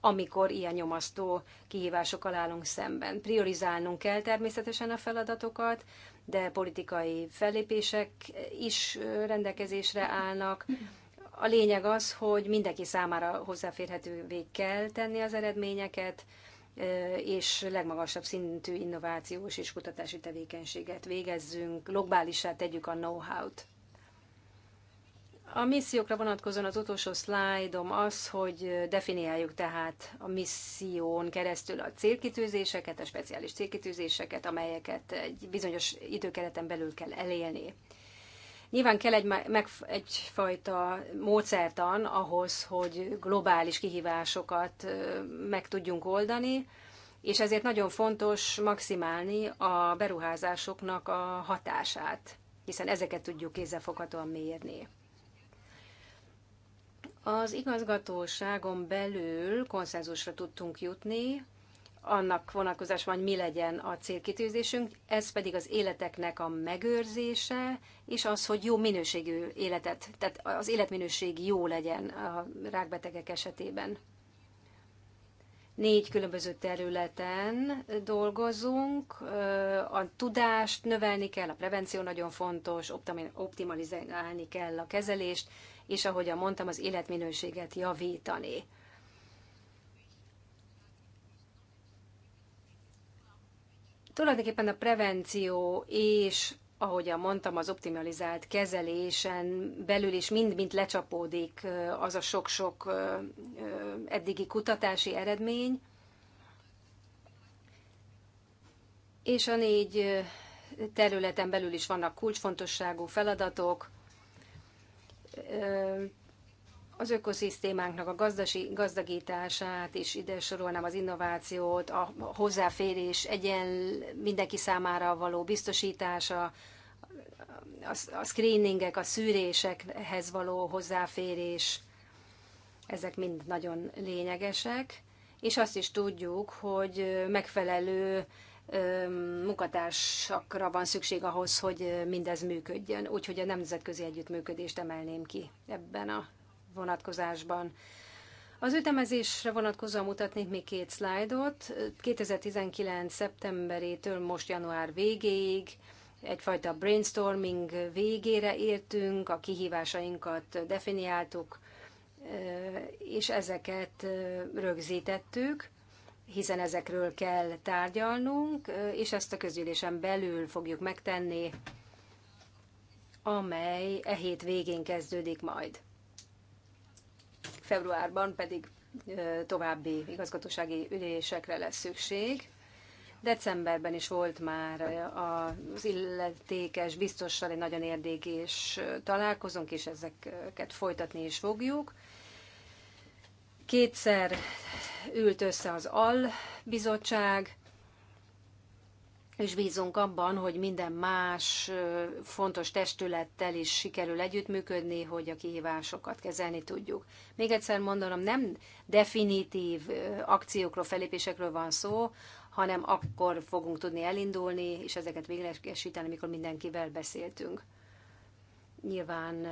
amikor ilyen nyomasztó kihívásokkal állunk szemben. Priorizálnunk kell természetesen a feladatokat, de politikai fellépések is rendelkezésre állnak. A lényeg az, hogy mindenki számára hozzáférhetővé kell tenni az eredményeket, és legmagasabb szintű innovációs és kutatási tevékenységet végezzünk, globálisá tegyük a know-how-t. A missziókra vonatkozóan az utolsó szlájdom az, hogy definiáljuk tehát a misszión keresztül a célkitűzéseket, a speciális célkitűzéseket, amelyeket egy bizonyos időkereten belül kell elélni. Nyilván kell egy, meg, egyfajta módszertan ahhoz, hogy globális kihívásokat meg tudjunk oldani, és ezért nagyon fontos maximálni a beruházásoknak a hatását, hiszen ezeket tudjuk kézzelfoghatóan mérni. Az igazgatóságon belül konszenzusra tudtunk jutni, annak vonatkozásban, hogy mi legyen a célkitűzésünk, ez pedig az életeknek a megőrzése, és az, hogy jó minőségű életet, tehát az életminőség jó legyen a rákbetegek esetében. Négy különböző területen dolgozunk, a tudást növelni kell, a prevenció nagyon fontos, optimalizálni kell a kezelést, és ahogyan mondtam, az életminőséget javítani. Tulajdonképpen a prevenció és ahogyan mondtam, az optimalizált kezelésen belül is mind-mind lecsapódik az a sok-sok eddigi kutatási eredmény. És a négy területen belül is vannak kulcsfontosságú feladatok, az ökoszisztémánknak a gazdasi, gazdagítását, és ide sorolnám az innovációt, a hozzáférés egyen mindenki számára való biztosítása, a, a screeningek, a szűrésekhez való hozzáférés, ezek mind nagyon lényegesek, és azt is tudjuk, hogy megfelelő munkatársakra van szükség ahhoz, hogy mindez működjön. Úgyhogy a nemzetközi együttműködést emelném ki ebben a vonatkozásban. Az ütemezésre vonatkozóan mutatnék még két szlájdot. 2019. szeptemberétől most január végéig egyfajta brainstorming végére értünk, a kihívásainkat definiáltuk, és ezeket rögzítettük hiszen ezekről kell tárgyalnunk, és ezt a közgyűlésen belül fogjuk megtenni, amely e hét végén kezdődik majd. Februárban pedig további igazgatósági ülésekre lesz szükség. Decemberben is volt már az illetékes biztossal egy nagyon érdekes találkozunk, és ezeket folytatni is fogjuk. Kétszer ült össze az AL bizottság, és bízunk abban, hogy minden más fontos testülettel is sikerül együttműködni, hogy a kihívásokat kezelni tudjuk. Még egyszer mondanom, nem definitív akciókról, felépésekről van szó, hanem akkor fogunk tudni elindulni, és ezeket véglegesíteni, amikor mindenkivel beszéltünk. Nyilván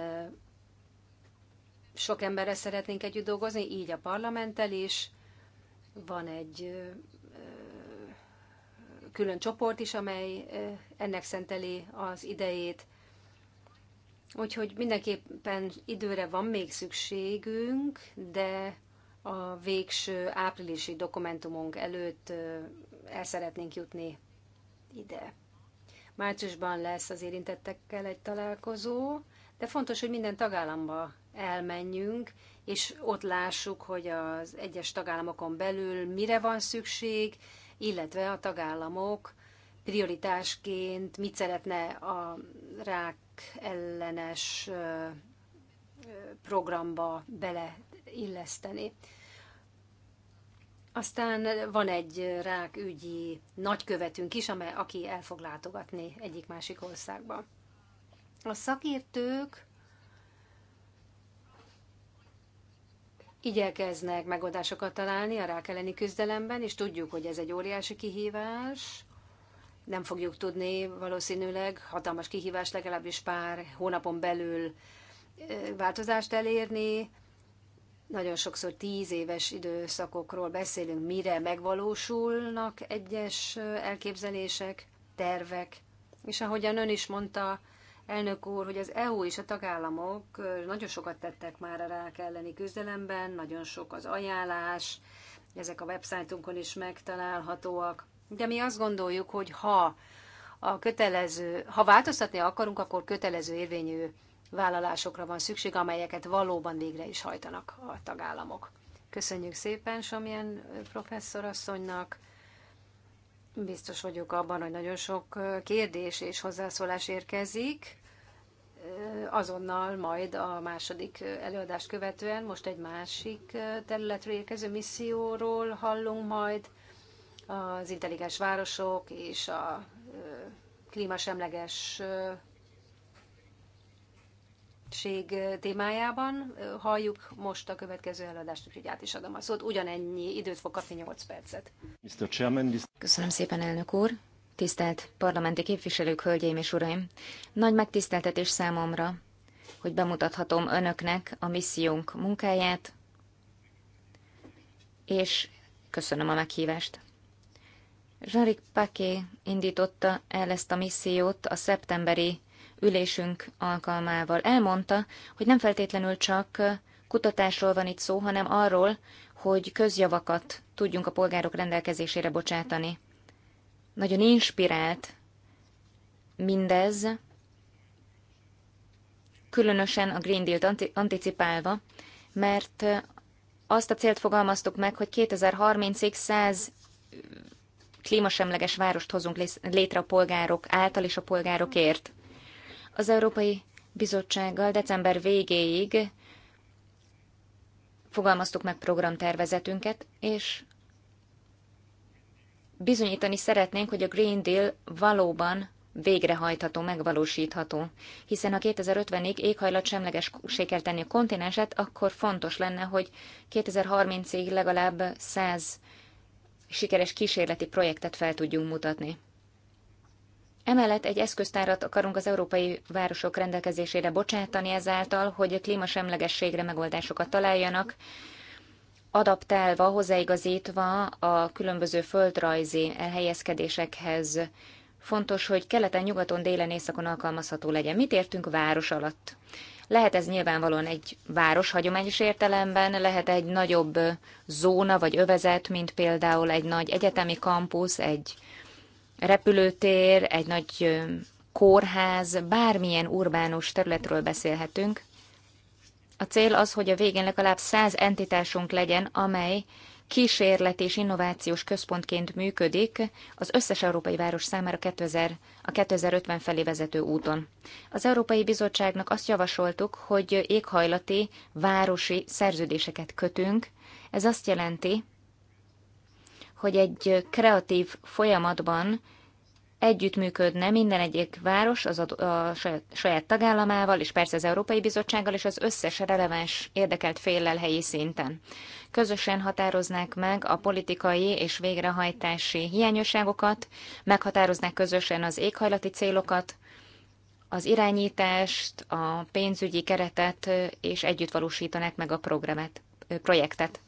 sok emberre szeretnénk együtt dolgozni, így a parlamenttel is, van egy külön csoport is, amely ennek szenteli az idejét. Úgyhogy mindenképpen időre van még szükségünk, de a végső áprilisi dokumentumunk előtt el szeretnénk jutni ide. Márciusban lesz az érintettekkel egy találkozó, de fontos, hogy minden tagállamba elmenjünk, és ott lássuk, hogy az egyes tagállamokon belül mire van szükség, illetve a tagállamok prioritásként mit szeretne a rák ellenes programba beleilleszteni. Aztán van egy rákügyi nagykövetünk is, amely, aki el fog látogatni egyik-másik országba. A szakértők igyekeznek megoldásokat találni a rák elleni küzdelemben, és tudjuk, hogy ez egy óriási kihívás. Nem fogjuk tudni valószínűleg hatalmas kihívás legalábbis pár hónapon belül változást elérni. Nagyon sokszor tíz éves időszakokról beszélünk, mire megvalósulnak egyes elképzelések, tervek. És ahogyan ön is mondta, elnök úr, hogy az EU és a tagállamok nagyon sokat tettek már a rák elleni küzdelemben, nagyon sok az ajánlás, ezek a websájtunkon is megtalálhatóak. De mi azt gondoljuk, hogy ha a kötelező, ha változtatni akarunk, akkor kötelező érvényű vállalásokra van szükség, amelyeket valóban végre is hajtanak a tagállamok. Köszönjük szépen Somjen professzorasszonynak. Biztos vagyok abban, hogy nagyon sok kérdés és hozzászólás érkezik azonnal majd a második előadást követően most egy másik területről érkező misszióról hallunk majd, az intelligens városok és a klímasemleges témájában. Halljuk most a következő előadást, úgyhogy át is adom a szót. Ugyanennyi időt fog kapni, 8 percet. Köszönöm szépen, elnök úr! Tisztelt parlamenti képviselők, hölgyeim és uraim! Nagy megtiszteltetés számomra, hogy bemutathatom önöknek a missziónk munkáját, és köszönöm a meghívást. Jean-Luc indította el ezt a missziót a szeptemberi ülésünk alkalmával. Elmondta, hogy nem feltétlenül csak kutatásról van itt szó, hanem arról, hogy közjavakat tudjunk a polgárok rendelkezésére bocsátani. Nagyon inspirált mindez, különösen a Green Deal-t anticipálva, mert azt a célt fogalmaztuk meg, hogy 2030-ig 100 klímasemleges várost hozunk létre a polgárok által és a polgárokért. Az Európai Bizottsággal december végéig fogalmaztuk meg programtervezetünket, és bizonyítani szeretnénk, hogy a Green Deal valóban végrehajtható, megvalósítható. Hiszen ha 2050-ig éghajlat semleges sékel tenni a kontinenset, akkor fontos lenne, hogy 2030-ig legalább 100 sikeres kísérleti projektet fel tudjunk mutatni. Emellett egy eszköztárat akarunk az európai városok rendelkezésére bocsátani ezáltal, hogy a klímasemlegességre megoldásokat találjanak, adaptálva, hozzáigazítva a különböző földrajzi elhelyezkedésekhez. Fontos, hogy keleten, nyugaton, délen, északon alkalmazható legyen. Mit értünk város alatt? Lehet ez nyilvánvalóan egy város hagyományos értelemben, lehet egy nagyobb zóna vagy övezet, mint például egy nagy egyetemi kampusz, egy repülőtér, egy nagy kórház, bármilyen urbánus területről beszélhetünk. A cél az, hogy a végén legalább 100 entitásunk legyen, amely kísérlet és innovációs központként működik az összes európai város számára 2000, a 2050 felé vezető úton. Az Európai Bizottságnak azt javasoltuk, hogy éghajlati, városi szerződéseket kötünk. Ez azt jelenti, hogy egy kreatív folyamatban együttműködne minden egyik város az a, a saját, saját tagállamával, és persze az Európai Bizottsággal, és az összes releváns érdekelt féllel helyi szinten. Közösen határoznák meg a politikai és végrehajtási hiányosságokat, meghatároznák közösen az éghajlati célokat, az irányítást, a pénzügyi keretet, és együtt valósítanák meg a programet, projektet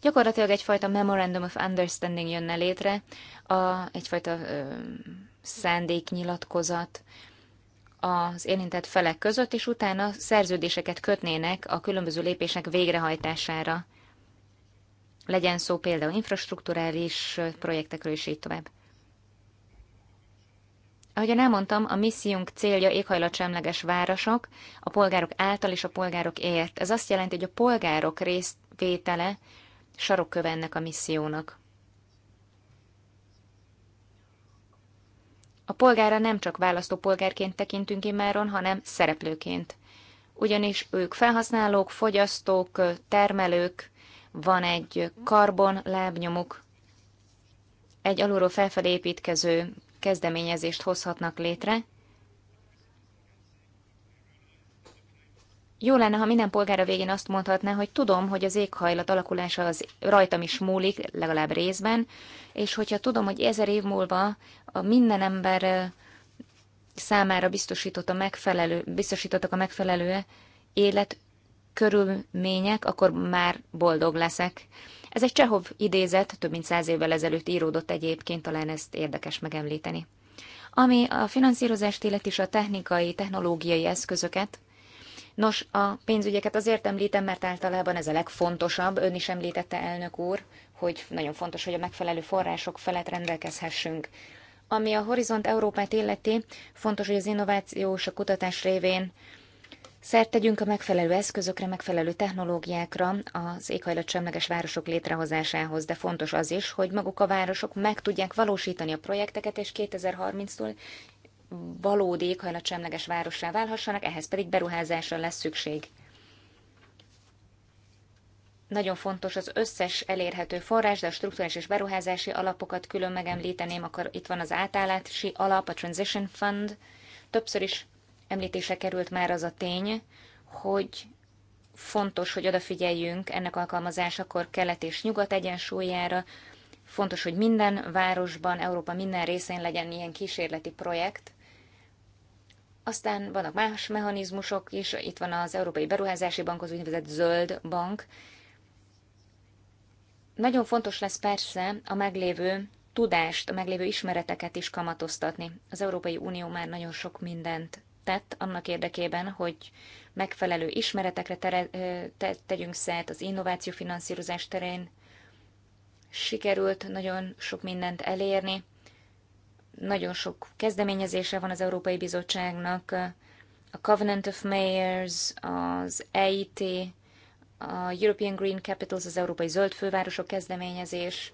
gyakorlatilag egyfajta Memorandum of Understanding jönne létre, a, egyfajta ö, szándéknyilatkozat az érintett felek között, és utána szerződéseket kötnének a különböző lépések végrehajtására. Legyen szó például infrastruktúrális projektekről, és így tovább. Ahogyan elmondtam, a missziunk célja éghajlatsemleges városok, a polgárok által és a polgárok ért. Ez azt jelenti, hogy a polgárok részvétele sarokköve ennek a missziónak. A polgára nem csak választópolgárként tekintünk immáron, hanem szereplőként. Ugyanis ők felhasználók, fogyasztók, termelők, van egy karbon lábnyomuk, egy alulról felfelé építkező kezdeményezést hozhatnak létre, Jó lenne, ha minden polgára végén azt mondhatná, hogy tudom, hogy az éghajlat alakulása az rajtam is múlik, legalább részben, és hogyha tudom, hogy ezer év múlva a minden ember számára biztosított a megfelelő, biztosítottak a megfelelő élet körülmények, akkor már boldog leszek. Ez egy Csehov idézet, több mint száz évvel ezelőtt íródott egyébként, talán ezt érdekes megemlíteni. Ami a finanszírozást illeti és a technikai, technológiai eszközöket, Nos, a pénzügyeket azért említem, mert általában ez a legfontosabb, ön is említette, elnök úr, hogy nagyon fontos, hogy a megfelelő források felett rendelkezhessünk. Ami a Horizont Európát illeti, fontos, hogy az innovációs a kutatás révén Szert tegyünk a megfelelő eszközökre, megfelelő technológiákra az éghajlatsemleges városok létrehozásához, de fontos az is, hogy maguk a városok meg tudják valósítani a projekteket, és 2030-tól valódi éghajlatsemleges várossá válhassanak, ehhez pedig beruházásra lesz szükség. Nagyon fontos az összes elérhető forrás, de a struktúrás és beruházási alapokat külön megemlíteném, akkor itt van az átállási alap, a Transition Fund. Többször is említése került már az a tény, hogy fontos, hogy odafigyeljünk ennek alkalmazásakor kelet és nyugat egyensúlyára. Fontos, hogy minden városban, Európa minden részén legyen ilyen kísérleti projekt, aztán vannak más mechanizmusok is, itt van az Európai Beruházási Bank, az úgynevezett Zöld Bank. Nagyon fontos lesz persze a meglévő tudást, a meglévő ismereteket is kamatoztatni. Az Európai Unió már nagyon sok mindent tett annak érdekében, hogy megfelelő ismeretekre tere, te, tegyünk szert az innováció finanszírozás terén. Sikerült nagyon sok mindent elérni nagyon sok kezdeményezése van az Európai Bizottságnak, a Covenant of Mayors, az EIT, a European Green Capitals, az Európai Zöld Fővárosok kezdeményezés.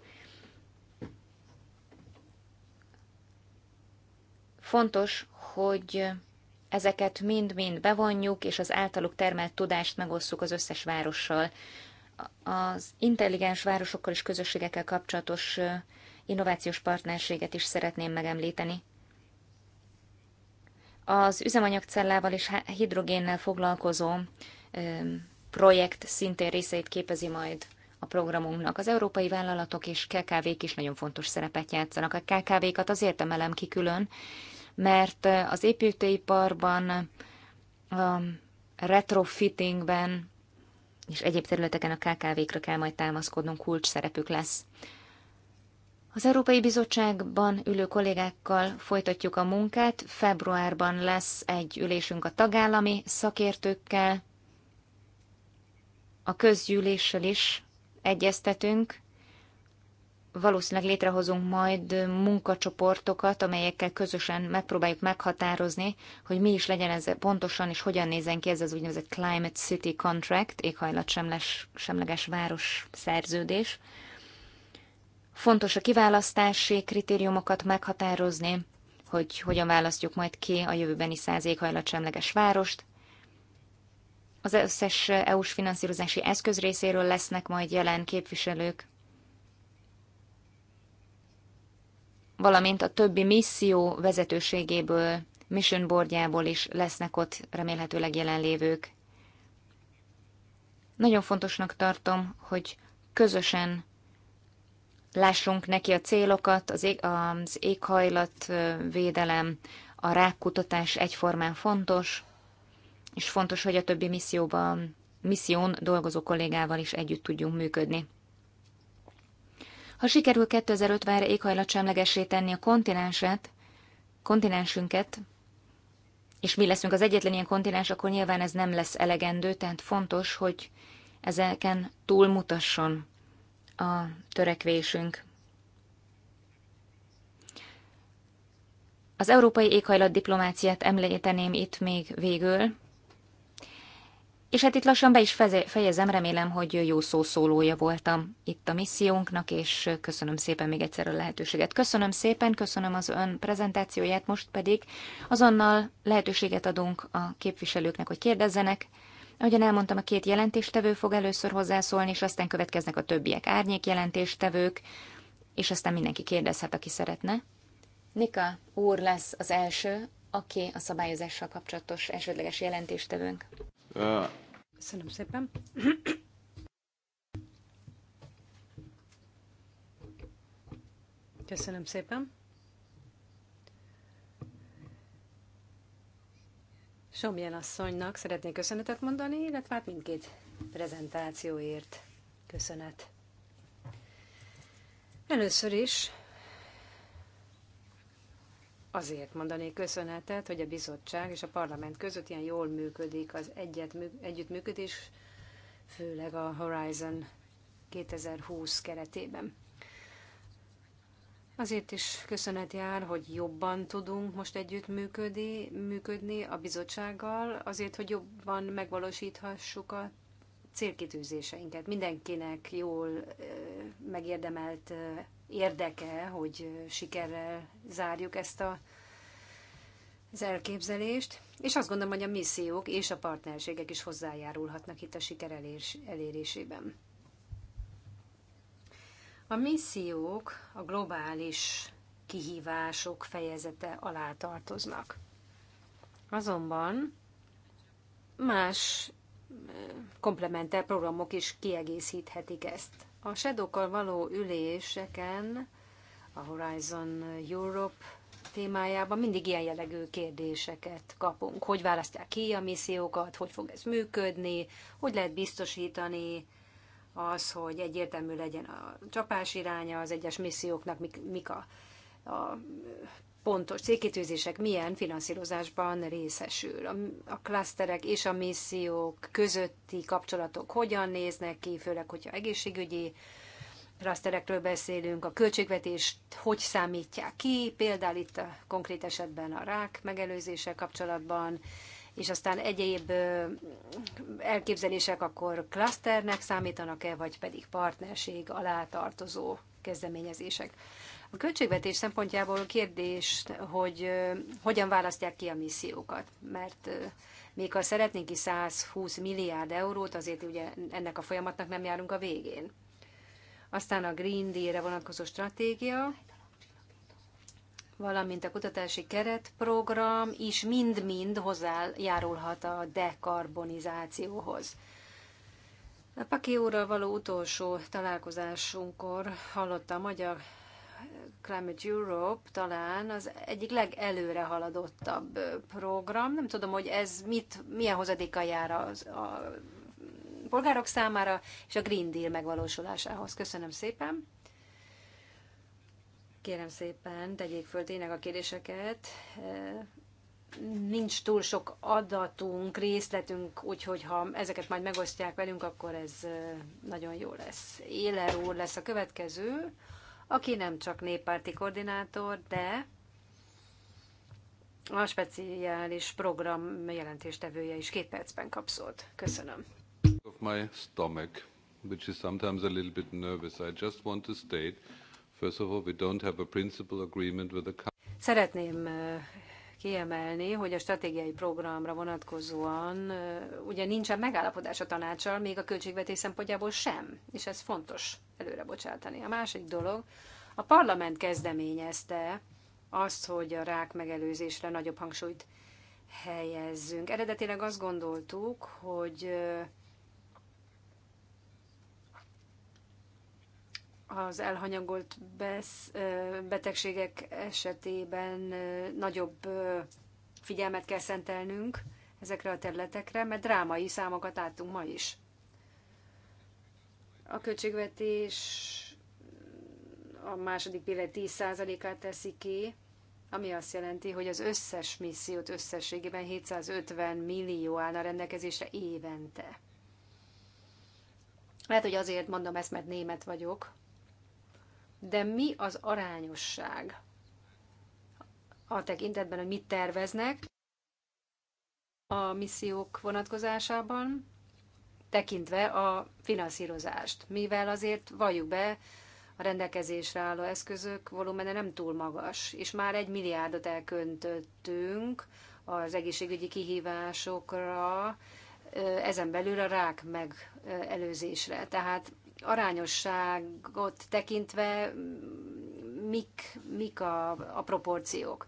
Fontos, hogy ezeket mind-mind bevonjuk, és az általuk termelt tudást megosszuk az összes várossal. Az intelligens városokkal és közösségekkel kapcsolatos innovációs partnerséget is szeretném megemlíteni. Az üzemanyagcellával és hidrogénnel foglalkozó projekt szintén részeit képezi majd a programunknak. Az európai vállalatok és KKV-k is nagyon fontos szerepet játszanak. A KKV-kat azért emelem ki külön, mert az építőiparban, a retrofittingben és egyéb területeken a KKV-kra kell majd támaszkodnunk, kulcs szerepük lesz. Az Európai Bizottságban ülő kollégákkal folytatjuk a munkát. Februárban lesz egy ülésünk a tagállami szakértőkkel. A közgyűléssel is egyeztetünk. Valószínűleg létrehozunk majd munkacsoportokat, amelyekkel közösen megpróbáljuk meghatározni, hogy mi is legyen ez pontosan, és hogyan nézen ki ez az úgynevezett Climate City Contract, éghajlat semleges város szerződés Fontos a kiválasztási kritériumokat meghatározni, hogy hogyan választjuk majd ki a jövőbeni száz éghajlatsemleges várost. Az összes EU-s finanszírozási eszköz részéről lesznek majd jelen képviselők, valamint a többi misszió vezetőségéből, mission boardjából is lesznek ott remélhetőleg jelenlévők. Nagyon fontosnak tartom, hogy közösen lássunk neki a célokat, az, ég, az éghajlatvédelem, a rákkutatás egyformán fontos, és fontos, hogy a többi misszióban, misszión dolgozó kollégával is együtt tudjunk működni. Ha sikerül 2050-re semlegesé tenni a kontinenset, kontinensünket, és mi leszünk az egyetlen ilyen kontinens, akkor nyilván ez nem lesz elegendő, tehát fontos, hogy ezeken túlmutasson a törekvésünk. Az európai éghajlat diplomáciát említeném itt még végül, és hát itt lassan be is fejezem, remélem, hogy jó szószólója voltam itt a missziónknak, és köszönöm szépen még egyszer a lehetőséget. Köszönöm szépen, köszönöm az ön prezentációját, most pedig azonnal lehetőséget adunk a képviselőknek, hogy kérdezzenek. Ahogyan elmondtam, a két jelentéstevő fog először hozzászólni, és aztán következnek a többiek árnyék jelentéstevők, és aztán mindenki kérdezhet, aki szeretne. Nika úr lesz az első, aki a szabályozással kapcsolatos elsődleges jelentéstevőnk. Köszönöm szépen. Köszönöm szépen. Somjen asszonynak szeretnék köszönetet mondani, illetve hát mindkét prezentációért köszönet. Először is azért mondanék köszönetet, hogy a bizottság és a parlament között ilyen jól működik az egyet, együttműködés, főleg a Horizon 2020 keretében. Azért is köszönet jár, hogy jobban tudunk most együtt működni, működni a bizottsággal, azért, hogy jobban megvalósíthassuk a célkitűzéseinket. Mindenkinek jól megérdemelt érdeke, hogy sikerrel zárjuk ezt a, az elképzelést, és azt gondolom, hogy a missziók és a partnerségek is hozzájárulhatnak itt a siker elérésében. A missziók a globális kihívások fejezete alá tartoznak. Azonban más komplementer programok is kiegészíthetik ezt. A shadow való üléseken, a Horizon Europe témájában mindig ilyen jellegű kérdéseket kapunk. Hogy választják ki a missziókat, hogy fog ez működni, hogy lehet biztosítani az, hogy egyértelmű legyen a csapás iránya az egyes misszióknak, mik, mik a, a pontos célkitűzések, milyen finanszírozásban részesül. A, a klaszterek és a missziók közötti kapcsolatok hogyan néznek ki, főleg, hogyha egészségügyi klaszterekről beszélünk, a költségvetést hogy számítják ki, például itt a konkrét esetben a rák megelőzése kapcsolatban, és aztán egyéb elképzelések akkor klaszternek számítanak-e, vagy pedig partnerség alá tartozó kezdeményezések. A költségvetés szempontjából kérdés, hogy hogyan választják ki a missziókat, mert még ha szeretnénk ki 120 milliárd eurót, azért ugye ennek a folyamatnak nem járunk a végén. Aztán a Green Deal-re vonatkozó stratégia, valamint a kutatási keretprogram is mind-mind hozzájárulhat a dekarbonizációhoz. A Paki úrral való utolsó találkozásunkkor hallotta a magyar Climate Europe talán az egyik legelőre haladottabb program. Nem tudom, hogy ez mit, milyen hozadéka jár az, a polgárok számára és a Green Deal megvalósulásához. Köszönöm szépen! Kérem szépen, tegyék föl tényleg a kérdéseket. E, nincs túl sok adatunk, részletünk, úgyhogy ha ezeket majd megosztják velünk, akkor ez e, nagyon jó lesz. Éler úr lesz a következő, aki nem csak néppárti koordinátor, de a speciális program jelentéstevője is két percben kap Köszönöm. Of my stomach, which is sometimes a little bit nervous, I just want to state Szeretném kiemelni, hogy a stratégiai programra vonatkozóan ugye nincsen megállapodás a tanácsal, még a költségvetés szempontjából sem, és ez fontos előre bocsátani. A másik dolog, a parlament kezdeményezte azt, hogy a rák megelőzésre nagyobb hangsúlyt helyezzünk. Eredetileg azt gondoltuk, hogy az elhanyagolt besz, betegségek esetében nagyobb figyelmet kell szentelnünk ezekre a területekre, mert drámai számokat láttunk ma is. A költségvetés a második pillére 10%-át teszi ki, ami azt jelenti, hogy az összes missziót összességében 750 millió állna rendelkezésre évente. Lehet, hogy azért mondom ezt, mert német vagyok, de mi az arányosság a tekintetben, hogy mit terveznek a missziók vonatkozásában, tekintve a finanszírozást, mivel azért valljuk be, a rendelkezésre álló eszközök volumene nem túl magas, és már egy milliárdot elköntöttünk az egészségügyi kihívásokra, ezen belül a rák megelőzésre. Tehát arányosságot tekintve mik, mik a, a proporciók?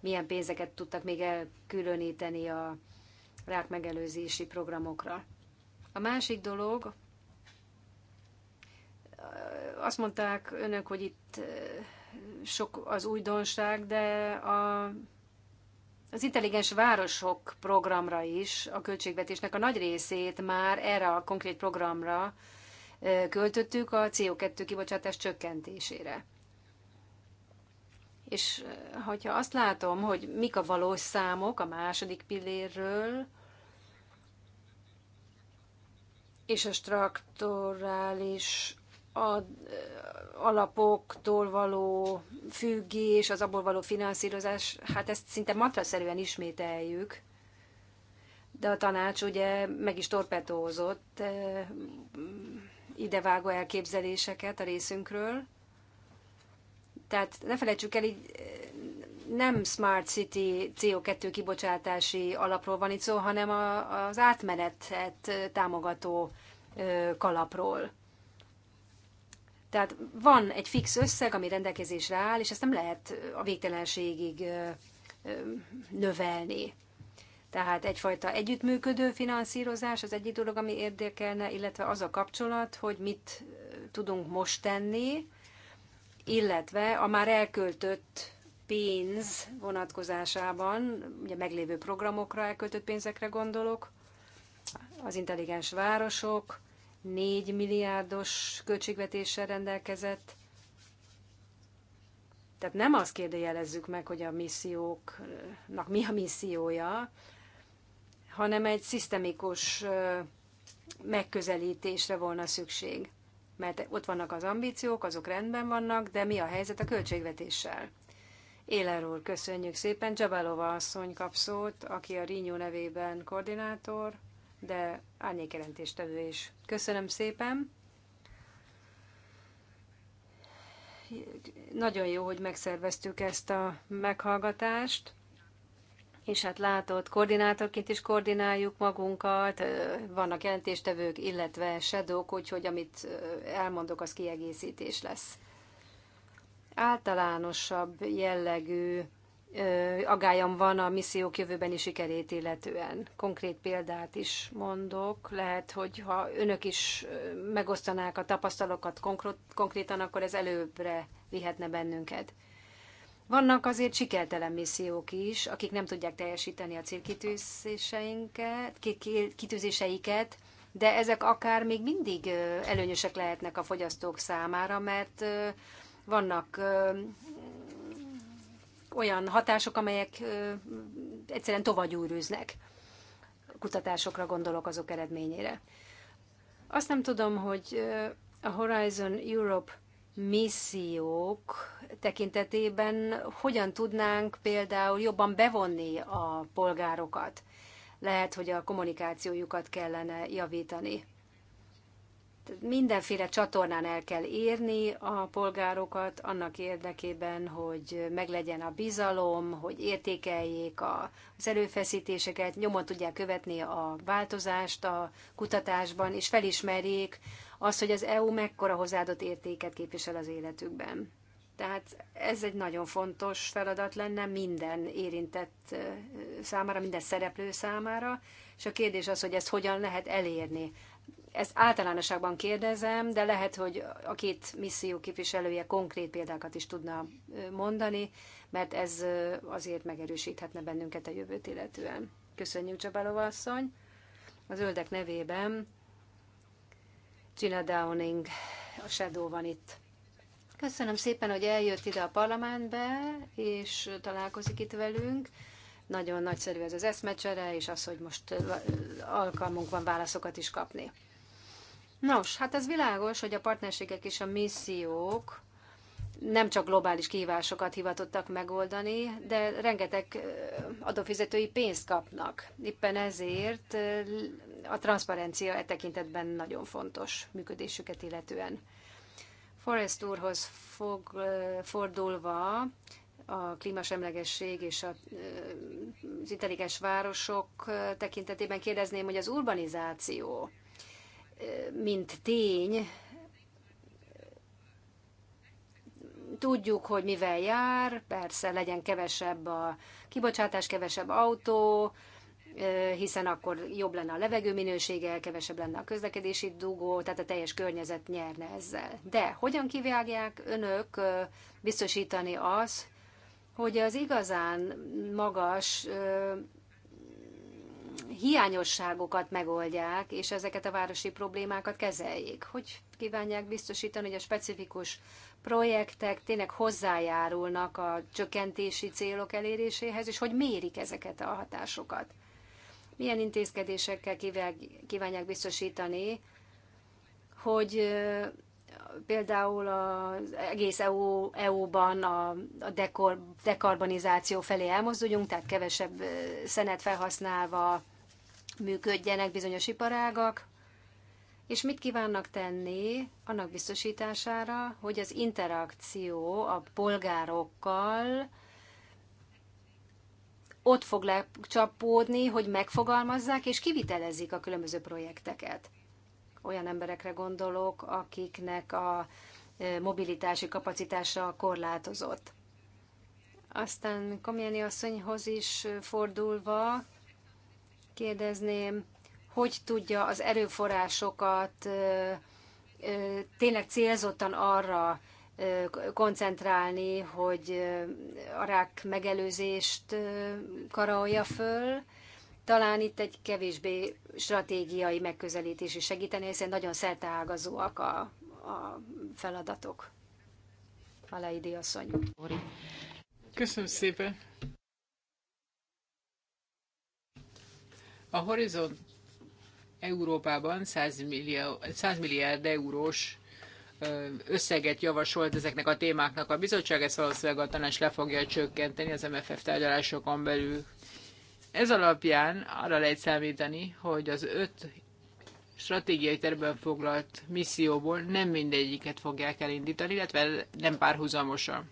Milyen pénzeket tudtak még elkülöníteni a rák megelőzési programokra? A másik dolog, azt mondták önök, hogy itt sok az újdonság, de a, az intelligens városok programra is, a költségvetésnek a nagy részét már erre a konkrét programra költöttük a CO2 kibocsátás csökkentésére. És hogyha azt látom, hogy mik a valós számok a második pillérről, és a strukturális alapoktól való függés, az abból való finanszírozás, hát ezt szinte matraszerűen ismételjük, de a tanács ugye meg is torpetózott idevágó elképzeléseket a részünkről. Tehát ne felejtsük el, így eh, nem Smart City CO2 kibocsátási alapról van itt szó, hanem a, az átmenetet eh, támogató eh, kalapról. Tehát van egy fix összeg, ami rendelkezésre áll, és ezt nem lehet a végtelenségig növelni. Tehát egyfajta együttműködő finanszírozás az egyik dolog, ami érdekelne, illetve az a kapcsolat, hogy mit tudunk most tenni, illetve a már elköltött pénz vonatkozásában, ugye meglévő programokra elköltött pénzekre gondolok, az intelligens városok 4 milliárdos költségvetéssel rendelkezett. Tehát nem azt kérdőjelezzük meg, hogy a misszióknak mi a missziója, hanem egy szisztemikus megközelítésre volna szükség. Mert ott vannak az ambíciók, azok rendben vannak, de mi a helyzet a költségvetéssel? Éler úr, köszönjük szépen. Csabálova asszony kap szót, aki a Rinyó nevében koordinátor, de árnyékjelentéstevő is. Köszönöm szépen. Nagyon jó, hogy megszerveztük ezt a meghallgatást és hát látott koordinátorként is koordináljuk magunkat, vannak jelentéstevők, illetve sedók, úgyhogy amit elmondok, az kiegészítés lesz. Általánosabb jellegű agályam van a missziók jövőbeni sikerét illetően. Konkrét példát is mondok, lehet, hogy ha önök is megosztanák a tapasztalokat konkrétan, akkor ez előbbre vihetne bennünket. Vannak azért sikertelen missziók is, akik nem tudják teljesíteni a célkitűzéseinket, kitűzéseiket, de ezek akár még mindig előnyösek lehetnek a fogyasztók számára, mert vannak olyan hatások, amelyek egyszerűen tovagyúrűznek. Kutatásokra gondolok azok eredményére. Azt nem tudom, hogy a Horizon Europe missziók tekintetében hogyan tudnánk például jobban bevonni a polgárokat. Lehet, hogy a kommunikációjukat kellene javítani. Mindenféle csatornán el kell érni a polgárokat annak érdekében, hogy meglegyen a bizalom, hogy értékeljék az erőfeszítéseket, nyomon tudják követni a változást a kutatásban, és felismerjék, az, hogy az EU mekkora hozzáadott értéket képvisel az életükben. Tehát ez egy nagyon fontos feladat lenne minden érintett számára, minden szereplő számára, és a kérdés az, hogy ezt hogyan lehet elérni. Ezt általánosságban kérdezem, de lehet, hogy a két misszió képviselője konkrét példákat is tudna mondani, mert ez azért megerősíthetne bennünket a jövőt illetően. Köszönjük, Csabálova asszony! Az öldek nevében Gina Downing, a Shadow van itt. Köszönöm szépen, hogy eljött ide a parlamentbe, és találkozik itt velünk. Nagyon nagyszerű ez az eszmecsere, és az, hogy most alkalmunk van válaszokat is kapni. Nos, hát ez világos, hogy a partnerségek és a missziók nem csak globális kihívásokat hivatottak megoldani, de rengeteg adófizetői pénzt kapnak. Éppen ezért a transzparencia e tekintetben nagyon fontos működésüket illetően. Forrest úrhoz fog, fordulva a klímasemlegesség és a, az intelligens városok tekintetében kérdezném, hogy az urbanizáció mint tény Tudjuk, hogy mivel jár, persze legyen kevesebb a kibocsátás, kevesebb autó, hiszen akkor jobb lenne a levegő minősége, kevesebb lenne a közlekedési dugó, tehát a teljes környezet nyerne ezzel. De hogyan kivágják önök biztosítani az, hogy az igazán magas hiányosságokat megoldják, és ezeket a városi problémákat kezeljék? Hogy kívánják biztosítani, hogy a specifikus projektek tényleg hozzájárulnak a csökkentési célok eléréséhez, és hogy mérik ezeket a hatásokat. Milyen intézkedésekkel kívánják biztosítani, hogy például az egész EU, EU-ban a, a dekor, dekarbonizáció felé elmozduljunk, tehát kevesebb szenet felhasználva működjenek bizonyos iparágak, és mit kívánnak tenni annak biztosítására, hogy az interakció a polgárokkal ott fog lecsapódni, hogy megfogalmazzák és kivitelezik a különböző projekteket. Olyan emberekre gondolok, akiknek a e, mobilitási kapacitása korlátozott. Aztán Komjeni asszonyhoz is e, fordulva kérdezném, hogy tudja az erőforrásokat tényleg célzottan arra koncentrálni, hogy a rák megelőzést karolja föl. Talán itt egy kevésbé stratégiai megközelítés is segíteni, hiszen nagyon szerteágazóak a, a feladatok. Aleidi asszony. Köszönöm szépen. A horizont. Európában 100 milliárd, 100 milliárd eurós összeget javasolt ezeknek a témáknak a bizottság, ezt valószínűleg a tanács le fogja csökkenteni az MFF tárgyalásokon belül. Ez alapján arra lehet számítani, hogy az öt stratégiai terben foglalt misszióból nem mindegyiket fogják elindítani, illetve nem párhuzamosan.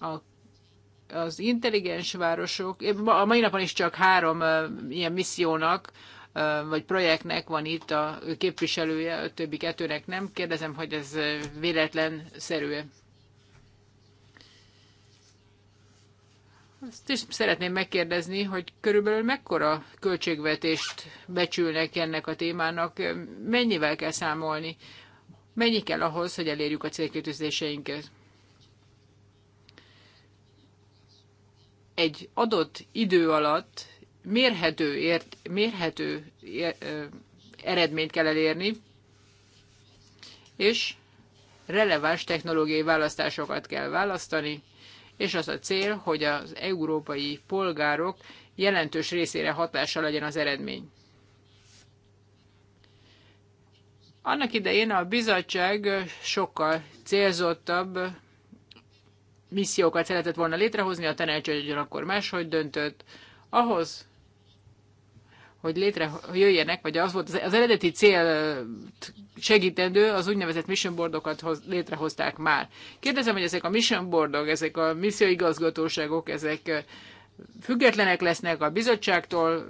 A az intelligens városok, a mai napon is csak három ilyen missziónak, vagy projektnek van itt a képviselője, a többi kettőnek nem. Kérdezem, hogy ez véletlen szerű. Azt is szeretném megkérdezni, hogy körülbelül mekkora költségvetést becsülnek ennek a témának, mennyivel kell számolni, mennyi kell ahhoz, hogy elérjük a célkitűzéseinket. egy adott idő alatt mérhető, ért, mérhető e, eredményt kell elérni, és releváns technológiai választásokat kell választani, és az a cél, hogy az európai polgárok jelentős részére hatása legyen az eredmény. Annak idején a bizottság sokkal célzottabb missziókat szeretett volna létrehozni, a tanács akkor máshogy döntött. Ahhoz, hogy létre jöjjenek, vagy az volt az eredeti cél segítendő, az úgynevezett mission boardokat hoz, létrehozták már. Kérdezem, hogy ezek a mission boardok, ezek a misszióigazgatóságok, ezek függetlenek lesznek a bizottságtól,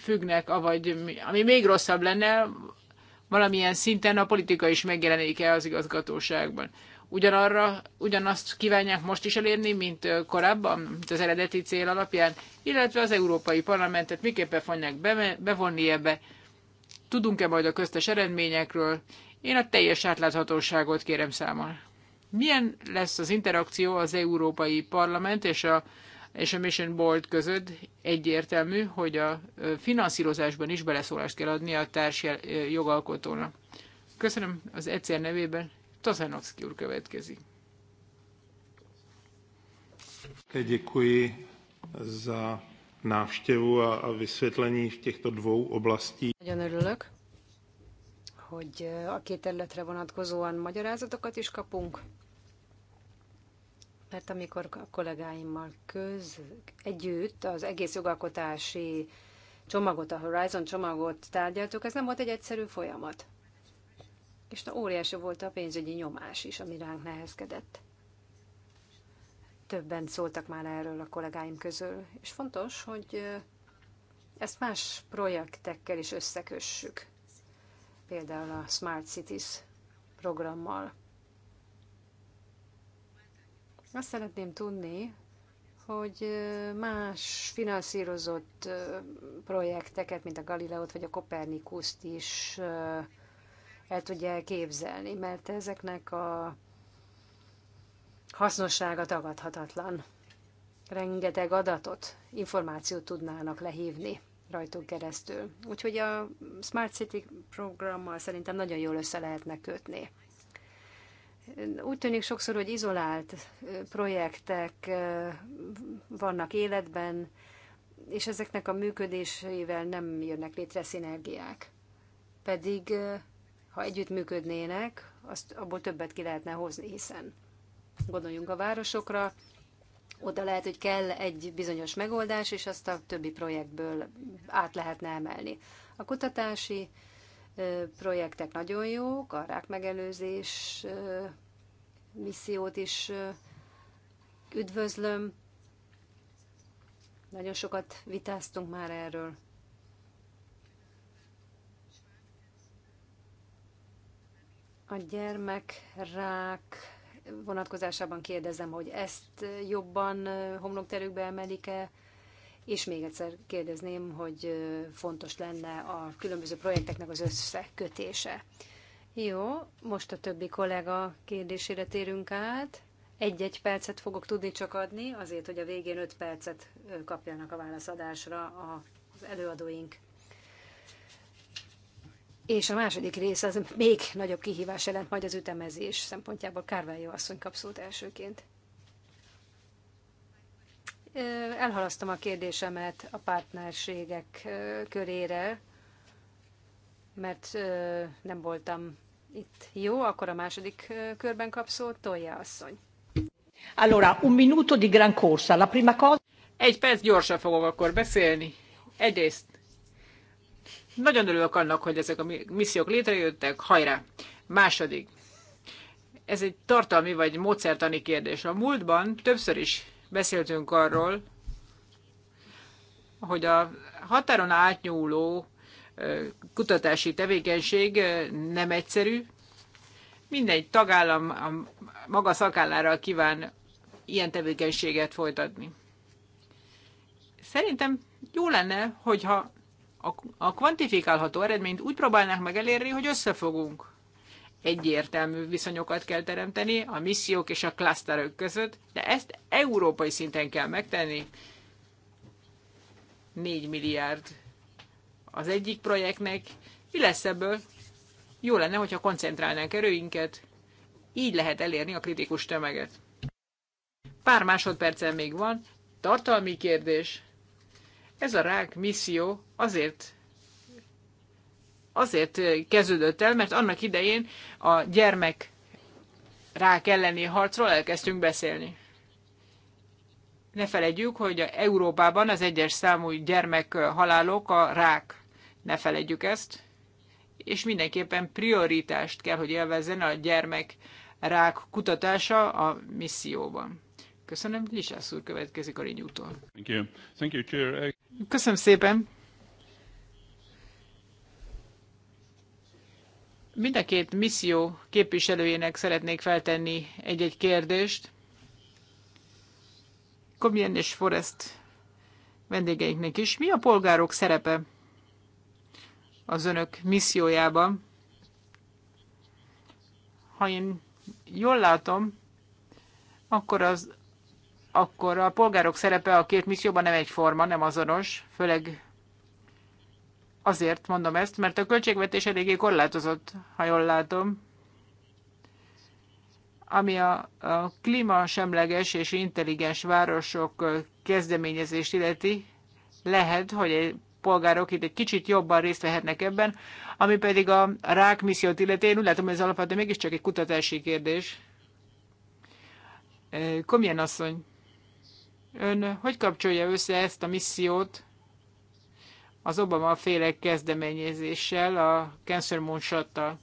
függnek, avagy ami még rosszabb lenne, valamilyen szinten a politika is megjelenik-e az igazgatóságban ugyanarra, ugyanazt kívánják most is elérni, mint korábban, mint az eredeti cél alapján, illetve az Európai Parlamentet miképpen fogják bevonni ebbe, tudunk-e majd a köztes eredményekről, én a teljes átláthatóságot kérem számon. Milyen lesz az interakció az Európai Parlament és a, és a Mission Board között? Egyértelmű, hogy a finanszírozásban is beleszólást kell adni a társ jogalkotónak. Köszönöm az egyszer nevében. Tozanovszki úr következik. Děkuji za návštěvu a, a vysvětlení v těchto dvou oblastí. Nagyon örülök, hogy e, a két területre vonatkozóan magyarázatokat is kapunk, mert amikor a kollégáimmal köz, együtt az egész jogalkotási csomagot, a Horizon csomagot tárgyaltuk, ez nem volt egy egyszerű folyamat és na, óriási volt a pénzügyi nyomás is, ami ránk nehezkedett. Többen szóltak már erről a kollégáim közül, és fontos, hogy ezt más projektekkel is összekössük, például a Smart Cities programmal. Azt szeretném tudni, hogy más finanszírozott projekteket, mint a Galileót vagy a Kopernikuszt is el tudja képzelni, mert ezeknek a hasznossága tagadhatatlan. Rengeteg adatot, információt tudnának lehívni rajtuk keresztül. Úgyhogy a Smart City programmal szerintem nagyon jól össze lehetne kötni. Úgy tűnik sokszor, hogy izolált projektek vannak életben, és ezeknek a működésével nem jönnek létre szinergiák. Pedig ha együttműködnének, azt abból többet ki lehetne hozni, hiszen gondoljunk a városokra, oda lehet, hogy kell egy bizonyos megoldás, és azt a többi projektből át lehetne emelni. A kutatási projektek nagyon jók, a rák megelőzés, missziót is üdvözlöm. Nagyon sokat vitáztunk már erről. A gyermekrák vonatkozásában kérdezem, hogy ezt jobban homlokterükbe emelik-e, és még egyszer kérdezném, hogy fontos lenne a különböző projekteknek az összekötése. Jó, most a többi kollega kérdésére térünk át. Egy-egy percet fogok tudni csak adni, azért, hogy a végén öt percet kapjanak a válaszadásra az előadóink. És a második rész az még nagyobb kihívás jelent majd az ütemezés szempontjából. Kárvályó asszony kap szót elsőként. Elhalasztom a kérdésemet a partnerségek körére, mert nem voltam itt. Jó, akkor a második körben kap szót Tolja asszony. Allora, un minuto di gran corsa. La prima cosa... Egy perc gyorsan fogok akkor beszélni. Egyrészt nagyon örülök annak, hogy ezek a missziók létrejöttek, hajrá! Második. Ez egy tartalmi vagy módszertani kérdés. A múltban többször is beszéltünk arról, hogy a határon átnyúló kutatási tevékenység nem egyszerű. Mindegy tagállam a maga szakállára kíván ilyen tevékenységet folytatni. Szerintem jó lenne, hogyha a, a kvantifikálható eredményt úgy próbálnánk meg elérni, hogy összefogunk. Egyértelmű viszonyokat kell teremteni a missziók és a klaszterök között, de ezt európai szinten kell megtenni. 4 milliárd az egyik projektnek. Mi lesz ebből? Jó lenne, hogyha koncentrálnánk erőinket, így lehet elérni a kritikus tömeget. Pár másodpercen még van, tartalmi kérdés. Ez a rák misszió azért azért kezdődött el, mert annak idején a gyermek rák elleni harcról elkezdtünk beszélni. Ne felejtjük, hogy Európában az egyes számú gyermek halálok a rák. Ne felejtjük ezt. És mindenképpen prioritást kell, hogy élvezzen a gyermek rák kutatása a misszióban. Köszönöm, Lisász úr következik a Rinyútól. Thank you. Thank you, Chair. Köszönöm szépen. Mind a két misszió képviselőjének szeretnék feltenni egy-egy kérdést. Komjen és Forest vendégeinknek is. Mi a polgárok szerepe az önök missziójában? Ha én jól látom, akkor az akkor a polgárok szerepe a két misszióban nem egyforma, nem azonos, főleg azért mondom ezt, mert a költségvetés eléggé korlátozott, ha jól látom, ami a, a klímasemleges és intelligens városok kezdeményezést illeti, lehet, hogy a polgárok itt egy kicsit jobban részt vehetnek ebben, ami pedig a rák missziót illeti, én úgy látom, hogy ez alapvetően mégiscsak egy kutatási kérdés. Komjen asszony. Ön hogy kapcsolja össze ezt a missziót az Obama féle kezdeményezéssel, a Cancer Moonshot-tal?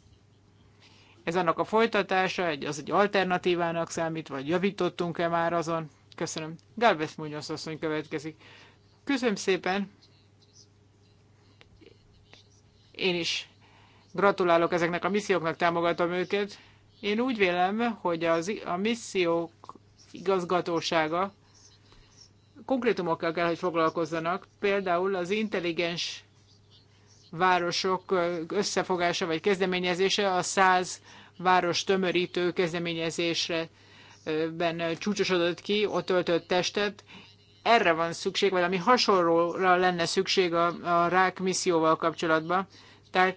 Ez annak a folytatása, egy, az egy alternatívának számít, vagy javítottunk-e már azon? Köszönöm. Galvez Munoz asszony következik. Köszönöm szépen. Én is gratulálok ezeknek a misszióknak, támogatom őket. Én úgy vélem, hogy az, a missziók igazgatósága konkrétumokkal kell, hogy foglalkozzanak, például az intelligens városok összefogása vagy kezdeményezése a száz város tömörítő kezdeményezésre ben csúcsosodott ki, ott öltött testet. Erre van szükség, valami hasonlóra lenne szükség a, a rák misszióval kapcsolatban. Tehát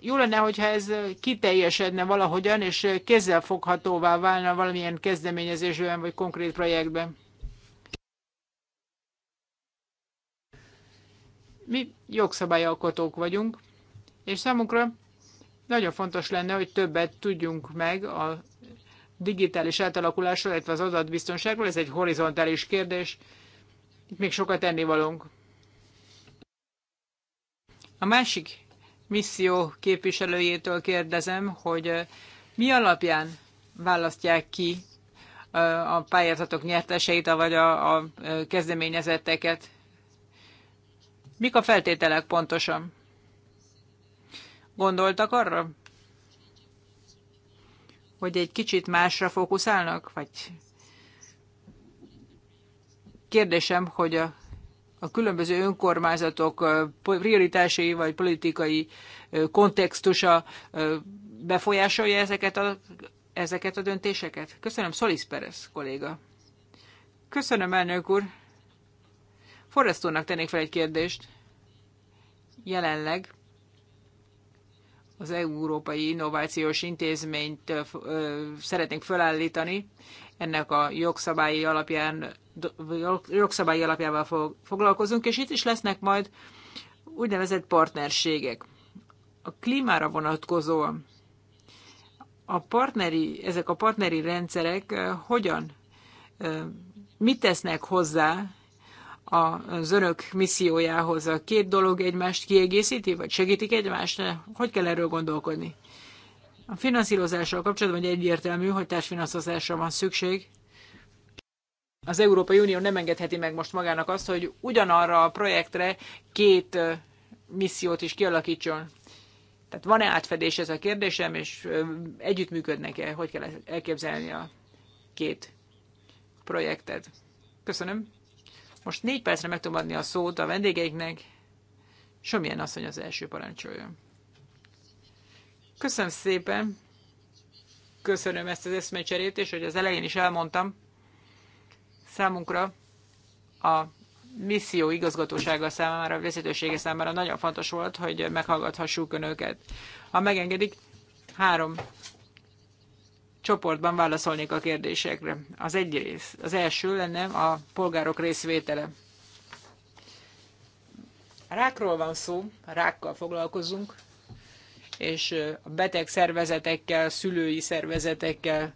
jó lenne, hogyha ez kiteljesedne valahogyan, és kézzelfoghatóvá válna valamilyen kezdeményezésben vagy konkrét projektben. Mi jogszabályalkotók vagyunk, és számunkra nagyon fontos lenne, hogy többet tudjunk meg a digitális átalakulásról, illetve az adatbiztonságról. Ez egy horizontális kérdés. Itt még sokat tennivalónk. A másik misszió képviselőjétől kérdezem, hogy mi alapján választják ki a pályázatok nyerteseit, vagy a, a kezdeményezetteket? Mik a feltételek pontosan? Gondoltak arra, hogy egy kicsit másra fókuszálnak? Vagy kérdésem, hogy a, a különböző önkormányzatok prioritásai vagy politikai kontextusa befolyásolja ezeket a, ezeket a döntéseket? Köszönöm, Szolisz Perez kolléga. Köszönöm, elnök úr. Forrestónak tennék fel egy kérdést. Jelenleg az Európai Innovációs Intézményt szeretnénk felállítani. Ennek a jogszabályi alapján, jogszabályi alapjával foglalkozunk, és itt is lesznek majd úgynevezett partnerségek. A klímára vonatkozóan a partneri, ezek a partneri rendszerek hogyan, mit tesznek hozzá az önök missziójához a két dolog egymást kiegészíti, vagy segítik egymást? Hogy kell erről gondolkodni? A finanszírozással kapcsolatban egyértelmű, hogy társfinanszírozásra van szükség. Az Európai Unió nem engedheti meg most magának azt, hogy ugyanarra a projektre két missziót is kialakítson. Tehát van-e átfedés ez a kérdésem, és együttműködnek-e? Hogy kell elképzelni a két projektet? Köszönöm. Most négy percre meg tudom adni a szót a vendégeiknek. Somilyen asszony az első parancsoljon. Köszönöm szépen. Köszönöm ezt az eszmecserét, és hogy az elején is elmondtam, számunkra a misszió igazgatósága számára, a vezetősége számára nagyon fontos volt, hogy meghallgathassuk önöket. Ha megengedik, három csoportban válaszolnék a kérdésekre. Az egy rész, az első lenne a polgárok részvétele. Rákról van szó, rákkal foglalkozunk, és a beteg szervezetekkel, szülői szervezetekkel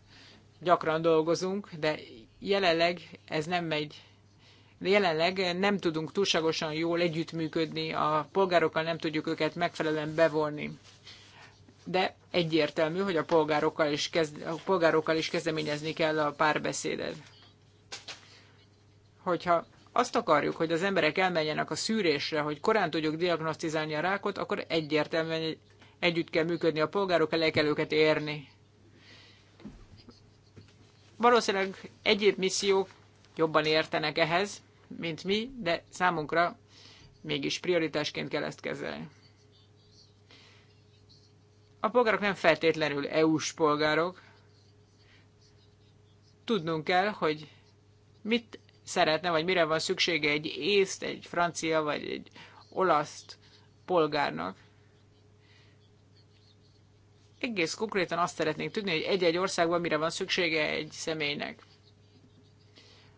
gyakran dolgozunk, de jelenleg ez nem megy. De jelenleg nem tudunk túlságosan jól együttműködni, a polgárokkal nem tudjuk őket megfelelően bevonni de egyértelmű, hogy a polgárokkal is, kezd, a polgárokkal is kezdeményezni kell a párbeszédet. Hogyha azt akarjuk, hogy az emberek elmenjenek a szűrésre, hogy korán tudjuk diagnosztizálni a rákot, akkor egyértelműen együtt kell működni a polgárok, el kell őket érni. Valószínűleg egyéb missziók jobban értenek ehhez, mint mi, de számunkra mégis prioritásként kell ezt kezelni. A polgárok nem feltétlenül EU-s polgárok. Tudnunk kell, hogy mit szeretne, vagy mire van szüksége egy észt, egy francia, vagy egy olasz polgárnak. Egész konkrétan azt szeretnénk tudni, hogy egy-egy országban mire van szüksége egy személynek.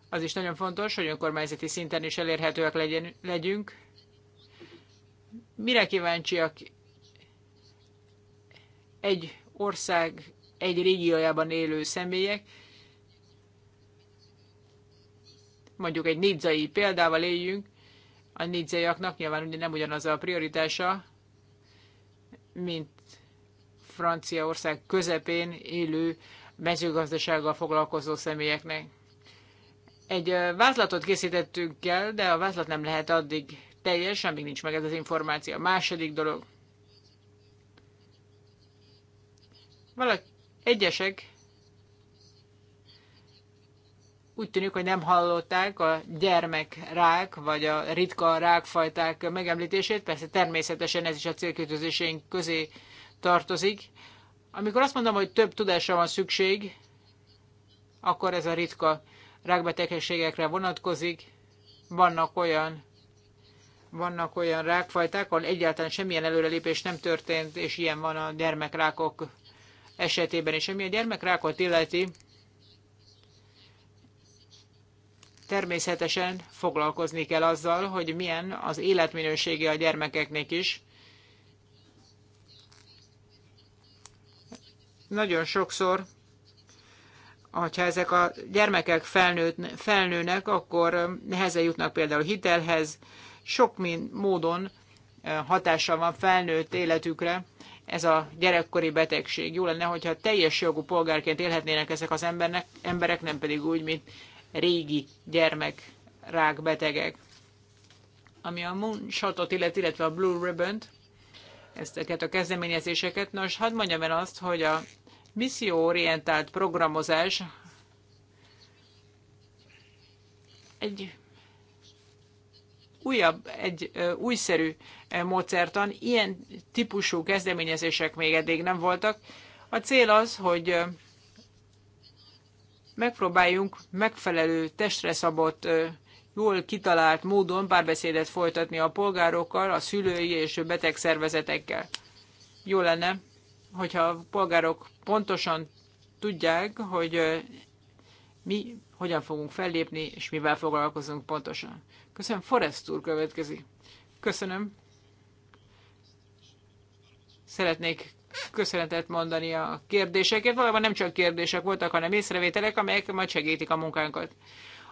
Az is nagyon fontos, hogy önkormányzati szinten is elérhetőek legyen, legyünk. Mire kíváncsiak egy ország, egy régiójában élő személyek. Mondjuk egy nidzai példával éljünk. A nidzaiaknak nyilván ugye nem ugyanaz a prioritása, mint Franciaország közepén élő mezőgazdasággal foglalkozó személyeknek. Egy vázlatot készítettünk el, de a vázlat nem lehet addig teljes, amíg nincs meg ez az információ. A második dolog, Valaki, egyesek úgy tűnik, hogy nem hallották a gyermekrák vagy a ritka rákfajták megemlítését, persze természetesen ez is a célkütőzéseink közé tartozik. Amikor azt mondom, hogy több tudásra van szükség, akkor ez a ritka rákbetegségekre vonatkozik. Vannak olyan, vannak olyan rákfajták, ahol egyáltalán semmilyen előrelépés nem történt, és ilyen van a gyermekrákok esetében, és ami a gyermekrákot illeti, természetesen foglalkozni kell azzal, hogy milyen az életminősége a gyermekeknek is. Nagyon sokszor, ha ezek a gyermekek felnőtt, felnőnek, akkor nehezen jutnak például hitelhez, sok mint módon eh, hatással van felnőtt életükre ez a gyerekkori betegség. Jó lenne, hogyha teljes jogú polgárként élhetnének ezek az embernek, emberek, nem pedig úgy, mint régi gyermek betegek. Ami a Moonshotot, illet, illetve a Blue Ribbon-t, ezeket a kezdeményezéseket. Nos, hadd mondjam el azt, hogy a misszióorientált programozás egy újabb, egy újszerű módszertan. Ilyen típusú kezdeményezések még eddig nem voltak. A cél az, hogy megpróbáljunk megfelelő testre szabott, jól kitalált módon párbeszédet folytatni a polgárokkal, a szülői és betegszervezetekkel. Jó lenne, hogyha a polgárok pontosan tudják, hogy mi hogyan fogunk fellépni, és mivel foglalkozunk pontosan. Köszönöm, Forrest úr következik. Köszönöm. Szeretnék köszönetet mondani a kérdéseket. Valóban nem csak kérdések voltak, hanem észrevételek, amelyek majd segítik a munkánkat.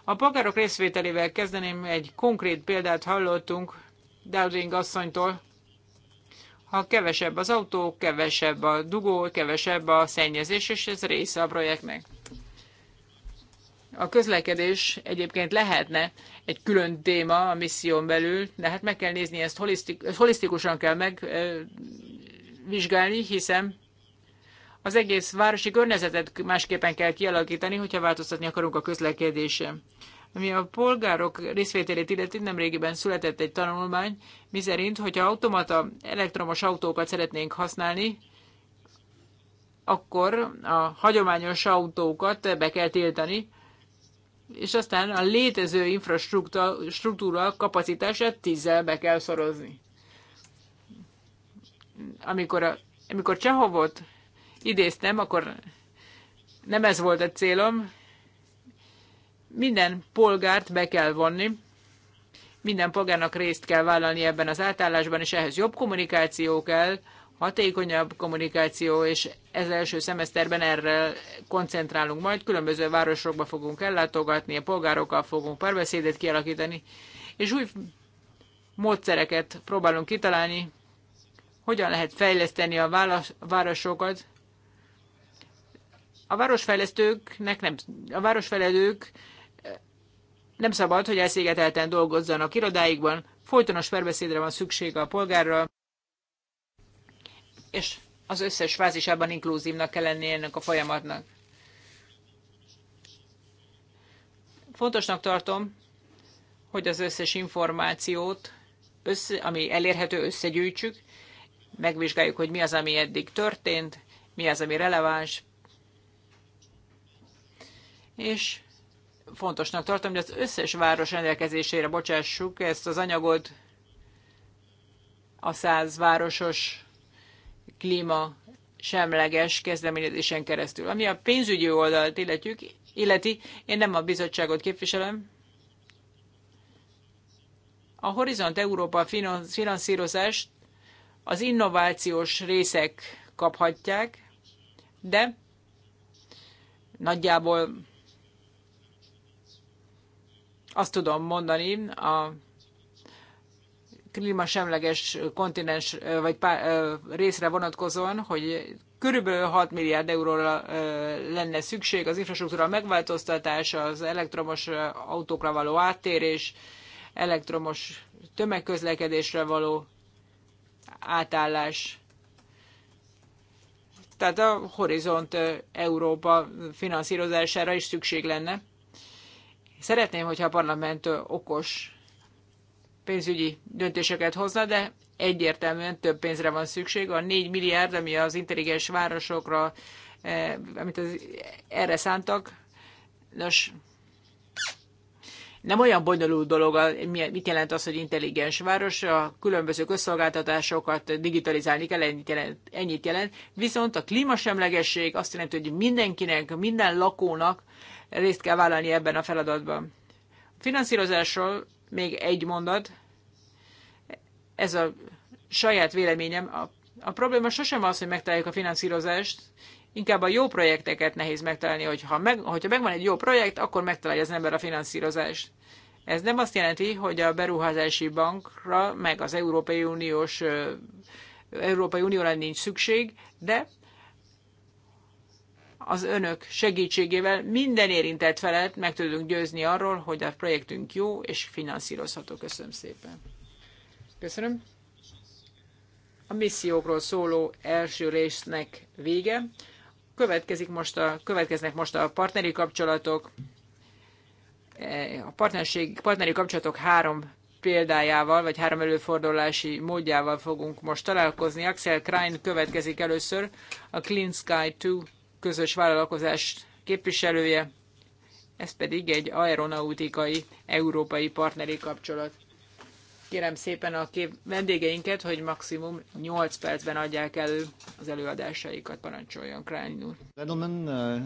A polgárok részvételével kezdeném, egy konkrét példát hallottunk Dowding asszonytól. Ha kevesebb az autó, kevesebb a dugó, kevesebb a szennyezés, és ez része a projektnek. A közlekedés egyébként lehetne egy külön téma a misszión belül, de hát meg kell nézni ezt holisztik, holisztikusan kell megvizsgálni, hiszen az egész városi környezetet másképpen kell kialakítani, hogyha változtatni akarunk a közlekedésen. Ami a polgárok részvételét illeti, nemrégiben született egy tanulmány, miszerint, hogyha automata elektromos autókat szeretnénk használni, akkor a hagyományos autókat be kell tiltani, és aztán a létező infrastruktúra kapacitását tízzel be kell szorozni. Amikor, a, amikor Csehovot idéztem, akkor nem ez volt a célom. Minden polgárt be kell vonni, minden polgárnak részt kell vállalni ebben az átállásban, és ehhez jobb kommunikáció kell, hatékonyabb kommunikáció, és ez első szemeszterben erre koncentrálunk majd. Különböző városokba fogunk ellátogatni, a polgárokkal fogunk párbeszédet kialakítani, és új módszereket próbálunk kitalálni, hogyan lehet fejleszteni a válasz, városokat. A városfejlesztőknek nem, a városfejlesztők eh, nem szabad, hogy elszigetelten dolgozzanak irodáikban, folytonos perbeszédre van szükség a polgárra és az összes fázisában inkluzívnak kell lennie ennek a folyamatnak. Fontosnak tartom, hogy az összes információt, össze, ami elérhető, összegyűjtsük, megvizsgáljuk, hogy mi az, ami eddig történt, mi az, ami releváns, és fontosnak tartom, hogy az összes város rendelkezésére bocsássuk ezt az anyagot a száz városos klíma semleges kezdeményezésen keresztül. Ami a pénzügyi oldalt illetjük, illeti, én nem a bizottságot képviselem. A Horizont Európa finanszírozást az innovációs részek kaphatják, de nagyjából azt tudom mondani a klímasemleges kontinens vagy részre vonatkozóan, hogy körülbelül 6 milliárd euróra lenne szükség az infrastruktúra megváltoztatása, az elektromos autókra való áttérés, elektromos tömegközlekedésre való átállás. Tehát a Horizont Európa finanszírozására is szükség lenne. Szeretném, hogyha a parlament okos pénzügyi döntéseket hozna, de egyértelműen több pénzre van szükség. A 4 milliárd, ami az intelligens városokra, eh, amit az, erre szántak, nos, nem olyan bonyolult dolog, mit jelent az, hogy intelligens város, a különböző közszolgáltatásokat digitalizálni kell, ennyit jelent. Ennyit jelent. Viszont a klímasemlegesség azt jelenti, hogy mindenkinek, minden lakónak részt kell vállalni ebben a feladatban. A finanszírozásról még egy mondat ez a saját véleményem. A, a probléma sosem az, hogy megtaláljuk a finanszírozást, inkább a jó projekteket nehéz megtalálni, hogyha, meg, hogyha megvan egy jó projekt, akkor megtalálja az ember a finanszírozást. Ez nem azt jelenti, hogy a beruházási bankra, meg az Európai Uniós Európai Unióra nincs szükség, de az önök segítségével minden érintett felet meg tudunk győzni arról, hogy a projektünk jó és finanszírozható. Köszönöm szépen. Köszönöm. A missziókról szóló első résznek vége. Következik most a, következnek most a partneri kapcsolatok. A partnerség, partneri kapcsolatok három példájával, vagy három előfordulási módjával fogunk most találkozni. Axel Krein következik először, a Clean Sky 2 közös vállalkozás képviselője, ez pedig egy aeronautikai európai partneri kapcsolat. Kérem szépen a kép vendégeinket, hogy maximum 8 percben adják elő az előadásaikat, parancsoljon Krány úr. Uh,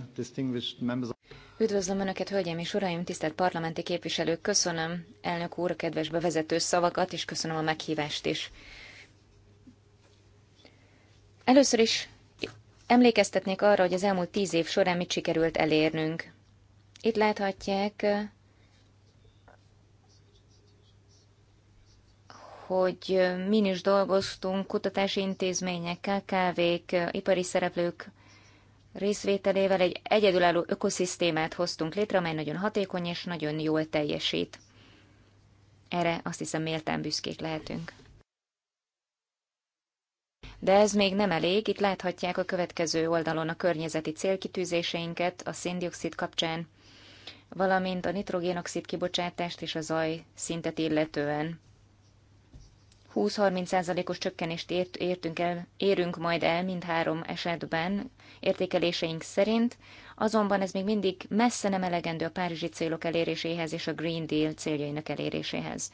Üdvözlöm Önöket, Hölgyeim és Uraim, tisztelt parlamenti képviselők, köszönöm elnök úr kedves bevezető szavakat, és köszönöm a meghívást is. Először is emlékeztetnék arra, hogy az elmúlt tíz év során mit sikerült elérnünk. Itt láthatják hogy min is dolgoztunk kutatási intézményekkel, kávék, ipari szereplők részvételével egy egyedülálló ökoszisztémát hoztunk létre, amely nagyon hatékony és nagyon jól teljesít. Erre azt hiszem méltán büszkék lehetünk. De ez még nem elég, itt láthatják a következő oldalon a környezeti célkitűzéseinket a széndiokszid kapcsán, valamint a nitrogénoxid kibocsátást és a zaj szintet illetően. 20-30%-os csökkenést ért, értünk el, érünk majd el mindhárom esetben értékeléseink szerint, azonban ez még mindig messze nem elegendő a párizsi célok eléréséhez és a Green Deal céljainak eléréséhez.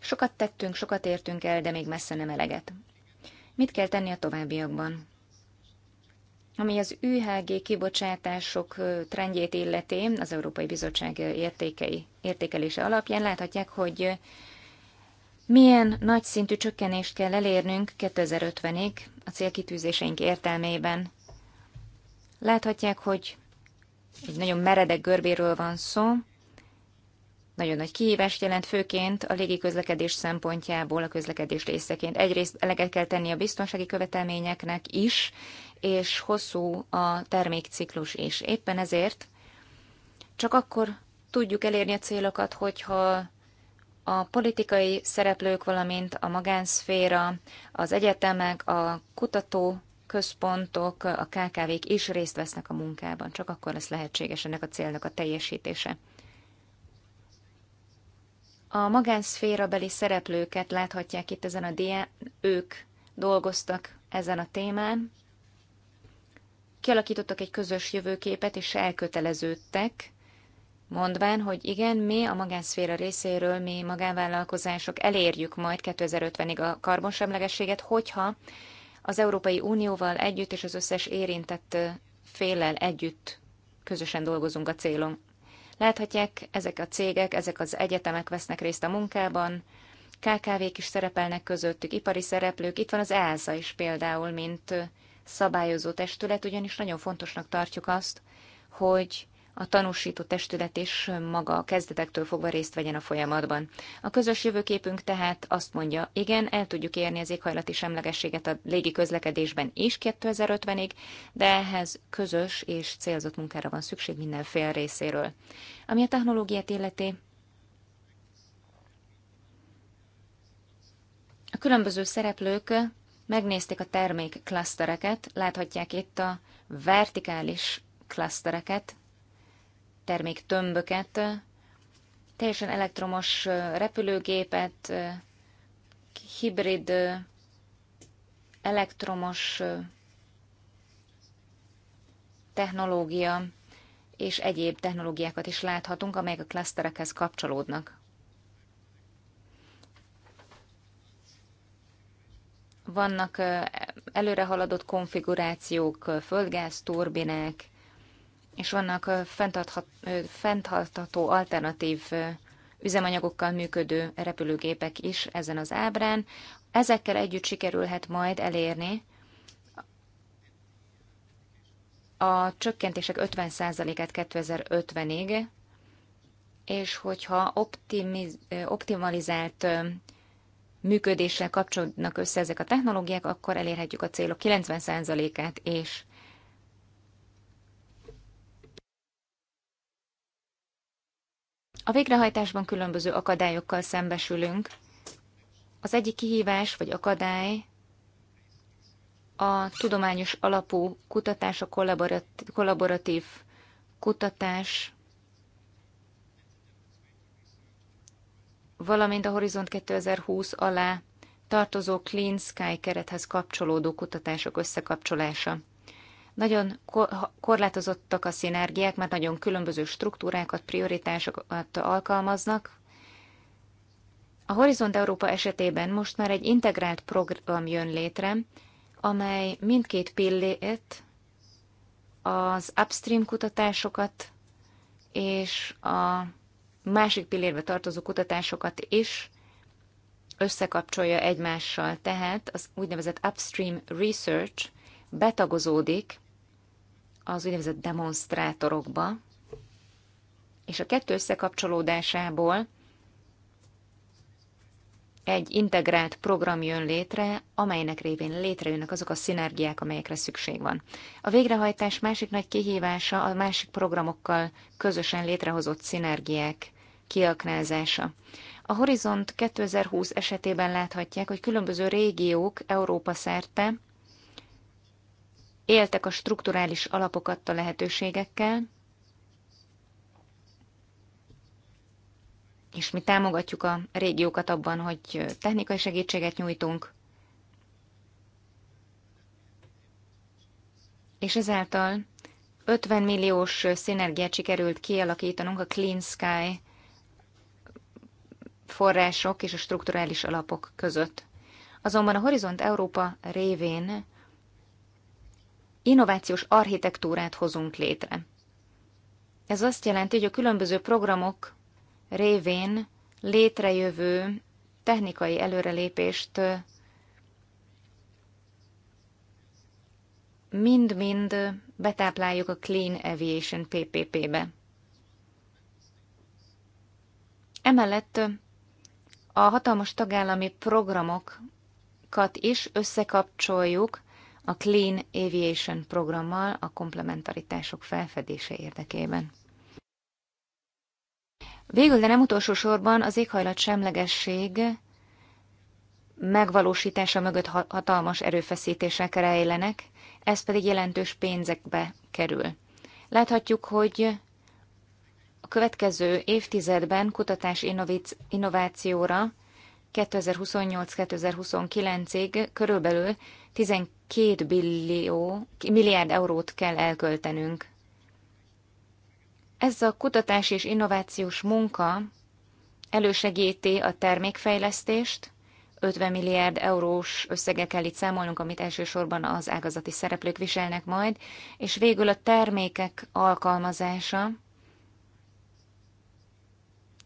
Sokat tettünk, sokat értünk el, de még messze nem eleget. Mit kell tenni a továbbiakban? Ami az UHG kibocsátások trendjét illeti, az Európai Bizottság értékei, értékelése alapján láthatják, hogy milyen nagy szintű csökkenést kell elérnünk 2050-ig a célkitűzéseink értelmében? Láthatják, hogy egy nagyon meredek görbéről van szó, nagyon nagy kihívást jelent, főként a légiközlekedés szempontjából, a közlekedés részeként. Egyrészt eleget kell tenni a biztonsági követelményeknek is, és hosszú a termékciklus is. Éppen ezért csak akkor tudjuk elérni a célokat, hogyha a politikai szereplők, valamint a magánszféra, az egyetemek, a kutató központok, a KKV-k is részt vesznek a munkában. Csak akkor lesz lehetséges ennek a célnak a teljesítése. A beli szereplőket láthatják itt ezen a dián, ők dolgoztak ezen a témán, kialakítottak egy közös jövőképet, és elköteleződtek mondván, hogy igen, mi a magánszféra részéről, mi magánvállalkozások elérjük majd 2050-ig a karbonsemlegességet, hogyha az Európai Unióval együtt és az összes érintett féllel együtt közösen dolgozunk a célon. Láthatják, ezek a cégek, ezek az egyetemek vesznek részt a munkában, KKV-k is szerepelnek közöttük, ipari szereplők, itt van az ELSA is például, mint szabályozó testület, ugyanis nagyon fontosnak tartjuk azt, hogy a tanúsító testület is maga a kezdetektől fogva részt vegyen a folyamatban. A közös jövőképünk tehát azt mondja, igen, el tudjuk érni az éghajlati semlegességet a légi közlekedésben is 2050-ig, de ehhez közös és célzott munkára van szükség minden fél részéről. Ami a technológiát illeti, a különböző szereplők megnézték a termék klasztereket, láthatják itt a vertikális klasztereket, tömböket, teljesen elektromos repülőgépet, hibrid elektromos technológia és egyéb technológiákat is láthatunk, amelyek a klaszterekhez kapcsolódnak. Vannak előrehaladott konfigurációk, földgáz turbinák, és vannak fenntartható alternatív üzemanyagokkal működő repülőgépek is ezen az ábrán. Ezekkel együtt sikerülhet majd elérni a csökkentések 50%-át 2050-ig, és hogyha optimiz, optimalizált működéssel kapcsolódnak össze ezek a technológiák, akkor elérhetjük a célok 90%-át és A végrehajtásban különböző akadályokkal szembesülünk. Az egyik kihívás vagy akadály a tudományos alapú kutatás, a kollaboratív, kutatás, valamint a Horizont 2020 alá tartozó Clean Sky kerethez kapcsolódó kutatások összekapcsolása. Nagyon korlátozottak a szinergiák, mert nagyon különböző struktúrákat, prioritásokat alkalmaznak. A Horizont Európa esetében most már egy integrált program jön létre, amely mindkét pillét, az upstream kutatásokat és a másik pillérbe tartozó kutatásokat is összekapcsolja egymással. Tehát az úgynevezett upstream research betagozódik az úgynevezett demonstrátorokba, és a kettő összekapcsolódásából egy integrált program jön létre, amelynek révén létrejönnek azok a szinergiák, amelyekre szükség van. A végrehajtás másik nagy kihívása a másik programokkal közösen létrehozott szinergiák kiaknázása. A Horizont 2020 esetében láthatják, hogy különböző régiók Európa szerte éltek a strukturális alapokat a lehetőségekkel, és mi támogatjuk a régiókat abban, hogy technikai segítséget nyújtunk, és ezáltal 50 milliós szinergiát sikerült kialakítanunk a Clean Sky források és a strukturális alapok között. Azonban a Horizont Európa révén innovációs architektúrát hozunk létre. Ez azt jelenti, hogy a különböző programok révén létrejövő technikai előrelépést mind-mind betápláljuk a Clean Aviation PPP-be. Emellett a hatalmas tagállami programokat is összekapcsoljuk a Clean Aviation programmal a komplementaritások felfedése érdekében. Végül, de nem utolsó sorban az éghajlat semlegesség megvalósítása mögött hatalmas erőfeszítések rejlenek, ez pedig jelentős pénzekbe kerül. Láthatjuk, hogy a következő évtizedben kutatás innovációra 2028-2029-ig körülbelül 12 billió, milliárd eurót kell elköltenünk. Ez a kutatás és innovációs munka elősegíti a termékfejlesztést, 50 milliárd eurós összegek kell itt számolnunk, amit elsősorban az ágazati szereplők viselnek majd, és végül a termékek alkalmazása,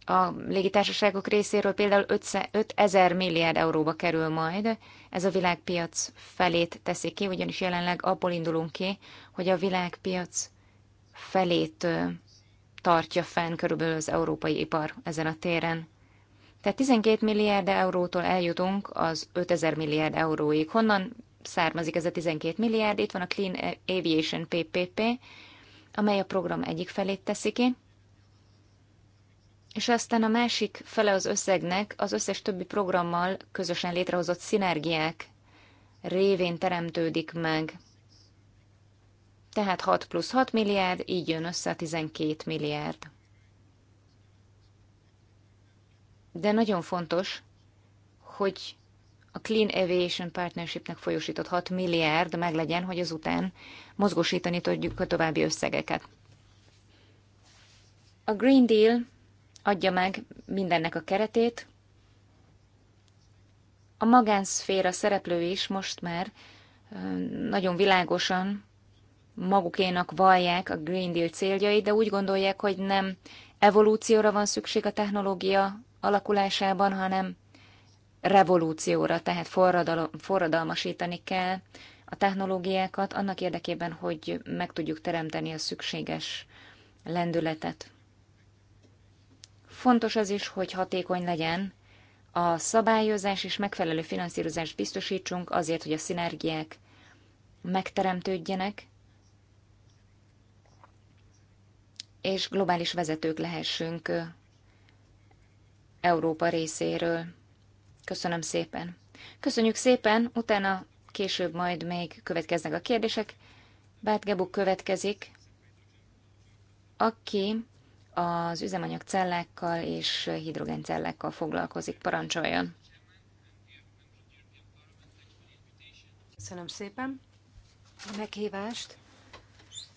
a légitársaságok részéről például 5000 milliárd euróba kerül majd. Ez a világpiac felét teszi ki, ugyanis jelenleg abból indulunk ki, hogy a világpiac felét tartja fenn körülbelül az európai ipar ezen a téren. Tehát 12 milliárd eurótól eljutunk az 5000 milliárd euróig. Honnan származik ez a 12 milliárd? Itt van a Clean Aviation PPP, amely a program egyik felét teszi ki, és aztán a másik fele az összegnek az összes többi programmal közösen létrehozott szinergiák révén teremtődik meg. Tehát 6 plusz 6 milliárd, így jön össze a 12 milliárd. De nagyon fontos, hogy a Clean Aviation Partnershipnek folyósított 6 milliárd legyen, hogy azután mozgósítani tudjuk a további összegeket. A Green Deal adja meg mindennek a keretét. A magánszféra szereplői is most már nagyon világosan magukénak vallják a Green Deal céljait, de úgy gondolják, hogy nem evolúcióra van szükség a technológia alakulásában, hanem revolúcióra, tehát forradal- forradalmasítani kell a technológiákat annak érdekében, hogy meg tudjuk teremteni a szükséges lendületet. Fontos az is, hogy hatékony legyen a szabályozás és megfelelő finanszírozást biztosítsunk azért, hogy a szinergiák megteremtődjenek, és globális vezetők lehessünk Európa részéről. Köszönöm szépen. Köszönjük szépen, utána később majd még következnek a kérdések. Bát Gebuk következik, aki az üzemanyag cellákkal és hidrogén cellákkal foglalkozik. Parancsoljon! Köszönöm szépen a meghívást,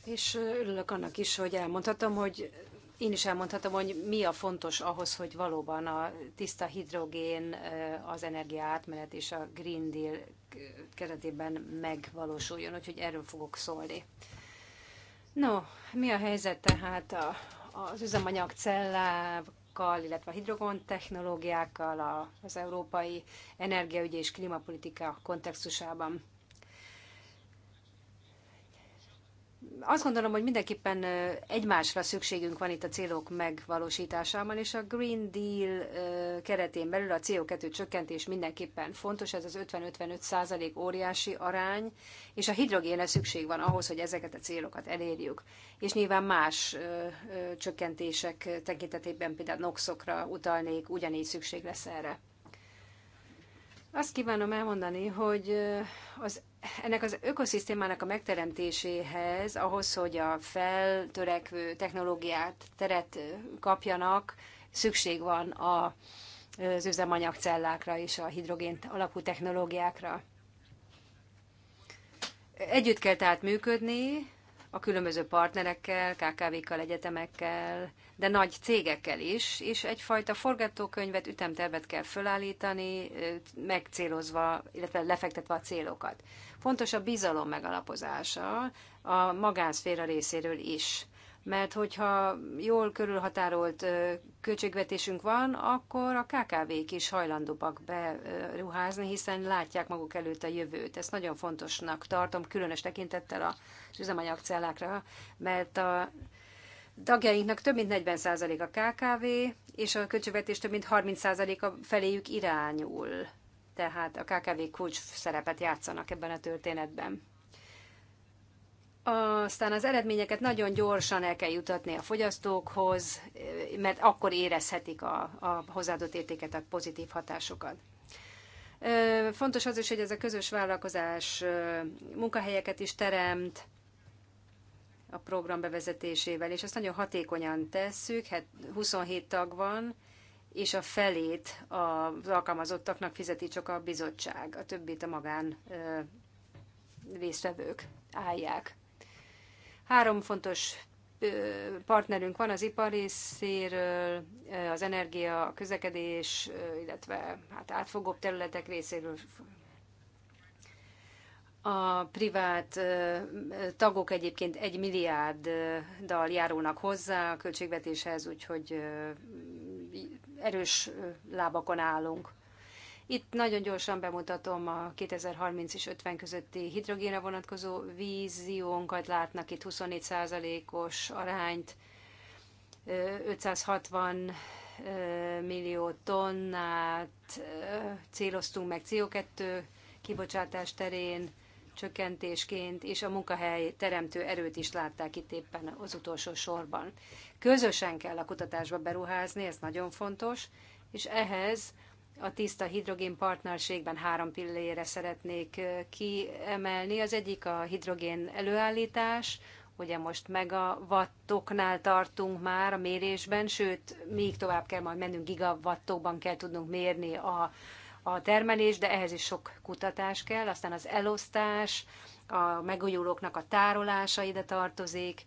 és örülök annak is, hogy elmondhatom, hogy én is elmondhatom, hogy mi a fontos ahhoz, hogy valóban a tiszta hidrogén, az energia átmenet és a Green Deal keretében megvalósuljon, úgyhogy erről fogok szólni. No, mi a helyzet tehát a az üzemanyag cellákkal, illetve a hidrogon technológiákkal az európai energiaügyi és klímapolitika kontextusában. azt gondolom, hogy mindenképpen egymásra szükségünk van itt a célok megvalósításában, és a Green Deal keretén belül a CO2 csökkentés mindenképpen fontos, ez az 50-55 százalék óriási arány, és a hidrogénre szükség van ahhoz, hogy ezeket a célokat elérjük. És nyilván más csökkentések tekintetében, például NOx-okra utalnék, ugyanígy szükség lesz erre. Azt kívánom elmondani, hogy az, ennek az ökoszisztémának a megteremtéséhez, ahhoz, hogy a feltörekvő technológiát teret kapjanak, szükség van a, az üzemanyagcellákra és a hidrogént alapú technológiákra. Együtt kell tehát működni, a különböző partnerekkel, KKV-kkal, egyetemekkel, de nagy cégekkel is, és egyfajta forgatókönyvet, ütemtervet kell fölállítani, megcélozva, illetve lefektetve a célokat. Fontos a bizalom megalapozása a magánszféra részéről is mert hogyha jól körülhatárolt költségvetésünk van, akkor a KKV-k is hajlandóbbak beruházni, hiszen látják maguk előtt a jövőt. Ezt nagyon fontosnak tartom, különös tekintettel az üzemanyagcellákra, mert a tagjainknak több mint 40% a KKV, és a költségvetés több mint 30%-a feléjük irányul. Tehát a KKV kulcs szerepet játszanak ebben a történetben aztán az eredményeket nagyon gyorsan el kell jutatni a fogyasztókhoz, mert akkor érezhetik a, a hozzáadott értéket, a pozitív hatásokat. Fontos az is, hogy ez a közös vállalkozás munkahelyeket is teremt a program bevezetésével, és ezt nagyon hatékonyan tesszük, hát 27 tag van, és a felét az alkalmazottaknak fizeti csak a bizottság, a többit a magán résztvevők állják. Három fontos partnerünk van az ipar részéről, az energia, a közlekedés, illetve hát átfogóbb területek részéről a privát tagok egyébként egy milliárddal járulnak hozzá a költségvetéshez, úgyhogy erős lábakon állunk. Itt nagyon gyorsan bemutatom a 2030 és 50 közötti hidrogénre vonatkozó víziónkat, látnak itt 24%-os arányt, 560 millió tonnát céloztunk meg CO2 kibocsátás terén csökkentésként, és a munkahely teremtő erőt is látták itt éppen az utolsó sorban. Közösen kell a kutatásba beruházni, ez nagyon fontos, és ehhez a tiszta hidrogén partnerségben három pillére szeretnék kiemelni. Az egyik a hidrogén előállítás, ugye most meg a wattoknál tartunk már a mérésben, sőt, még tovább kell majd mennünk, gigavattokban kell tudnunk mérni a, a termelés, de ehhez is sok kutatás kell. Aztán az elosztás, a megújulóknak a tárolása ide tartozik,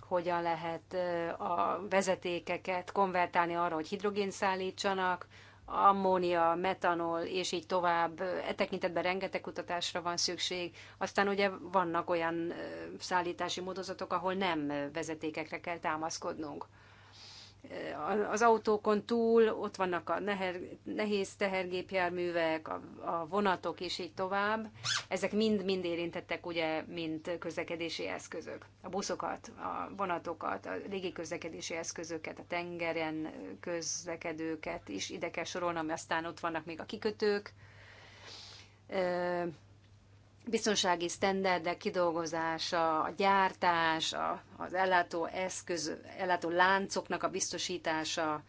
hogyan lehet a vezetékeket konvertálni arra, hogy hidrogén szállítsanak, ammónia, metanol, és így tovább. E tekintetben rengeteg kutatásra van szükség. Aztán ugye vannak olyan szállítási módozatok, ahol nem vezetékekre kell támaszkodnunk. Eh, az autókon túl ott vannak a neher, nehéz tehergépjárművek, a, a vonatok és így tovább. Ezek mind-mind érintettek, ugye, mint közlekedési eszközök. A buszokat, a vonatokat, a légiközlekedési eszközöket, a tengeren közlekedőket is ide kell sorolnom, aztán ott vannak még a kikötők, eh, biztonsági sztenderdek kidolgozása, a gyártás, a, az ellátó eszköz, ellátó láncoknak a biztosítása,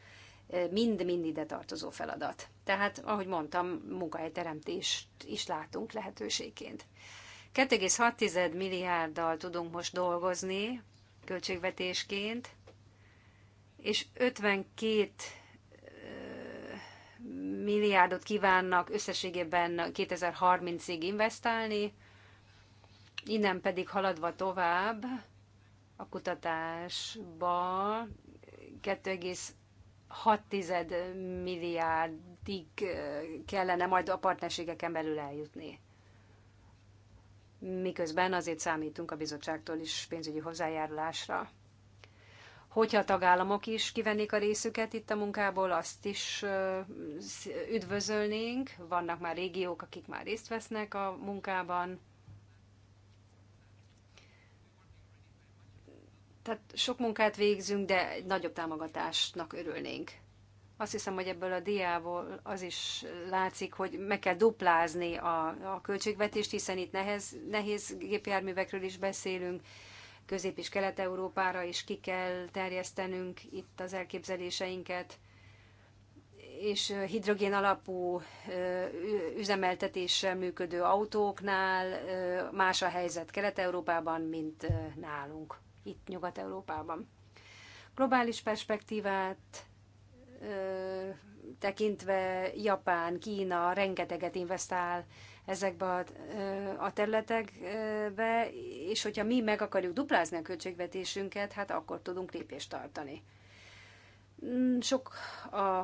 mind-mind ide tartozó feladat. Tehát, ahogy mondtam, munkahelyteremtést is látunk lehetőségként. 2,6 milliárddal tudunk most dolgozni költségvetésként, és 52 milliárdot kívánnak összességében 2030-ig investálni, innen pedig haladva tovább a kutatásba 2,6 milliárdig kellene majd a partnerségeken belül eljutni. Miközben azért számítunk a bizottságtól is pénzügyi hozzájárulásra. Hogyha a tagállamok is kivennék a részüket itt a munkából, azt is üdvözölnénk. Vannak már régiók, akik már részt vesznek a munkában. Tehát sok munkát végzünk, de egy nagyobb támogatásnak örülnénk. Azt hiszem, hogy ebből a diából az is látszik, hogy meg kell duplázni a, a költségvetést, hiszen itt nehez, nehéz gépjárművekről is beszélünk, Közép- és Kelet-Európára is ki kell terjesztenünk itt az elképzeléseinket, és hidrogén alapú üzemeltetéssel működő autóknál más a helyzet Kelet-Európában, mint nálunk, itt Nyugat-Európában. Globális perspektívát tekintve Japán, Kína rengeteget investál ezekbe a, a területekbe, és hogyha mi meg akarjuk duplázni a költségvetésünket, hát akkor tudunk lépést tartani. Mm, sok a,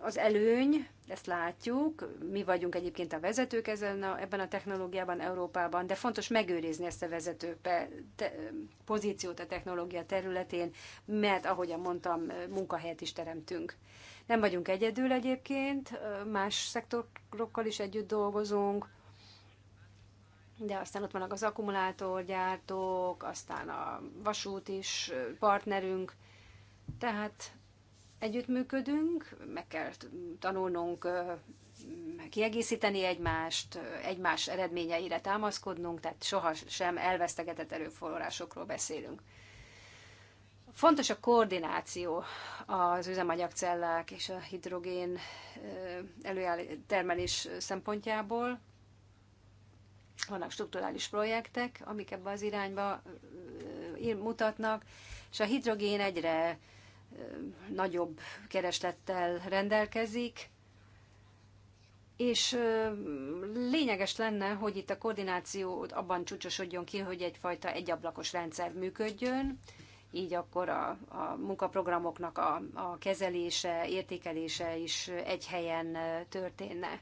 az előny, ezt látjuk, mi vagyunk egyébként a vezetők ezen a, ebben a technológiában Európában, de fontos megőrizni ezt a vezető te, pozíciót a technológia területén, mert ahogyan mondtam, munkahelyet is teremtünk. Nem vagyunk egyedül egyébként, más szektorokkal is együtt dolgozunk, de aztán ott vannak az akkumulátorgyártók, aztán a vasút is partnerünk, tehát együttműködünk, meg kell tanulnunk kiegészíteni egymást, egymás eredményeire támaszkodnunk, tehát sohasem elvesztegetett erőforrásokról beszélünk. Fontos a koordináció az üzemanyagcellák és a hidrogén előtermelés szempontjából. Vannak strukturális projektek, amik ebbe az irányba mutatnak, és a hidrogén egyre nagyobb kereslettel rendelkezik, és lényeges lenne, hogy itt a koordináció abban csúcsosodjon ki, hogy egyfajta egyablakos rendszer működjön, így akkor a, a munkaprogramoknak a, a kezelése, értékelése is egy helyen történne.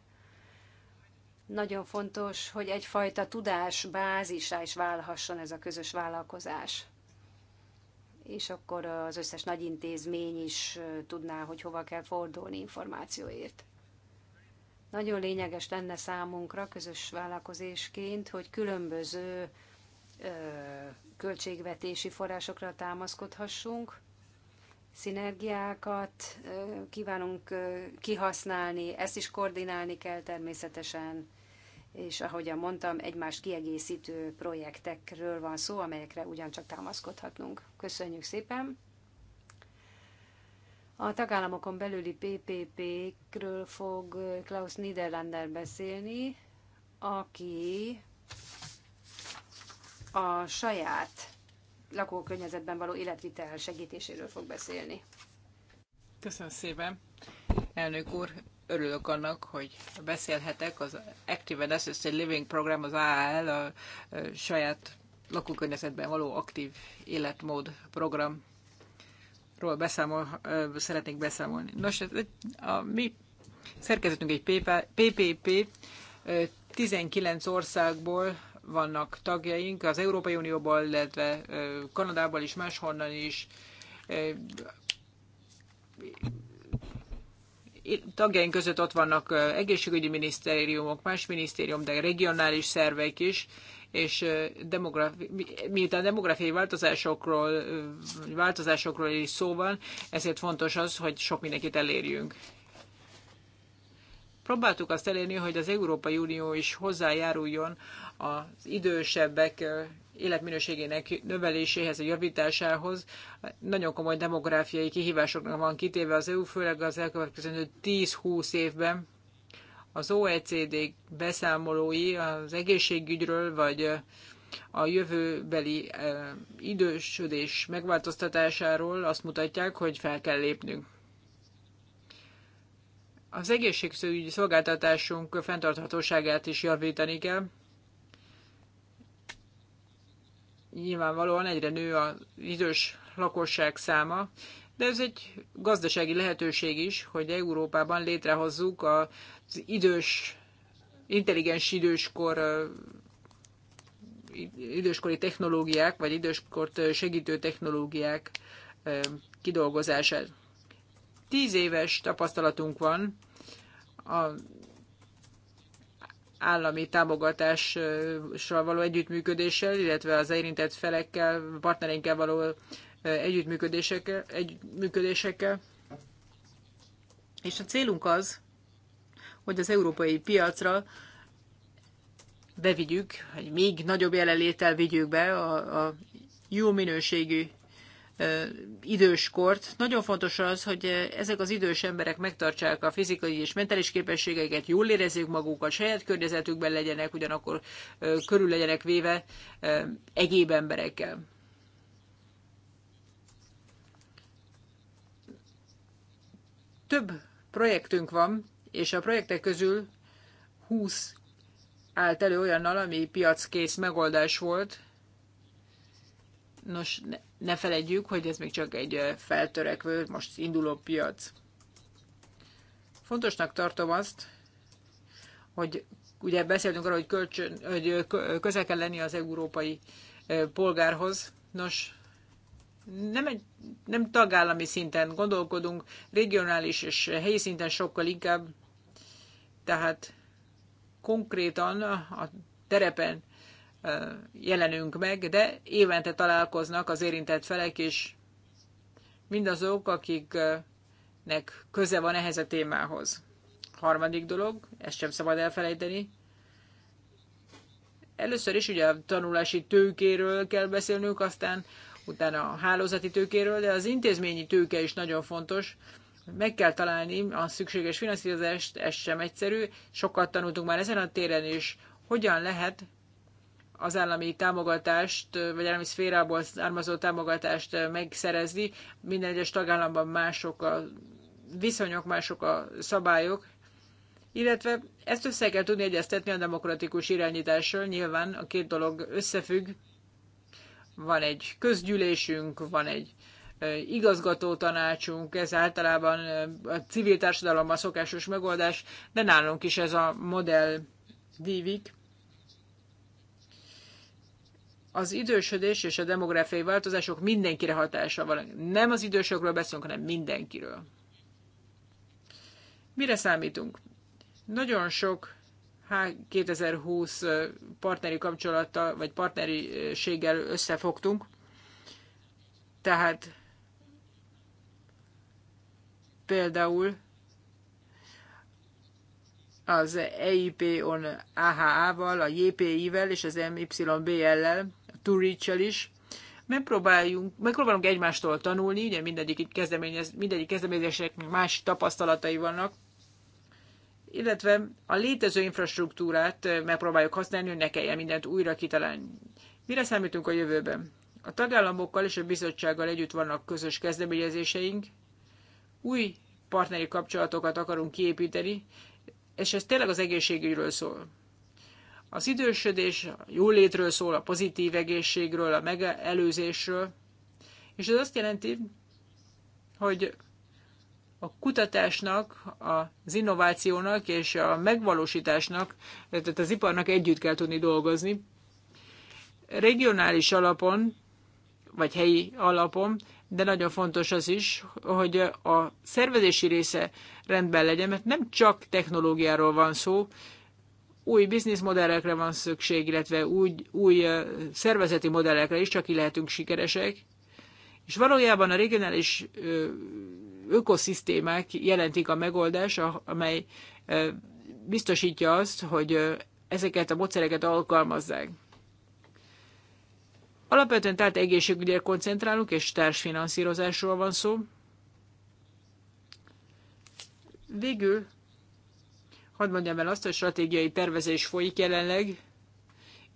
Nagyon fontos, hogy egyfajta tudás bázisá is válhasson ez a közös vállalkozás. És akkor az összes nagy intézmény is tudná, hogy hova kell fordulni információért. Nagyon lényeges lenne számunkra közös vállalkozésként, hogy különböző költségvetési forrásokra támaszkodhassunk. Szinergiákat kívánunk kihasználni, ezt is koordinálni kell természetesen, és ahogyan mondtam, egymás kiegészítő projektekről van szó, amelyekre ugyancsak támaszkodhatnunk. Köszönjük szépen! A tagállamokon belüli PPP-kről fog Klaus Niederlander beszélni, aki a saját lakókörnyezetben való életvitel segítéséről fog beszélni. Köszönöm szépen, elnök úr. Örülök annak, hogy beszélhetek az Active and Assisted Living Program, az AAL, a, saját lakókörnyezetben való aktív életmód program ról beszámol, szeretnék beszámolni. Nos, a mi szerkezetünk egy PPP, 19 országból vannak tagjaink az Európai Unióból, illetve Kanadából is, máshonnan is. Tagjaink között ott vannak egészségügyi minisztériumok, más minisztérium, de regionális szervek is, és demografi, miután demográfiai változásokról, változásokról is szó van, ezért fontos az, hogy sok mindenkit elérjünk. Próbáltuk azt elérni, hogy az Európai Unió is hozzájáruljon az idősebbek életminőségének növeléséhez, a javításához. Nagyon komoly demográfiai kihívásoknak van kitéve az EU, főleg az elkövetkező 10-20 évben. Az OECD beszámolói az egészségügyről, vagy a jövőbeli idősödés megváltoztatásáról azt mutatják, hogy fel kell lépnünk. Az egészségügyi szolgáltatásunk fenntarthatóságát is javítani kell. nyilvánvalóan egyre nő az idős lakosság száma, de ez egy gazdasági lehetőség is, hogy Európában létrehozzuk az idős, intelligens időskor időskori technológiák, vagy időskort segítő technológiák kidolgozását. Tíz éves tapasztalatunk van a állami támogatással való együttműködéssel, illetve az érintett felekkel, partnereinkkel való együttműködésekkel. együttműködésekkel. És a célunk az, hogy az európai piacra bevigyük, hogy még nagyobb jelenlétel vigyük be a, a jó minőségű időskort. Nagyon fontos az, hogy ezek az idős emberek megtartsák a fizikai és mentális képességeiket, jól érezzék magukat, saját környezetükben legyenek, ugyanakkor körül legyenek véve egyéb emberekkel. Több projektünk van, és a projektek közül 20 állt elő olyannal, ami piackész megoldás volt, Nos, ne, ne felejtjük, hogy ez még csak egy feltörekvő, most induló piac. Fontosnak tartom azt, hogy ugye beszéltünk arra, hogy, kölcsön, hogy közel kell lenni az európai polgárhoz. Nos, nem, egy, nem tagállami szinten gondolkodunk, regionális és helyi szinten sokkal inkább. Tehát konkrétan a terepen jelenünk meg, de évente találkoznak az érintett felek is, mindazok, akiknek köze van ehhez a témához. Harmadik dolog, ezt sem szabad elfelejteni, először is ugye a tanulási tőkéről kell beszélnünk, aztán utána a hálózati tőkéről, de az intézményi tőke is nagyon fontos. Meg kell találni a szükséges finanszírozást, ez sem egyszerű. Sokat tanultunk már ezen a téren is, hogyan lehet az állami támogatást, vagy állami szférából származó támogatást megszerezni. Minden egyes tagállamban mások a viszonyok, mások a szabályok, illetve ezt össze kell tudni egyeztetni a demokratikus irányítással. Nyilván a két dolog összefügg. Van egy közgyűlésünk, van egy igazgató tanácsunk, ez általában a civil a szokásos megoldás, de nálunk is ez a modell dívik az idősödés és a demográfiai változások mindenkire hatása van. Nem az idősökről beszélünk, hanem mindenkiről. Mire számítunk? Nagyon sok 2020 partneri kapcsolattal, vagy partneriséggel összefogtunk, tehát például az EIP-on AHA-val, a JPI-vel és az MYBL-lel to reach is. Megpróbáljunk, megpróbálunk egymástól tanulni, ugye mindegyik, kezdeményez, mindegyik kezdeményezéseknek más tapasztalatai vannak, illetve a létező infrastruktúrát eh, megpróbáljuk használni, hogy ne kelljen mindent újra kitalálni. Mire számítunk a jövőben? A tagállamokkal és a bizottsággal együtt vannak közös kezdeményezéseink, új partneri kapcsolatokat akarunk kiépíteni, és ez tényleg az egészségügyről szól. Az idősödés a jólétről szól, a pozitív egészségről, a megelőzésről, és ez azt jelenti, hogy a kutatásnak, az innovációnak és a megvalósításnak, tehát az iparnak együtt kell tudni dolgozni. Regionális alapon, vagy helyi alapon, de nagyon fontos az is, hogy a szervezési része rendben legyen, mert nem csak technológiáról van szó, új bizniszmodellekre van szükség, illetve új, új szervezeti modellekre is, csak ki lehetünk sikeresek. És valójában a regionális ökoszisztémák jelentik a megoldást, amely biztosítja azt, hogy ezeket a módszereket alkalmazzák. Alapvetően tehát egészségügyre koncentrálunk, és társfinanszírozásról van szó. Végül Hadd mondjam el azt, hogy stratégiai tervezés folyik jelenleg,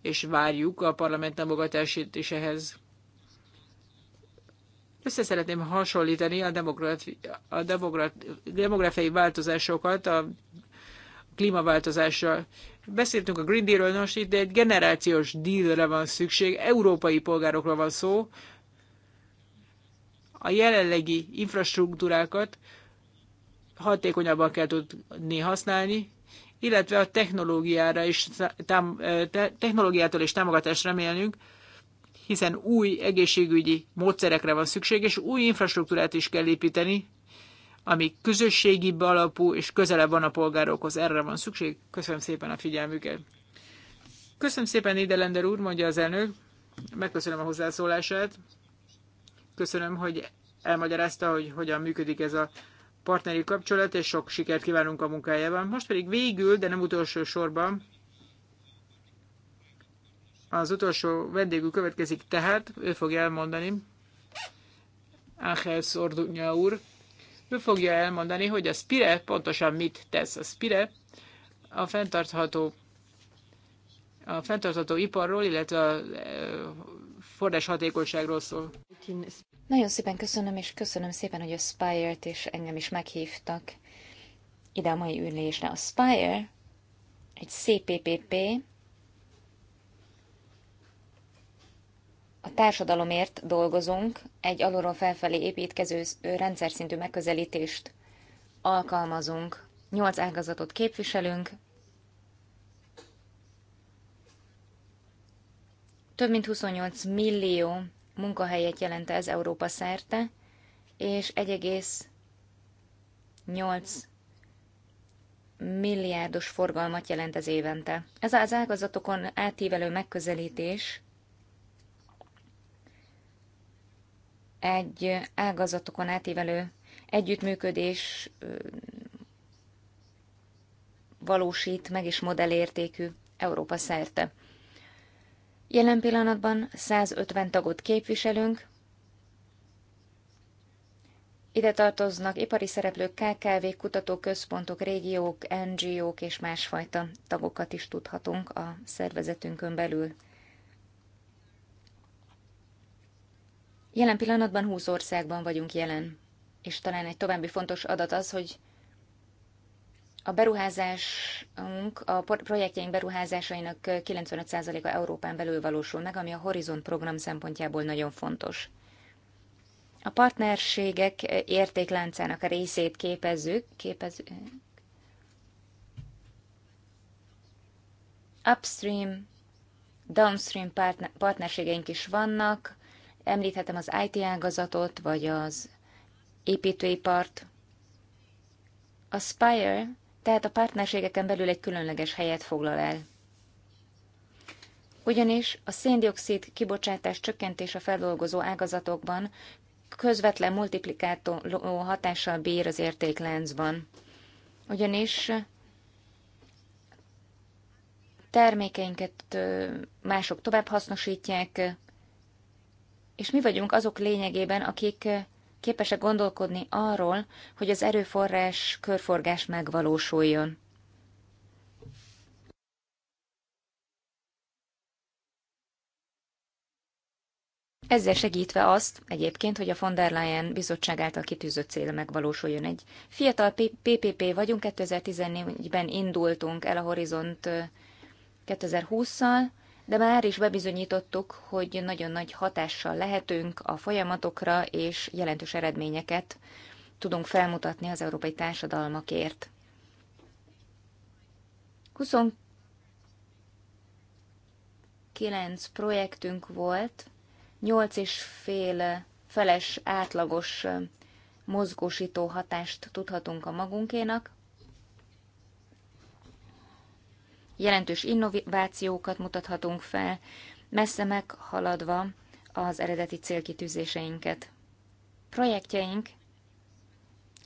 és várjuk a parlament támogatását is ehhez. Össze szeretném hasonlítani a, a demográfiai változásokat a klímaváltozással. Beszéltünk a Green Deal-ről, nos, itt egy generációs dealre van szükség, európai polgárokra van szó. A jelenlegi infrastruktúrákat hatékonyabban kell tudni használni, illetve a technológiára is, tám, te, technológiától is támogatást remélünk, hiszen új egészségügyi módszerekre van szükség, és új infrastruktúrát is kell építeni, ami közösségi alapú és közelebb van a polgárokhoz. Erre van szükség. Köszönöm szépen a figyelmüket. Köszönöm szépen, Idelender úr, mondja az elnök. Megköszönöm a hozzászólását. Köszönöm, hogy elmagyarázta, hogy hogyan működik ez a partneri kapcsolat, és sok sikert kívánunk a munkájában. Most pedig végül, de nem utolsó sorban, az utolsó vendégünk következik tehát, ő fogja elmondani, Ángel Szordunya úr, ő fogja elmondani, hogy a SPIRE pontosan mit tesz. A SPIRE a fenntartható, a fenntartható iparról, illetve a eh, forrás hatékonyságról szól. Nagyon szépen köszönöm, és köszönöm szépen, hogy a Spire-t és engem is meghívtak ide a mai ülésre. A Spire egy CPPP, a társadalomért dolgozunk, egy alulról felfelé építkező rendszer szintű megközelítést alkalmazunk. Nyolc ágazatot képviselünk, több mint 28 millió munkahelyet jelent ez Európa szerte, és 1,8 milliárdos forgalmat jelent ez évente. Ez az ágazatokon átívelő megközelítés egy ágazatokon átívelő együttműködés valósít meg és modellértékű Európa szerte. Jelen pillanatban 150 tagot képviselünk, ide tartoznak ipari szereplők, KKV, kutatóközpontok, régiók, NGO-k és másfajta tagokat is tudhatunk a szervezetünkön belül. Jelen pillanatban 20 országban vagyunk jelen, és talán egy további fontos adat az, hogy a beruházásunk, a projektjeink beruházásainak 95%-a Európán belül valósul meg, ami a Horizon program szempontjából nagyon fontos. A partnerségek értékláncának a részét képezzük, képezzük upstream, downstream partner, partnerségeink is vannak, említhetem az IT ágazatot, vagy az építőipart. A Spire tehát a partnerségeken belül egy különleges helyet foglal el. Ugyanis a széndiokszid kibocsátás csökkentés a feldolgozó ágazatokban közvetlen multiplikátó hatással bír az értékláncban. Ugyanis termékeinket mások tovább hasznosítják, és mi vagyunk azok lényegében, akik képesek gondolkodni arról, hogy az erőforrás körforgás megvalósuljon. Ezzel segítve azt egyébként, hogy a von der Leyen bizottság által kitűzött cél megvalósuljon. Egy fiatal PPP vagyunk, 2014-ben indultunk el a Horizont 2020-szal, de már is bebizonyítottuk, hogy nagyon nagy hatással lehetünk a folyamatokra, és jelentős eredményeket tudunk felmutatni az európai társadalmakért. 29 projektünk volt, 8 és fél feles átlagos mozgósító hatást tudhatunk a magunkénak, jelentős innovációkat mutathatunk fel, messze meghaladva az eredeti célkitűzéseinket. Projektjeink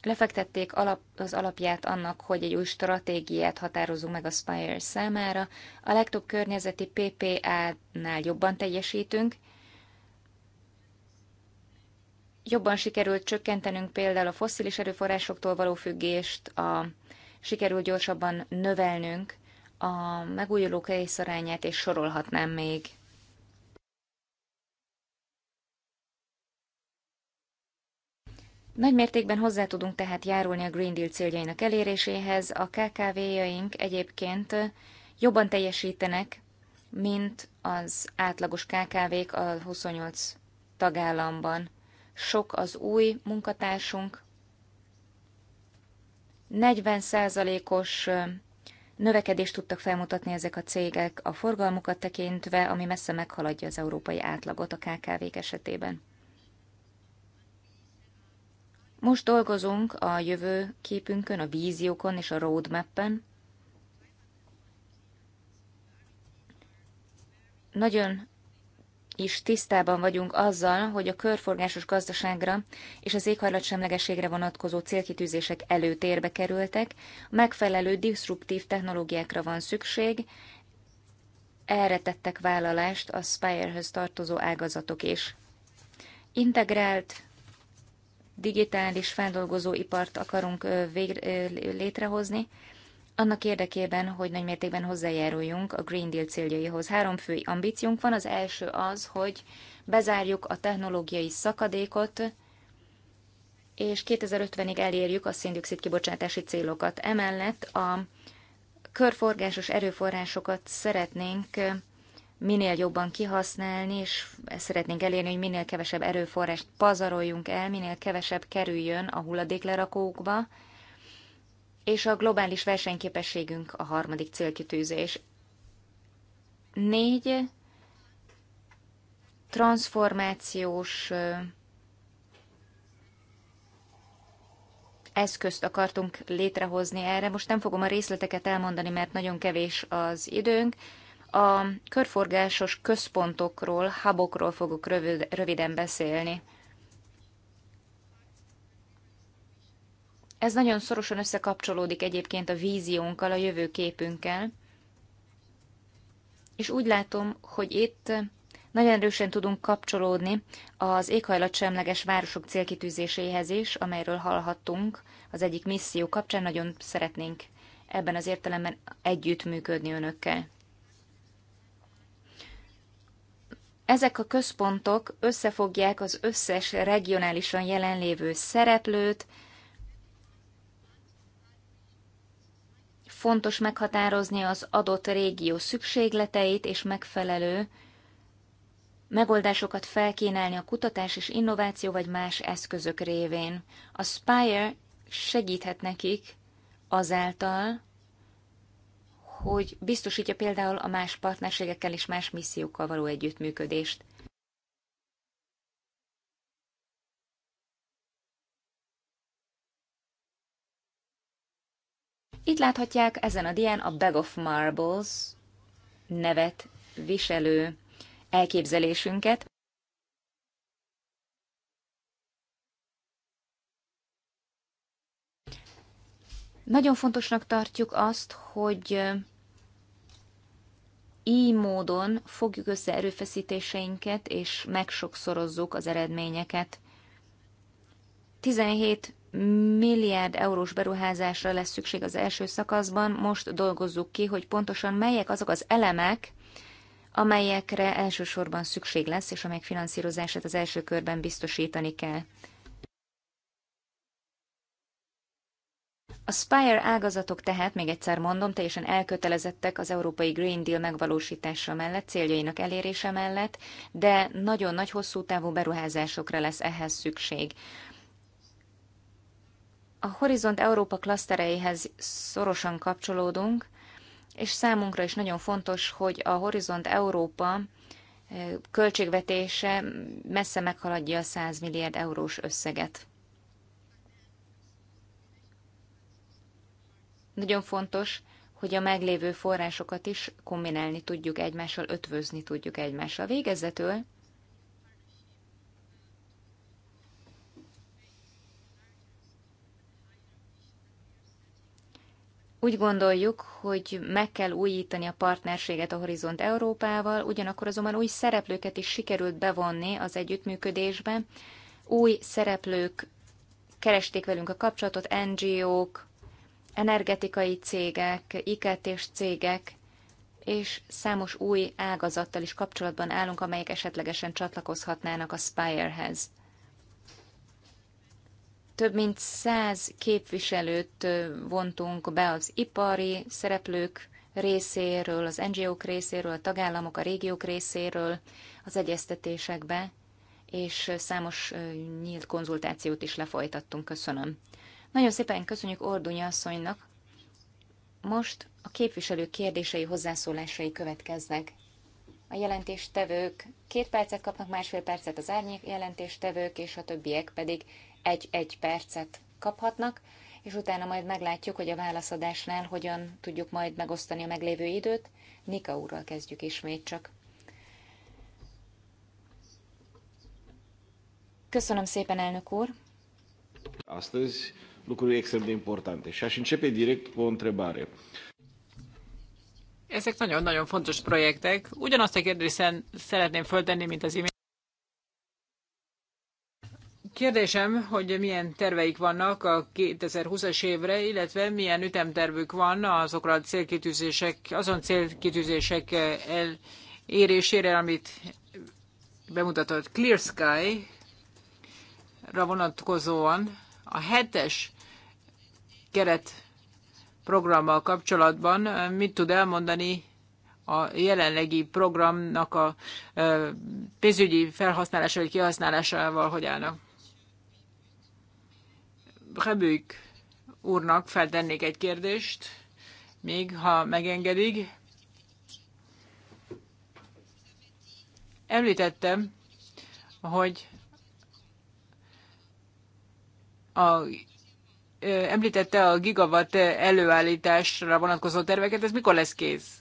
lefektették alap, az alapját annak, hogy egy új stratégiát határozunk meg a Spire számára. A legtöbb környezeti PPA-nál jobban teljesítünk, jobban sikerült csökkentenünk például a fosszilis erőforrásoktól való függést, a, sikerült gyorsabban növelnünk a megújulók rész és sorolhatnám még. Nagy mértékben hozzá tudunk tehát járulni a Green Deal céljainak eléréséhez. A KKV-jaink egyébként jobban teljesítenek, mint az átlagos KKV-k a 28 tagállamban. Sok az új munkatársunk, 40%-os Növekedést tudtak felmutatni ezek a cégek a forgalmukat tekintve, ami messze meghaladja az európai átlagot a kkv esetében. Most dolgozunk a jövő képünkön, a víziókon és a roadmap-en. Nagyon is tisztában vagyunk azzal, hogy a körforgásos gazdaságra és az éghajlatsemlegességre vonatkozó célkitűzések előtérbe kerültek, megfelelő disruptív technológiákra van szükség, erre tettek vállalást a Spire-höz tartozó ágazatok is. Integrált digitális feldolgozóipart akarunk végre, létrehozni, annak érdekében, hogy nagy mértékben hozzájáruljunk a Green Deal céljaihoz. Három fő ambíciónk van. Az első az, hogy bezárjuk a technológiai szakadékot, és 2050-ig elérjük a széndiokszid kibocsátási célokat. Emellett a körforgásos erőforrásokat szeretnénk minél jobban kihasználni, és szeretnénk elérni, hogy minél kevesebb erőforrást pazaroljunk el, minél kevesebb kerüljön a hulladéklerakókba, és a globális versenyképességünk a harmadik célkitűzés. Négy transformációs eszközt akartunk létrehozni erre. Most nem fogom a részleteket elmondani, mert nagyon kevés az időnk. A körforgásos központokról, habokról fogok röviden beszélni. Ez nagyon szorosan összekapcsolódik egyébként a víziónkkal, a jövőképünkkel, és úgy látom, hogy itt nagyon erősen tudunk kapcsolódni az éghajlatsemleges városok célkitűzéséhez is, amelyről hallhattunk az egyik misszió kapcsán, nagyon szeretnénk ebben az értelemben együttműködni önökkel. Ezek a központok összefogják az összes regionálisan jelenlévő szereplőt, Fontos meghatározni az adott régió szükségleteit és megfelelő megoldásokat felkínálni a kutatás és innováció vagy más eszközök révén. A Spire segíthet nekik azáltal, hogy biztosítja például a más partnerségekkel és más missziókkal való együttműködést. Itt láthatják ezen a dián a Bag of Marbles nevet viselő elképzelésünket. Nagyon fontosnak tartjuk azt, hogy így módon fogjuk össze erőfeszítéseinket, és megsokszorozzuk az eredményeket. 17 milliárd eurós beruházásra lesz szükség az első szakaszban. Most dolgozzuk ki, hogy pontosan melyek azok az elemek, amelyekre elsősorban szükség lesz, és amelyek finanszírozását az első körben biztosítani kell. A Spire ágazatok tehát, még egyszer mondom, teljesen elkötelezettek az Európai Green Deal megvalósítása mellett, céljainak elérése mellett, de nagyon nagy hosszú távú beruházásokra lesz ehhez szükség a Horizont Európa klasztereihez szorosan kapcsolódunk, és számunkra is nagyon fontos, hogy a Horizont Európa eh, költségvetése messze meghaladja a 100 milliárd eurós összeget. Nagyon fontos, hogy a meglévő forrásokat is kombinálni tudjuk egymással, ötvözni tudjuk egymással. Végezetül Úgy gondoljuk, hogy meg kell újítani a partnerséget a Horizont Európával, ugyanakkor azonban új szereplőket is sikerült bevonni az együttműködésbe. Új szereplők keresték velünk a kapcsolatot, NGO-k, energetikai cégek, iket és cégek, és számos új ágazattal is kapcsolatban állunk, amelyek esetlegesen csatlakozhatnának a Spirehez. hez több mint száz képviselőt vontunk be az ipari szereplők részéről, az NGO-k részéről, a tagállamok, a régiók részéről az egyeztetésekbe, és számos nyílt konzultációt is lefolytattunk. Köszönöm. Nagyon szépen köszönjük Ordunya asszonynak. Most a képviselők kérdései, hozzászólásai következnek. A jelentéstevők két percet kapnak, másfél percet az árnyék jelentéstevők, és a többiek pedig egy-egy percet kaphatnak, és utána majd meglátjuk, hogy a válaszadásnál hogyan tudjuk majd megosztani a meglévő időt. Nika úrral kezdjük ismét csak. Köszönöm szépen, elnök úr! Astăzi lucruri extrem de importante și aș începe direct cu o întrebare. Ezek nagyon-nagyon fontos projektek. Ugyanazt a kérdést szeretném föltenni, mint az imént. Kérdésem, hogy milyen terveik vannak a 2020-as évre, illetve milyen ütemtervük van azokra a célkitűzések, azon célkitűzések elérésére, amit bemutatott Clear Sky-ra vonatkozóan a hetes keret programmal kapcsolatban mit tud elmondani a jelenlegi programnak a pénzügyi felhasználása vagy kihasználásával hogy állnak? Rebük úrnak feltennék egy kérdést, még ha megengedik. Említettem, hogy a, említette a gigawatt előállításra vonatkozó terveket, ez mikor lesz kész?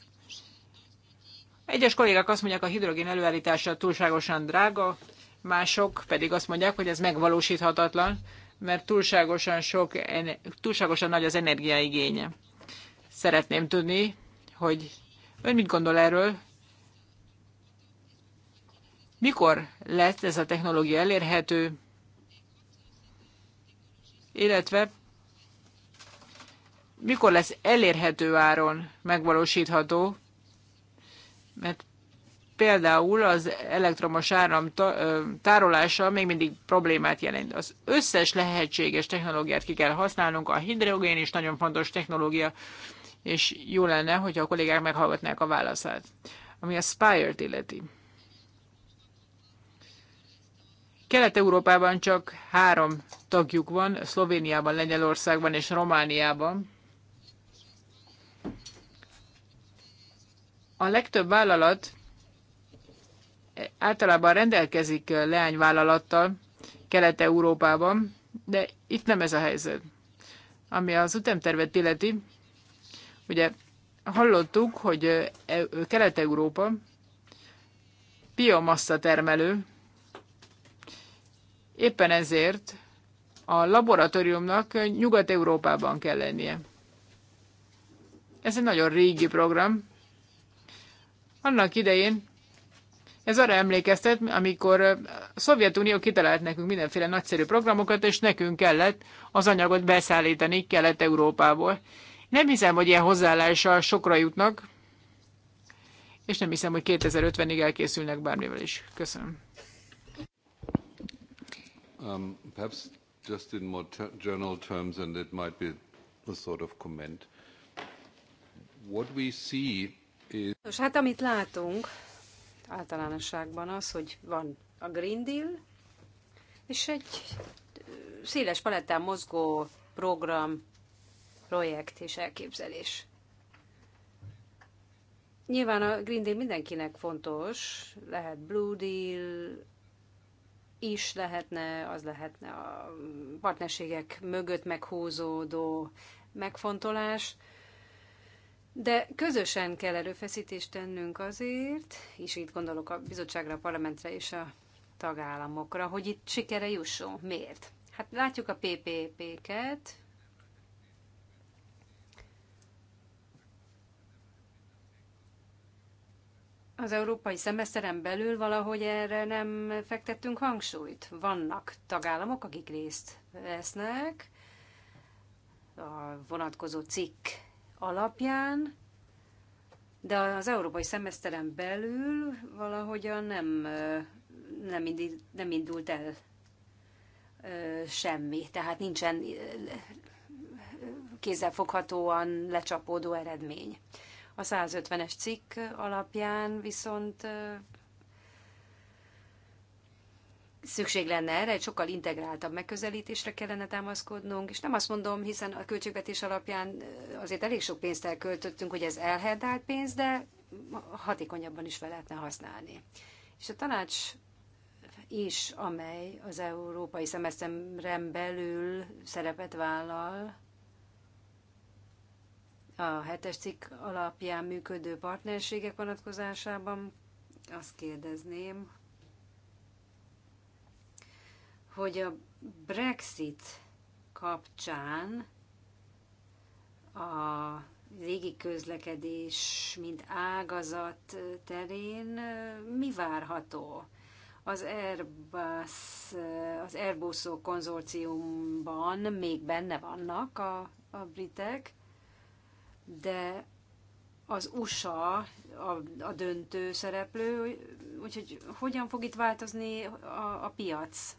Egyes kollégák azt mondják, a hidrogén előállítása túlságosan drága, mások pedig azt mondják, hogy ez megvalósíthatatlan mert túlságosan, sok, túlságosan nagy az energiaigénye. Szeretném tudni, hogy ön mit gondol erről, mikor lesz ez a technológia elérhető, illetve mikor lesz elérhető áron megvalósítható, mert például az elektromos áram tárolása még mindig problémát jelent. Az összes lehetséges technológiát ki kell használnunk, a hidrogén is nagyon fontos technológia, és jó lenne, hogyha a kollégák meghallgatnák a válaszát. Ami a Spire-t illeti. Kelet-Európában csak három tagjuk van, Szlovéniában, Lengyelországban és Romániában. A legtöbb vállalat általában rendelkezik leányvállalattal Kelet-Európában, de itt nem ez a helyzet. Ami az ütemtervet illeti, ugye hallottuk, hogy Kelet-Európa biomassa termelő, éppen ezért a laboratóriumnak Nyugat-Európában kell lennie. Ez egy nagyon régi program. Annak idején ez arra emlékeztet, amikor a Szovjetunió kitalált nekünk mindenféle nagyszerű programokat, és nekünk kellett az anyagot beszállítani Kelet-Európából. Nem hiszem, hogy ilyen hozzáállással sokra jutnak, és nem hiszem, hogy 2050-ig elkészülnek bármivel is. Köszönöm. Um, perhaps just in more general terms, and it might be a sort of comment. What we see is... Hát amit látunk, általánosságban az, hogy van a Green Deal, és egy széles palettán mozgó program, projekt és elképzelés. Nyilván a Green Deal mindenkinek fontos, lehet Blue Deal, is lehetne, az lehetne a partnerségek mögött meghúzódó megfontolás, de közösen kell erőfeszítést tennünk azért, és itt gondolok a bizottságra, a parlamentre és a tagállamokra, hogy itt sikere jusson. Miért? Hát látjuk a PPP-ket, az európai szemeszteren belül valahogy erre nem fektettünk hangsúlyt. Vannak tagállamok, akik részt vesznek, a vonatkozó cikk alapján, de az európai szemeszteren belül valahogyan nem, nem, indít, nem indult el semmi. Tehát nincsen kézzelfoghatóan lecsapódó eredmény. A 150-es cikk alapján viszont szükség lenne erre, egy sokkal integráltabb megközelítésre kellene támaszkodnunk, és nem azt mondom, hiszen a költségvetés alapján azért elég sok pénzt elköltöttünk, hogy ez elherdált pénz, de hatékonyabban is fel lehetne használni. És a tanács is, amely az európai szemeszemren belül szerepet vállal, a hetes cikk alapján működő partnerségek vonatkozásában azt kérdezném, hogy a Brexit kapcsán a légi közlekedés, mint ágazat terén mi várható? Az Airbus, az Airbusok konzorciumban még benne vannak a, a britek, de az USA a, a döntő szereplő, úgyhogy hogyan fog itt változni a, a piac?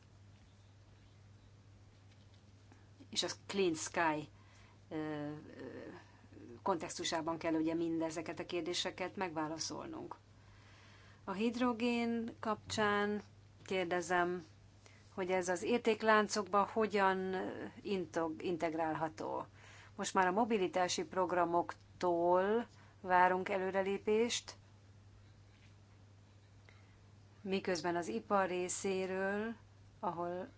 és a Clean Sky kontextusában kell ugye mindezeket a kérdéseket megválaszolnunk. A hidrogén kapcsán kérdezem, hogy ez az értékláncokban hogyan integrálható. Most már a mobilitási programoktól várunk előrelépést, miközben az ipar részéről, ahol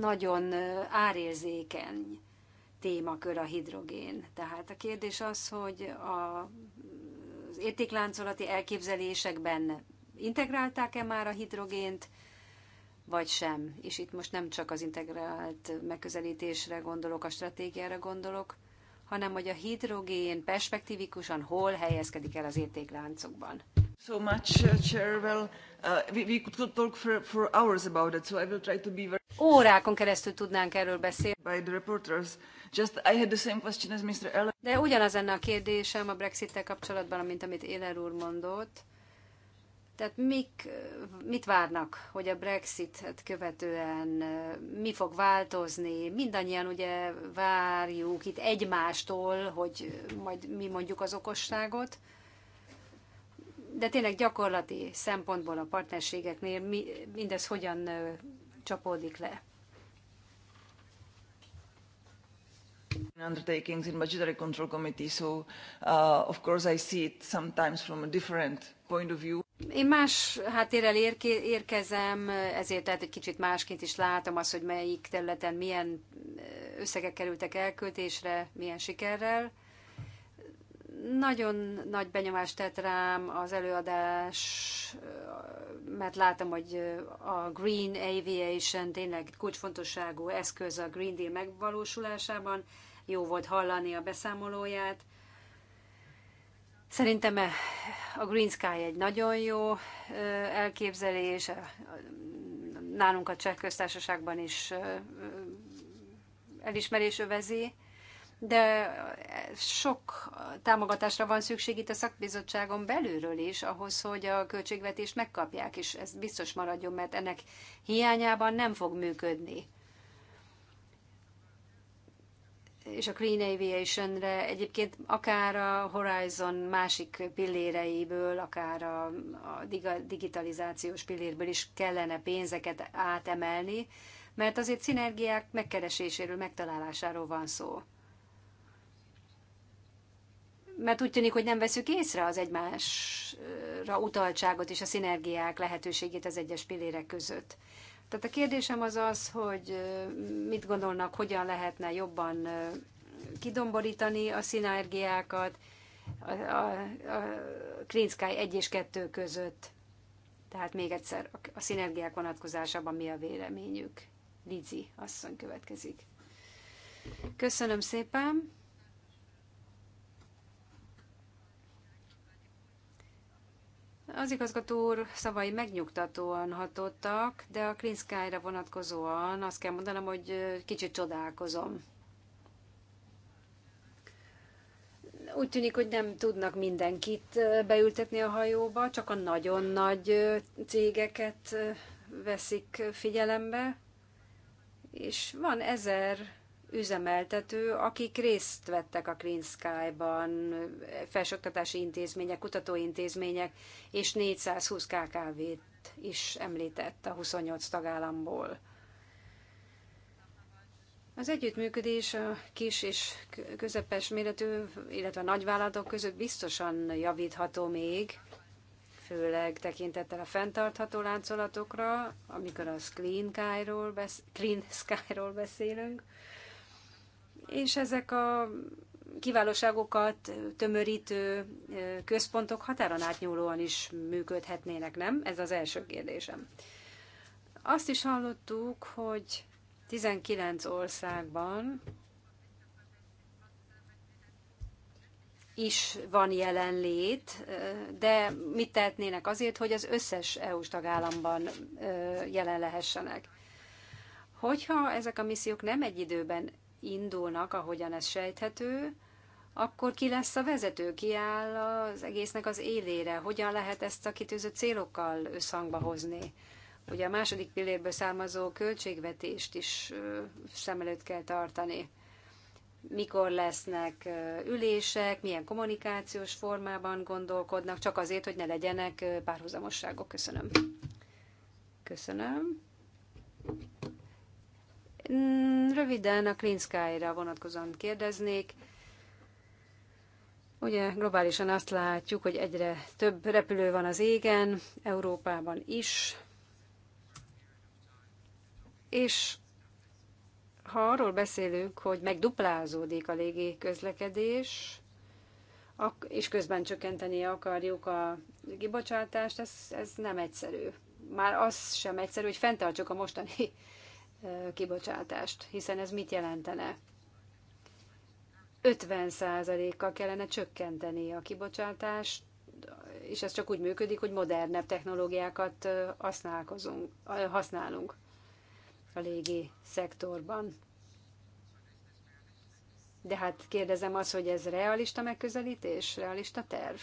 nagyon árérzékeny témakör a hidrogén. Tehát a kérdés az, hogy a, az értékláncolati elképzelésekben integrálták-e már a hidrogént, vagy sem. És itt most nem csak az integrált megközelítésre gondolok, a stratégiára gondolok, hanem hogy a hidrogén perspektívikusan hol helyezkedik el az értékláncokban. So much, uh, Chair. Well, uh, we, we could talk for, for hours about it, so I will try to be very órákon keresztül tudnánk erről beszélni. Just, I had the same question as Mr. De ugyanaz lenne a kérdésem a brexit kapcsolatban, mint amit Éler úr mondott. Tehát mik, mit várnak, hogy a Brexit-et követően eh, mi fog változni? Mindannyian ugye várjuk itt egymástól, hogy majd mi mondjuk az okosságot. De tényleg gyakorlati szempontból a partnerségeknél mi, mindez hogyan eh, csapódik le. undertakings in budgetary control committee so uh, of course i see it sometimes from a different point of view én más háttérrel érke, érkezem, ezért lehet, egy kicsit másként is látom azt, hogy melyik területen milyen összegek kerültek elköltésre, milyen sikerrel. Nagyon nagy benyomást tett rám az előadás, mert látom, hogy a Green Aviation tényleg kulcsfontosságú eszköz a Green Deal megvalósulásában. Jó volt hallani a beszámolóját. Szerintem a Green Sky egy nagyon jó elképzelés. Nálunk a cseh köztársaságban is elismerés övezi de sok támogatásra van szükség itt a szakbizottságon belülről is, ahhoz, hogy a költségvetést megkapják, és ez biztos maradjon, mert ennek hiányában nem fog működni. És a Clean Aviation-re egyébként akár a Horizon másik pilléreiből, akár a, a digitalizációs pillérből is kellene pénzeket átemelni, mert azért szinergiák megkereséséről, megtalálásáról van szó mert úgy tűnik, hogy nem veszük észre az egymásra utaltságot és a szinergiák lehetőségét az egyes pillérek között. Tehát a kérdésem az az, hogy mit gondolnak, hogyan lehetne jobban kidomborítani a szinergiákat a, a, a Clean Sky 1 és 2 között. Tehát még egyszer, a szinergiák vonatkozásában mi a véleményük? Lizi asszony következik. Köszönöm szépen! Az igazgató úr szavai megnyugtatóan hatottak, de a Clean Sky-ra vonatkozóan azt kell mondanom, hogy kicsit csodálkozom. Úgy tűnik, hogy nem tudnak mindenkit beültetni a hajóba, csak a nagyon nagy cégeket veszik figyelembe, és van ezer üzemeltető, akik részt vettek a Clean Sky-ban, felsőoktatási intézmények, kutatóintézmények, és 420 KKV-t is említett a 28 tagállamból. Az együttműködés a kis és közepes méretű, illetve a nagyvállalatok között biztosan javítható még, főleg tekintettel a fenntartható láncolatokra, amikor a Clean Sky-ról besz- Clean Sky-ról beszélünk, és ezek a kiválóságokat tömörítő központok határon átnyúlóan is működhetnének, nem? Ez az első kérdésem. Azt is hallottuk, hogy 19 országban is van jelenlét, de mit tehetnének azért, hogy az összes EU-s tagállamban jelen lehessenek? Hogyha ezek a missziók nem egy időben indulnak, ahogyan ez sejthető, akkor ki lesz a vezető, ki áll az egésznek az élére, hogyan lehet ezt a kitűzött célokkal összhangba hozni. Ugye a második pillérből származó költségvetést is szem előtt kell tartani. Mikor lesznek ülések, milyen kommunikációs formában gondolkodnak, csak azért, hogy ne legyenek párhuzamosságok. Köszönöm. Köszönöm. Mm, röviden a Clean Sky-ra vonatkozóan kérdeznék. Ugye globálisan azt látjuk, hogy egyre több repülő van az égen, Európában is. És ha arról beszélünk, hogy megduplázódik a légi közlekedés, és közben csökkenteni akarjuk a kibocsátást, ez, ez nem egyszerű. Már az sem egyszerű, hogy fenntartsuk a mostani kibocsátást, hiszen ez mit jelentene? 50%-kal kellene csökkenteni a kibocsátást, és ez csak úgy működik, hogy modernebb technológiákat használunk a légi szektorban. De hát kérdezem azt, hogy ez realista megközelítés, realista terv?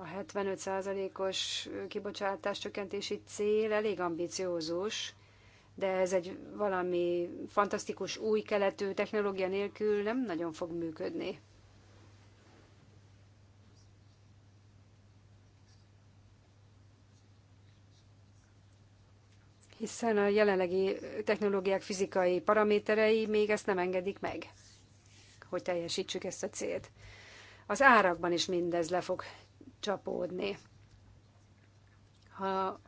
a 75%-os kibocsátás csökkentési cél elég ambiciózus, de ez egy valami fantasztikus új keletű technológia nélkül nem nagyon fog működni. hiszen a jelenlegi technológiák fizikai paraméterei még ezt nem engedik meg, hogy teljesítsük ezt a célt. Az árakban is mindez le fog csapódni. Ha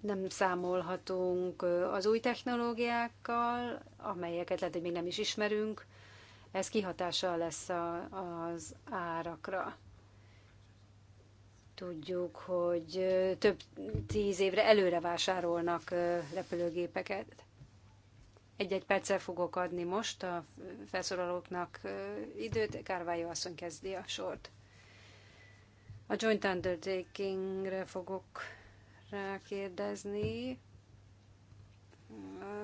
nem számolhatunk az új technológiákkal, amelyeket lehet, hogy még nem is ismerünk, ez kihatással lesz a, az árakra. Tudjuk, hogy több tíz évre előre vásárolnak repülőgépeket. Egy-egy perccel fogok adni most a felszólalóknak időt. Kárvályó asszony kezdi a sort. A joint undertakingre fogok rákérdezni.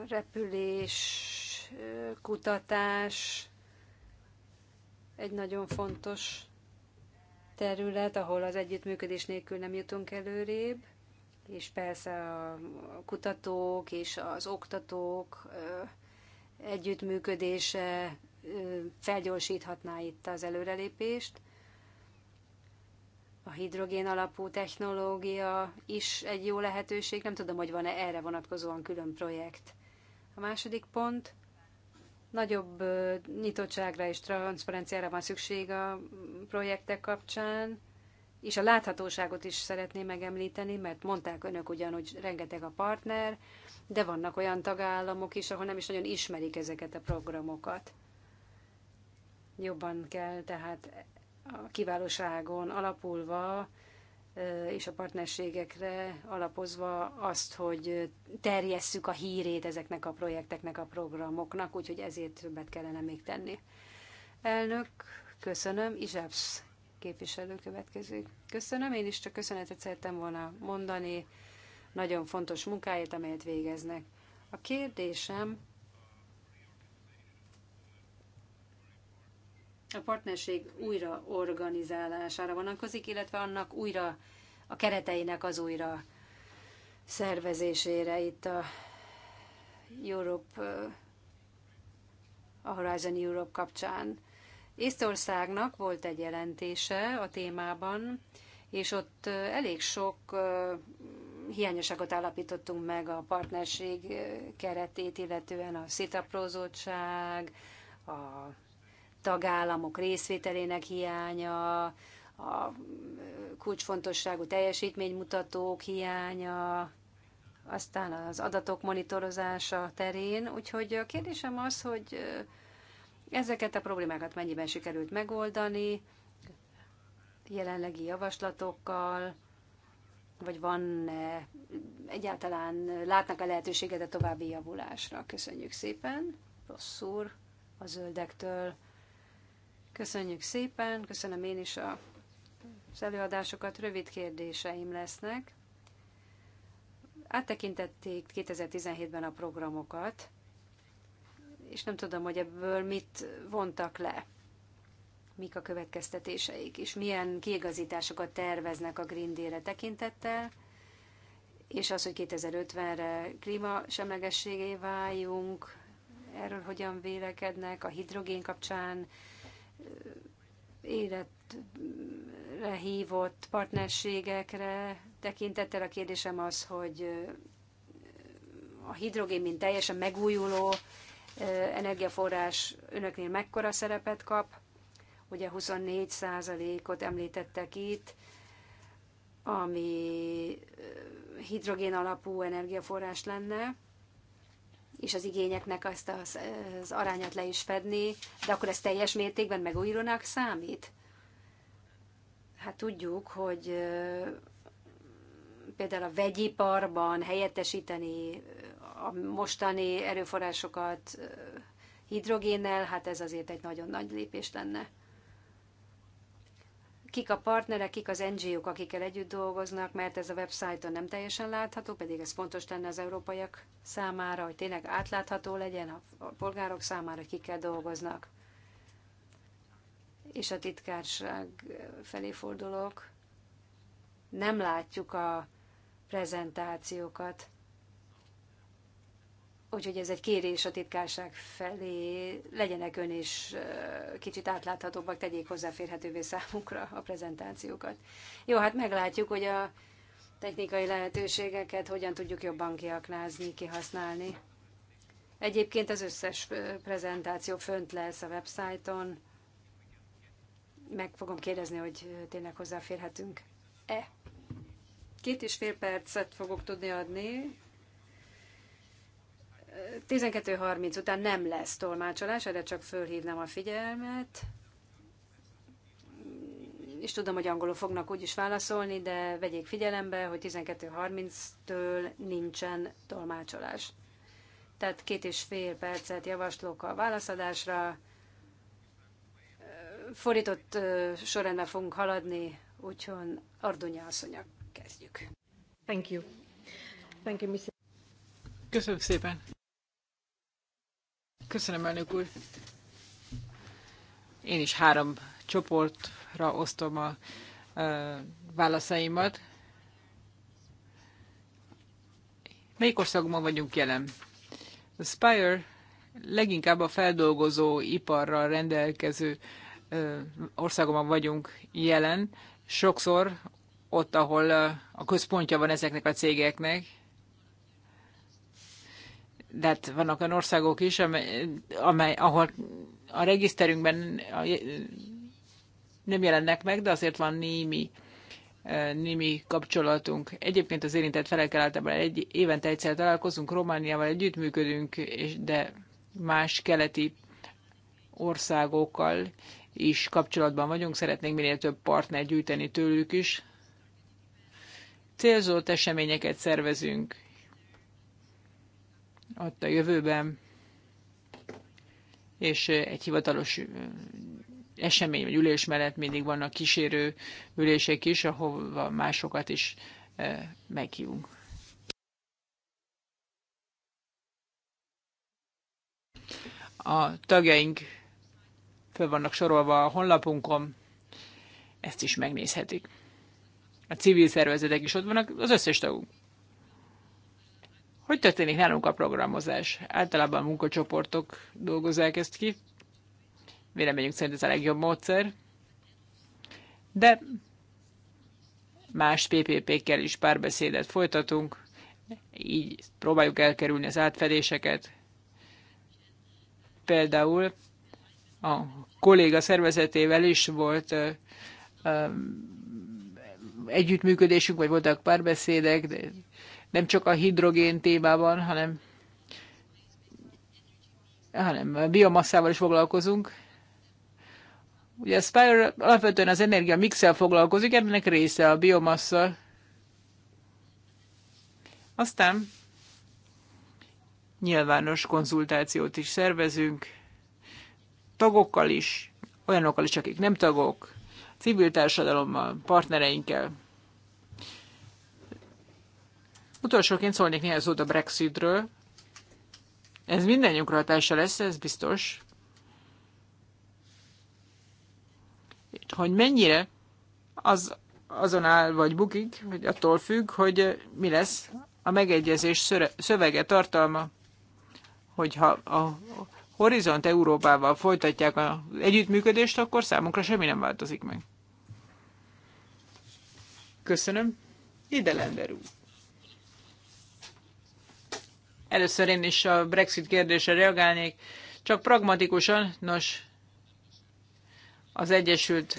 repülés, kutatás egy nagyon fontos terület, ahol az együttműködés nélkül nem jutunk előrébb, és persze a kutatók és az oktatók együttműködése felgyorsíthatná itt az előrelépést a hidrogén alapú technológia is egy jó lehetőség. Nem tudom, hogy van-e erre vonatkozóan külön projekt. A második pont, nagyobb nyitottságra és transzparenciára van szükség a projektek kapcsán, és a láthatóságot is szeretném megemlíteni, mert mondták önök ugyan, hogy rengeteg a partner, de vannak olyan tagállamok is, ahol nem is nagyon ismerik ezeket a programokat. Jobban kell tehát a kiválóságon alapulva és a partnerségekre alapozva azt, hogy terjesszük a hírét ezeknek a projekteknek, a programoknak, úgyhogy ezért többet kellene még tenni. Elnök, köszönöm. Izsebsz képviselő következő. Köszönöm, én is csak köszönetet szerettem volna mondani. Nagyon fontos munkáját amelyet végeznek. A kérdésem a partnerség újra organizálására vonatkozik, illetve annak újra a kereteinek az újra szervezésére itt a Europe, eh, a Horizon Europe kapcsán. Észtországnak volt egy jelentése a témában, és ott eh, elég sok eh, hiányosságot állapítottunk meg a partnerség keretét, illetően a szitaprózottság, a tagállamok részvételének hiánya, a kulcsfontosságú teljesítménymutatók hiánya, aztán az adatok monitorozása terén. Úgyhogy a kérdésem az, hogy ezeket a problémákat mennyiben sikerült megoldani jelenlegi javaslatokkal, vagy van -e, egyáltalán látnak a lehetőséget a további javulásra. Köszönjük szépen, Rosszúr a zöldektől. Köszönjük szépen, köszönöm én is a, az előadásokat, rövid kérdéseim lesznek. Áttekintették 2017-ben a programokat, és nem tudom, hogy ebből mit vontak le, mik a következtetéseik, és milyen kiigazításokat terveznek a Green Deal-re tekintettel, és az, hogy 2050-re klímasemlegességé váljunk, erről hogyan vélekednek a hidrogén kapcsán, életre hívott partnerségekre tekintettel a kérdésem az, hogy a hidrogén, mint teljesen megújuló energiaforrás önöknél mekkora szerepet kap? Ugye 24 százalékot említettek itt, ami hidrogén alapú energiaforrás lenne és az igényeknek azt az, az arányat le is fedni, de akkor ez teljes mértékben megújulónak számít? Hát tudjuk, hogy például a vegyiparban helyettesíteni a mostani erőforrásokat hidrogénnel, hát ez azért egy nagyon nagy lépés lenne kik a partnerek, kik az NGO-k, akikkel együtt dolgoznak, mert ez a websájton nem teljesen látható, pedig ez fontos lenne az európaiak számára, hogy tényleg átlátható legyen a polgárok számára, kikkel dolgoznak. És a titkárság felé fordulok. Nem látjuk a prezentációkat. Úgyhogy ez egy kérés a titkárság felé, legyenek ön is kicsit átláthatóbbak, tegyék hozzáférhetővé számukra a prezentációkat. Jó, hát meglátjuk, hogy a technikai lehetőségeket hogyan tudjuk jobban kiaknázni, kihasználni. Egyébként az összes prezentáció fönt lesz a websájton. Meg fogom kérdezni, hogy tényleg hozzáférhetünk-e. Két és fél percet fogok tudni adni 12.30 után nem lesz tolmácsolás, erre csak fölhívnám a figyelmet. És tudom, hogy angolul fognak is válaszolni, de vegyék figyelembe, hogy 12.30-től nincsen tolmácsolás. Tehát két és fél percet javaslok a válaszadásra. Fordított sorrendben fogunk haladni, úgyhogy Ardonya asszonyak kezdjük. Thank you. Thank you, Mr. Köszönöm szépen. Köszönöm, elnök úr. Én is három csoportra osztom a, válaszaimat. Melyik országban vagyunk jelen? A Spire leginkább a feldolgozó iparral rendelkező országban vagyunk jelen. Sokszor ott, ahol a központja van ezeknek a cégeknek, de hát vannak olyan országok is, amely, amely ahol a regiszterünkben nem jelennek meg, de azért van némi, némi kapcsolatunk. Egyébként az érintett felekkel általában egy évente egyszer találkozunk, Romániával együttműködünk, és de más keleti országokkal is kapcsolatban vagyunk, szeretnénk minél több partner gyűjteni tőlük is. Célzott eseményeket szervezünk, ott a jövőben, és egy hivatalos esemény vagy ülés mellett mindig vannak kísérő ülések is, ahova másokat is meghívunk. A tagjaink fel vannak sorolva a honlapunkon, ezt is megnézhetik. A civil szervezetek is ott vannak, az összes tagunk. Hogy történik nálunk a programozás? Általában a munkacsoportok dolgozzák ezt ki. Véleményünk szerint ez a legjobb módszer. De más PPP-kkel is párbeszédet folytatunk, így próbáljuk elkerülni az átfedéseket. Például a kolléga szervezetével is volt együttműködésünk, vagy voltak párbeszédek, de nem csak a hidrogén témában, hanem, hanem a biomasszával is foglalkozunk. Ugye a Spire alapvetően az energia mixel foglalkozik, ennek része a biomassa. Aztán nyilvános konzultációt is szervezünk, tagokkal is, olyanokkal is, akik nem tagok, civil társadalommal, partnereinkkel. Utolsóként szólnék néhány szót a Brexitről. Ez minden hatása lesz, ez biztos. Hogy mennyire az azon áll, vagy bukik, vagy attól függ, hogy mi lesz a megegyezés szövege, tartalma, hogyha a Horizont Európával folytatják az együttműködést, akkor számunkra semmi nem változik meg. Köszönöm. Ide Lender úr. Először én is a Brexit kérdésre reagálnék, csak pragmatikusan, nos, az Egyesült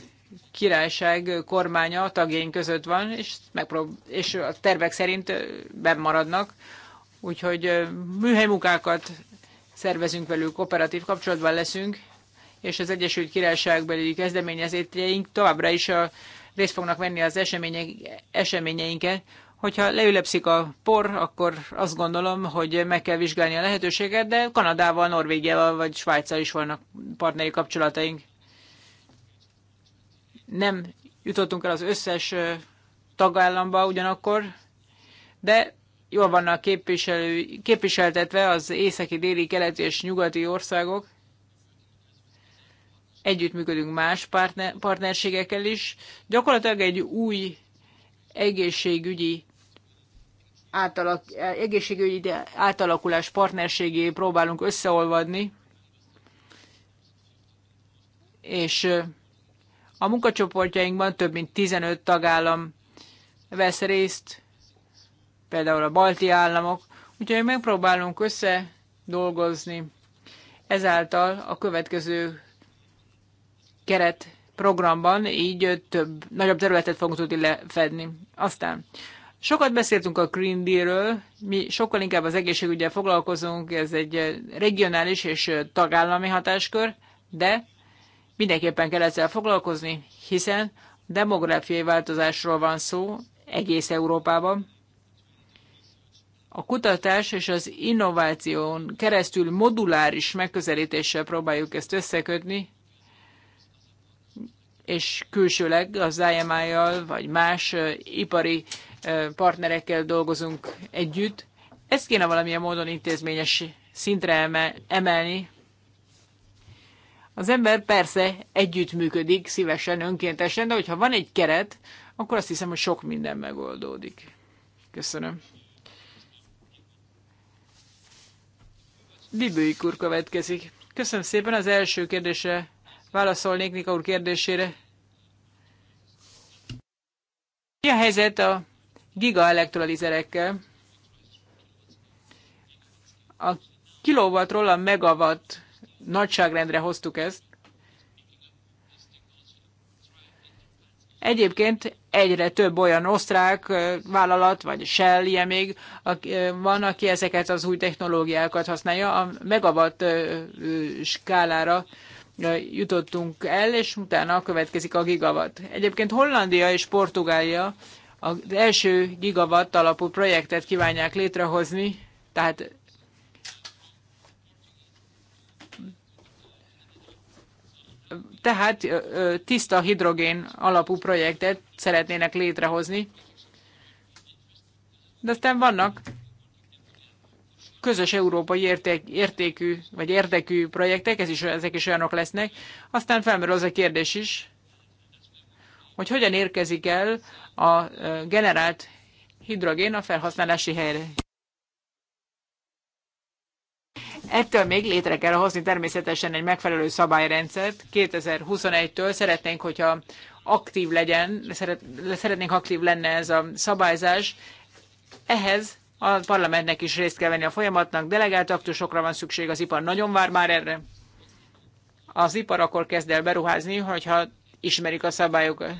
Királyság kormánya a tagjaink között van, és, megprób- és a tervek szerint bemaradnak, úgyhogy műhelymunkákat szervezünk velük, operatív kapcsolatban leszünk, és az Egyesült Királyság belüli kezdeményezéteink továbbra is a részt fognak venni az események, eseményeinken hogyha leülepszik a por, akkor azt gondolom, hogy meg kell vizsgálni a lehetőséget, de Kanadával, Norvégiával vagy Svájccal is vannak partneri kapcsolataink. Nem jutottunk el az összes tagállamba ugyanakkor, de jól vannak képviselő, képviseltetve az északi, déli, keleti és nyugati országok. Együttműködünk más partner, partnerségekkel is. Gyakorlatilag egy új egészségügyi átalak, egészségügyi átalakulás partnerségé próbálunk összeolvadni, és a munkacsoportjainkban több mint 15 tagállam vesz részt, például a balti államok, úgyhogy megpróbálunk dolgozni. ezáltal a következő keret programban így több, nagyobb területet fogunk tudni lefedni. Aztán Sokat beszéltünk a Green Deal-ről, mi sokkal inkább az egészségügyel foglalkozunk, ez egy regionális és tagállami hatáskör, de mindenképpen kell ezzel foglalkozni, hiszen demográfiai változásról van szó egész Európában. A kutatás és az innováción keresztül moduláris megközelítéssel próbáljuk ezt összekötni, és külsőleg az IMI-jal vagy más ipari partnerekkel dolgozunk együtt. Ezt kéne valamilyen módon intézményes szintre emelni. Az ember persze együttműködik, szívesen, önkéntesen, de hogyha van egy keret, akkor azt hiszem, hogy sok minden megoldódik. Köszönöm. Dibőik úr következik. Köszönöm szépen az első kérdésre. Válaszolnék Nika úr kérdésére. Mi a helyzet a giga elektrolizerekkel. A kilowattról a megawatt nagyságrendre hoztuk ezt. Egyébként egyre több olyan osztrák vállalat, vagy Shell ilyen még van, aki ezeket az új technológiákat használja. A megawatt skálára jutottunk el, és utána következik a gigawatt. Egyébként Hollandia és Portugália az első gigawatt alapú projektet kívánják létrehozni, tehát tehát tiszta hidrogén alapú projektet szeretnének létrehozni, de aztán vannak közös európai érték, értékű vagy érdekű projektek, ez is, ezek is olyanok lesznek. Aztán felmerül az a kérdés is, hogy hogyan érkezik el a eh, generált hidrogén a felhasználási helyre. Ettől még létre kell hozni természetesen egy megfelelő szabályrendszert. 2021-től szeretnénk, hogyha aktív legyen, szeret, szeretnénk aktív lenne ez a szabályzás. Ehhez a parlamentnek is részt kell venni a folyamatnak, delegált aktusokra van szükség, az ipar nagyon vár már erre. Az ipar akkor kezd el beruházni, hogyha ismerik a szabályokat.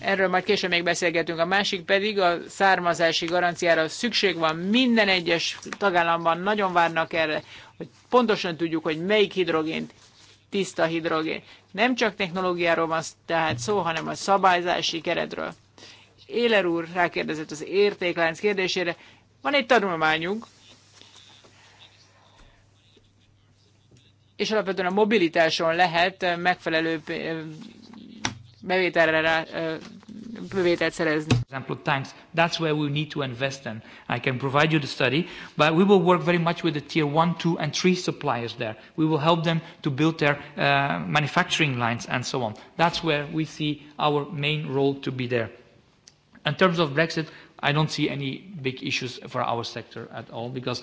Erről majd később még beszélgetünk. A másik pedig a származási garanciára szükség van. Minden egyes tagállamban nagyon várnak erre, hogy pontosan tudjuk, hogy melyik hidrogént tiszta hidrogén. Nem csak technológiáról van tehát szó, hanem a szabályzási keretről. Éler úr rákérdezett az értéklánc kérdésére. Van egy tanulmányunk, és alapvetően a mobilitáson lehet eh, megfelelő eh, bevételre rá, eh, bevételt szerezni. Example, thanks. That's where we need to invest in. I can provide you the study, but we will work very much with the tier one, two, and three suppliers there. We will help them to build their uh, manufacturing lines and so on. That's where we see our main role to be there. In terms of Brexit, I don't see any big issues for our sector at all because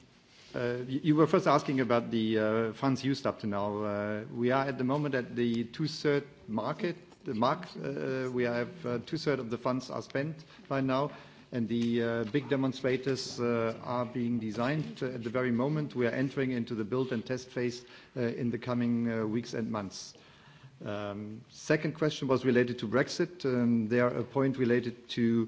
Uh, you were first asking about the uh, funds used up to now. Uh, we are at the moment at the two-third market. The mark, uh, we have uh, two-third of the funds are spent by now, and the uh, big demonstrators are being designed at the very moment. We are entering into the build and test phase in the coming weeks and months. Um, second question was related to Brexit. Um, there, a point related to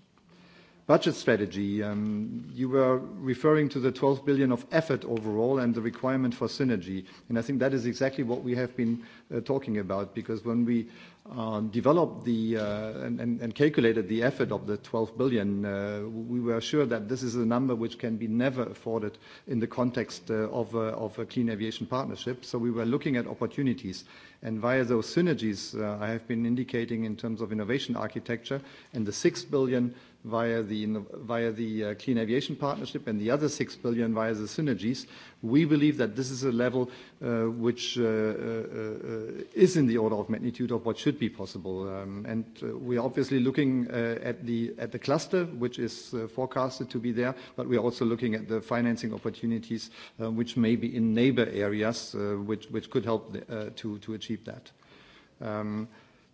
budget strategy, um, you were referring to the 12 billion of effort overall and the requirement for synergy. And I think that is exactly what we have been uh, talking about, because when we uh, developed the uh, and, and, and calculated the effort of the 12 billion, uh, we were sure that this is a number which can be never afforded in the context uh, of, a, uh, of a clean aviation partnership. So we were looking at opportunities. And via those synergies uh, I have been indicating in terms of innovation architecture and the 6 billion via the, via the uh, Clean Aviation Partnership and the other 6 billion via the synergies, we believe that this is a level uh, which uh, is in the order of magnitude of what should be possible. Um, and we're obviously looking at the, at the cluster, which is forecasted to be there, but we're also looking at the financing opportunities, which may be in neighbor areas, which, which could help the, to, to achieve that. Um,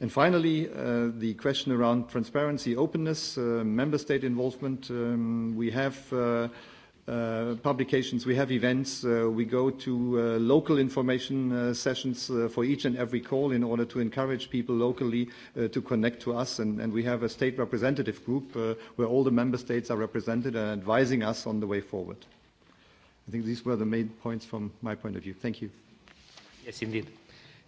And finally, uh, the question around transparency, openness, uh, member state involvement. Um, we have uh, uh, publications, we have events, uh, we go to uh, local information uh, sessions uh, for each and every call in order to encourage people locally uh, to connect to us. And, and we have a state representative group uh, where all the member states are represented and advising us on the way forward. I think these were the main points from my point of view. Thank you. Yes, indeed.